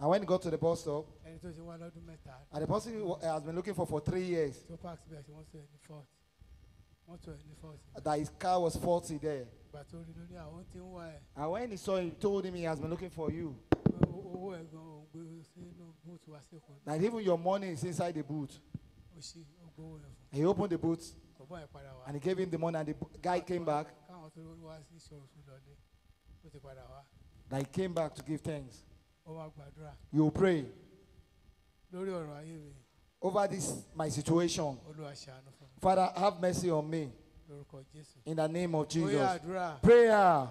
and when he got to the bus stop, and the person who uh, has been looking for for three years, that his car was faulty there. And when he saw him, told him he has been looking for you. Oh, oh, oh, that even your money is inside the boot. And he opened the boot. And he gave him the money, and the guy came back. That he came back to give thanks. You pray. Over this, my situation. Father, have mercy on me. In the name of Jesus. Prayer.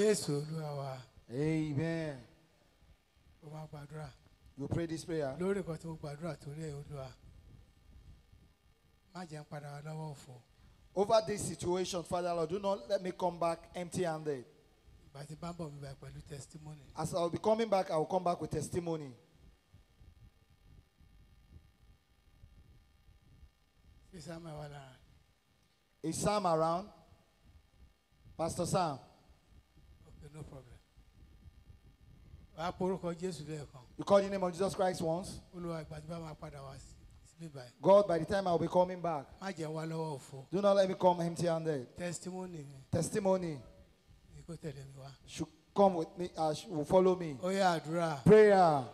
Jésù Olúwa wa. Amen. Ó máa gbàdúrà. You pray this prayer. Lórí kan tí mo gbàdúrà torí ẹ̀ Olúwa. Má jẹ́ n padà wá lọ́wọ́ òfò. Over this situation, Father Lord, do not let me come back empty-handed. Ìgbà tí bá ń bọ̀ mi bá pẹ̀lú testimony. As I will be coming back, I will come back with testimony. Is Sam around? Pastor Sam. no problem. You call the name of Jesus Christ once. God, by the time I will be coming back, do not let me come empty handed. Testimony. Testimony. Should come with me, uh, should follow me. Prayer.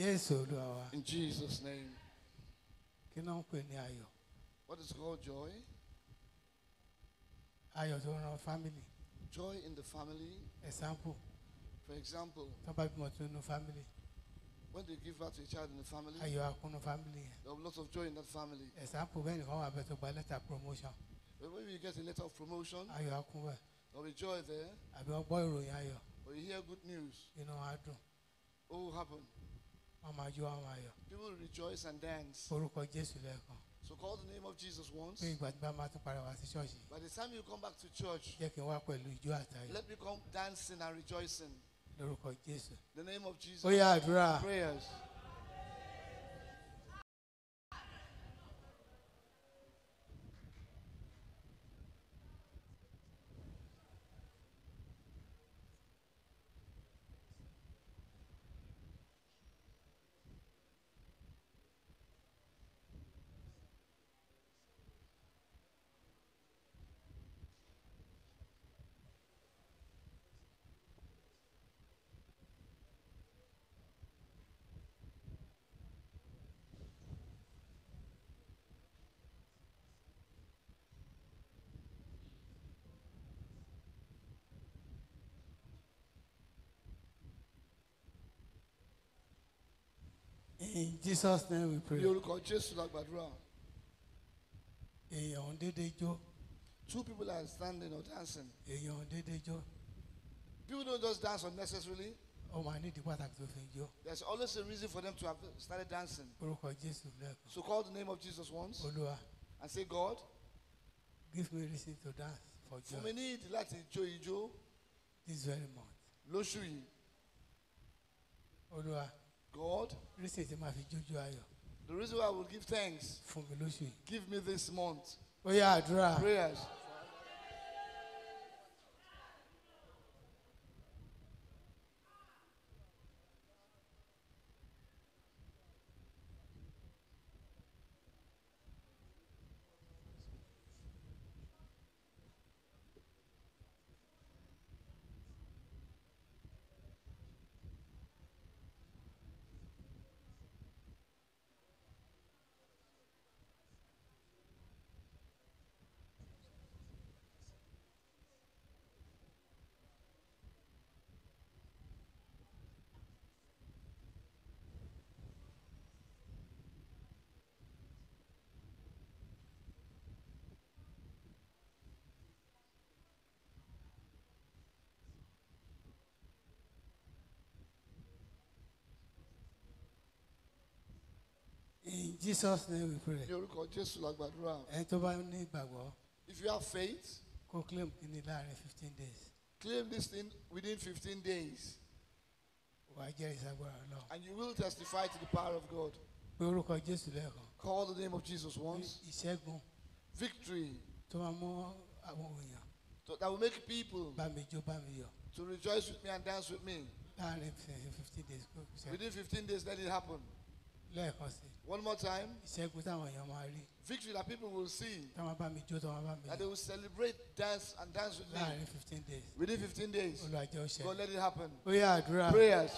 Yes, In Jesus' name. What is called joy? family. Joy in the family. Example. For example. family. When they give birth to a child in the family, there will lots of joy in that family. Example when you get letter of promotion. When you get a letter of promotion, there will be joy there. When you hear good news. You know how to. Oh, happen. Amaju amayo. People rejoice and dance. So call the name of Jesus once. By the time you come back to church. Let me come dancing and rejoicing. The name of Jesus. Prayers. In Jesus' name we pray. Ní orúkọ Jésù la gbàdúrà. Èèyàn dédé jó. Two people are standing or dancing. Èèyàn jó. People don't just dance unnecessarily. Ọmọ àní ìdí There's always a reason for them to have started dancing. So call the name of Jesus once. Olúwa. And say God. Give me reason to dance for joy. Fún mi ní ìdí enjoy This very month. Lóṣù Olúwa. God. The reason why I will give thanks. Give me this month. Prayers. Jesus name we pray. If you have faith. claim claim kíni láàrin fifteen days. Claim this thing within fifteen days. And you will testify to the power of God. Call the name of Jesus once. Victory. that will make people. To rejoice with me and dance with me. Within fifteen days let it happen one more time. victory that people will see. and that they will celebrate dance and dance with me. fifteen days. within fifteen days. God let it happen. Oh, prayers.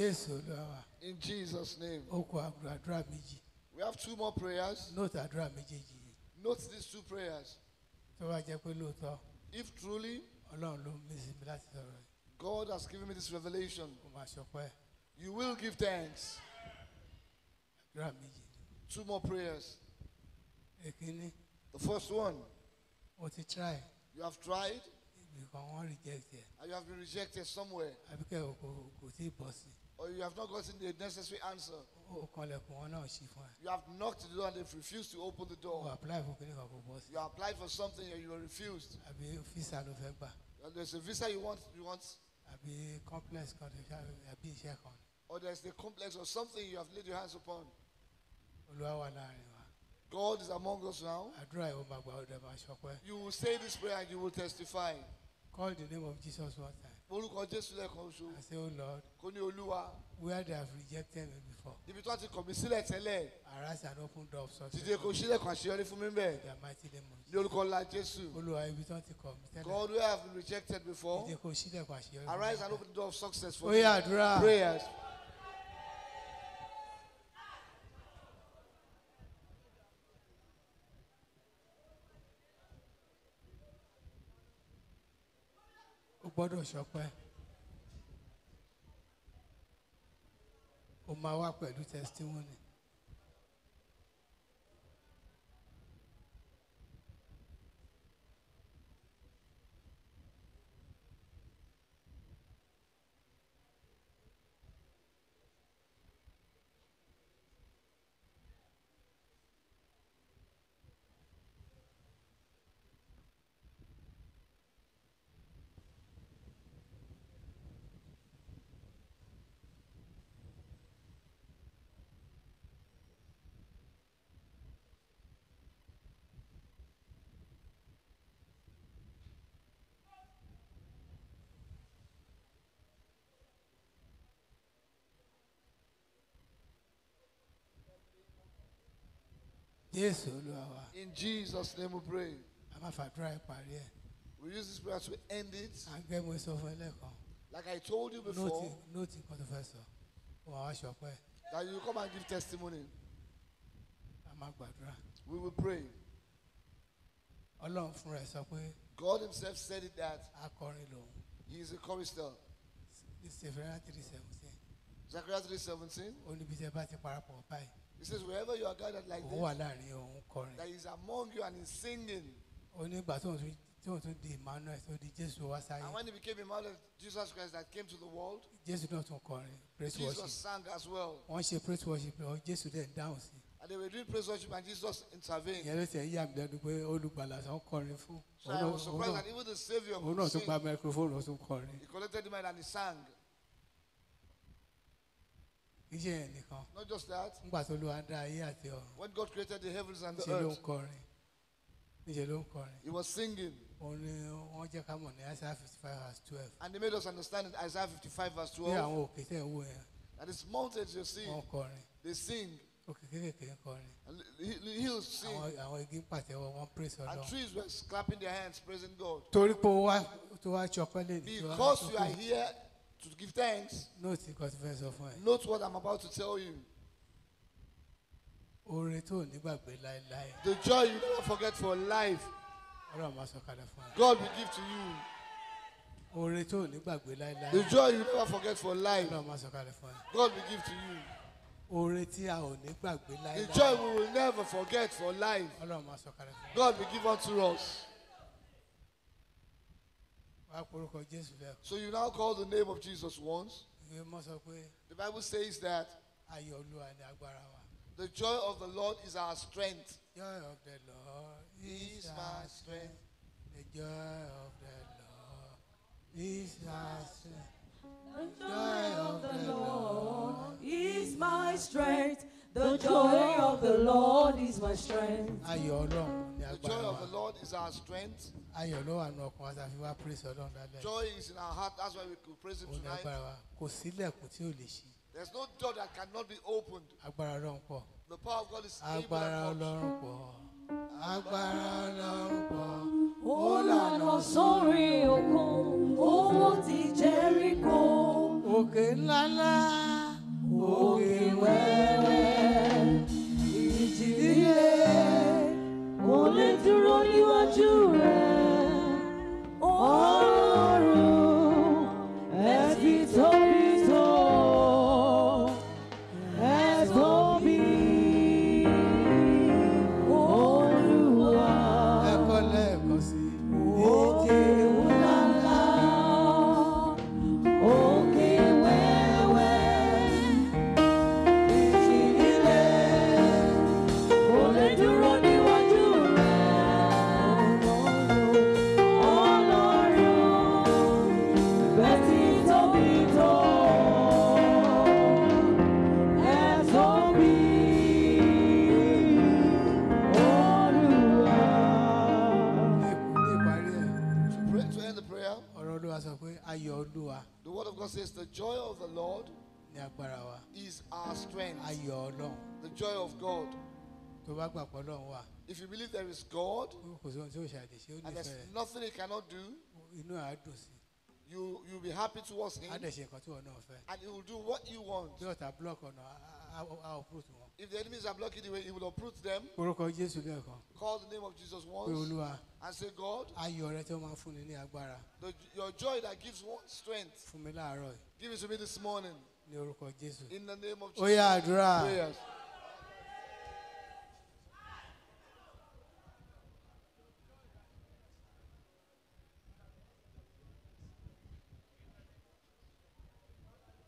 Yes, In Jesus' name. We have two more prayers. Note Note these two prayers. If truly. God has given me this revelation. You will give thanks. Àdúrà méjì. Two more prayers. The first one. What you try. You have tried. Ibìkan wọ́n reject And you have been rejected somewhere. Or you have not gotten the necessary answer. Oh, you have knocked the door and they've refused to open the door. Oh, you applied for something and you were refused. And there's a visa you want. You want. Or there's the complex or something you have laid your hands upon. God is among us now. You will say this prayer and you will testify. Call the name of Jesus one time. Morúkọ Jésù lẹ́ẹ̀kan oṣù. I say, oh Lord. Kò ní Olúwa. Where they have rejected me before. Ibi tí wọ́n ti kọ̀ mí sílẹ̀ tẹ́lẹ̀. Arise and open door of success. Dìde kò sílẹ̀kùn àṣeyọrí fún mi bẹ́ẹ̀. The mighty name of Ní orúkọ ńlá Jésù. Olúwa ibi tí wọ́n ti kọ̀ mí tẹ́lẹ̀. God where I have been rejected before. Dìde kò sílẹ̀kùn àṣeyọrí fún mi. Arise and open door of success for me. Ó àdúrà. Prayers. gbọ́dọ̀ ṣọpẹ́ ó máa wá pẹ̀lú testimony. Jésù Olúwa In Jesus name we pray. A máa fàdúrà ìparí ẹ̀. We use this prayer to end it. Àgbẹ̀ sọ fún ẹ lẹ́ẹ̀kan. Like I told you before. Nóòtì Nóòtì kan tó fẹ́ sọ, wà wá ṣọpẹ́. That you come and give testimony. A gbàdúrà. We will pray. Ọlọ́run fúnra ẹ̀ sọ pé. God himself said it that. Akọrin lòun. He is a chorister. Zechariah three Zechariah 3:17. seventeen. Ó bá ti parapọ̀ báyìí. He says, wherever you are gathered like this, òun wà láàrin òun kọrin. that he is among you and he is singing. ó ní ìgbà tó ń tún tí wọ́n tún di Emmanuel tó di Jésù wá sáyé. and when he became Emmanuel Jesus Christ that came to the world. Jésù náà tún kọrin praise worship. Jesus sang as well. wọ́n ṣe praise worship lọ Jésù dẹ̀ ń dáhùn sí. and they were doing praise worship and Jesus intervened. ìyẹn ló ṣe yí àmì pé olùgbàlà sàn kọrin fún. so I was surprised that even the saviour. òun náà tún gba microphone òun tún kọrin. he collected the mic and he sang. not just that. when God created the heavens and the earth. he was singing. and He made us understand in Isaiah fifty five verse twelve. ní àwọn that is mountains you see. they sing. òkè kékeré hills sing. and trees were clapping their hands praising God. because you are here to give thanks. Note because tí fẹ́ sọ fún ẹ. what I'm about to tell you. Oore tó nígbàgbé láéláé. The joy you never forget for life. Ọlọ́run máa sọ God will give to you. Oore tó nígbàgbé láéláé. The joy you never forget for life. Ọlọ́run máa sọ God will give to you. Oore tí a ò ní gbàgbé láéláé. The joy we will never forget for life. Ọlọ́run máa sọ God will give unto us. So you now call the name of Jesus once. The Bible says that the joy of the Lord is our strength. Joy of the Lord is my strength. The joy of the Lord is my strength. The joy of the Lord is my strength. The joy of the Lord is my strength. Ayọ̀ Ọlọ́run The joy of the Lord is our strength. Ayọ̀ ló wà ní ọkàn wa tàbí wá praise Ọlọ́run dáadáa. Joy is in our heart that's why we could praise him tonight. Ó There is no door that cannot be opened. Agbára Ọlọ́run pọ̀. The power of God is able and much. Agbára Ọlọ́run pọ̀. Agbára Ọlọ́run pọ̀. Ó lànà sórí òkun, ó ti Jericho. Òkè ńláńlá dúró níwájú Oh, ọ̀rọ̀. Bible says, The joy of the Lord is our strength. The joy of God. If you believe there is God and there's nothing He cannot do, you, you'll be happy towards Him and He will do what you want. If the enemies are blocking the way, he will uproot them. Orúkọ Jésù lẹ́ẹ̀kan. Call the name of Jesus once. Olúwa. And say God. Ayọ̀ rẹ tí ó máa fún ni ní agbára. Your joy that gives one strength. Fún mi láàárọ̀ Give it to me this morning. Ní orúkọ Jésù. In the name of Jesus. Ó yá àdúrà. Prayers.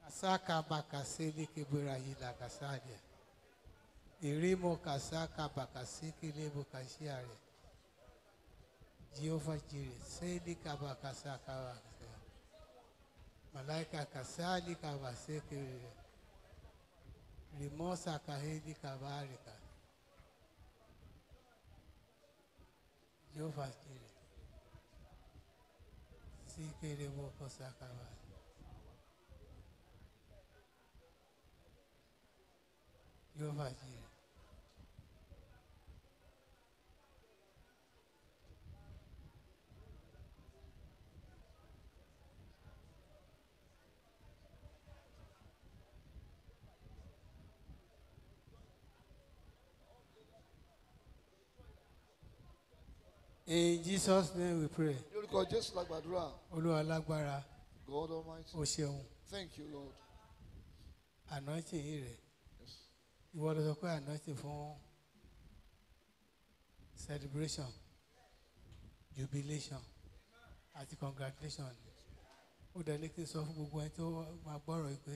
Saka bakaseli kebura yi lakasade. Irimo Kasaka Bakasiki Lebo Kashiare. Jeová Jire. Seli Kabakasaka Bakasaka. Malaika Kasali Kabaseki. Limosa Kahedi Kabarika. Jeová Jire. Siki Lebo Kasaka Bakasaka. Jeová Jire. In Jesus' name we pray. Lórúkọ Jésù la Olúwa lágbára. God Almighty. O ṣeun. Thank you Lord. Anointing yìí rẹ̀. Ìwọ ló sọ pé anointing fún celebration, jubilation àti congratulation. Ó dẹ̀ ní kí n sọ fún gbogbo ẹni tó máa gbọ́rọ̀ pé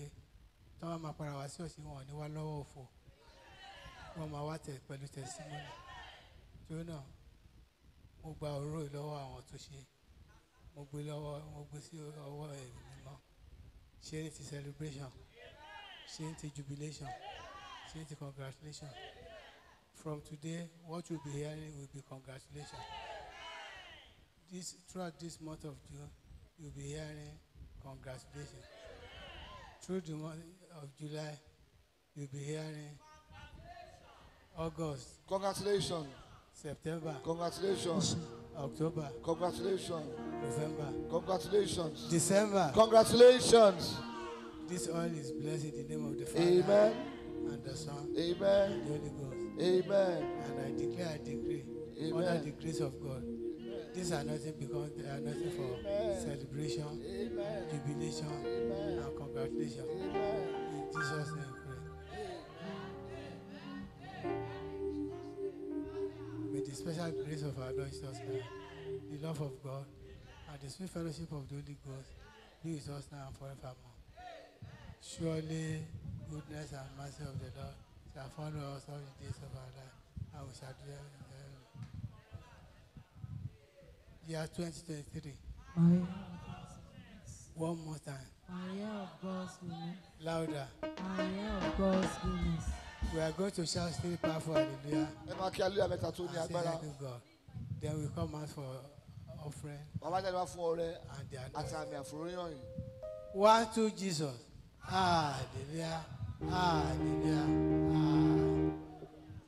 tí wọ́n máa para wá sí ọ̀sìn wọn ní wá lọ́wọ́ òfò. Wọ́n máa wá tẹ̀ pẹ̀lú testimony. Torí náà. mo gba òró lọ́wọ́ àwọn tó ṣe mo gbé lọ́wọ́ mo gbé sí ọwọ́ ẹ̀mí mímọ́ ṣé ní ti celebration ṣé ní ti jubilation ṣé ní ti congratulation from today what you be hearing will be congratulation this throughout this month of June you be hearing congratulation through the month of July you be hearing August. Congratulations. September. Congratulations. October. Congratulations. November. Congratulations. December. Congratulations. This oil is blessed in the name of the Father. Amen. And the Son. Amen. And the Holy Ghost. Amen. And I declare, I decree, Amen. under the grace of God, these are nothing because they are nothing for Amen. celebration, Amen. jubilation, Amen. and congratulation. In Jesus' name. the special grace of our Lord Jesus Christ, the love of God, and the sweet fellowship of the Holy Ghost be with us now and forevermore. Surely, goodness and mercy of the Lord shall follow us all the days of our life, and we shall dwell in heaven. Year 2023. One more time. God's goodness. Louder. God's goodness. We are going to shout still powerful hallelujah. agbára. Then we come out for offering. Bàbá jáde wá fún ọrẹ àti àmì àforíyàn yìí. One two Jesus. Hallelujah. Hallelujah.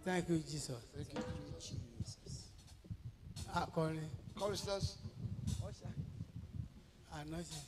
Thank you Jesus. Thank you Jesus. Akọrin. Choristers. Anointing.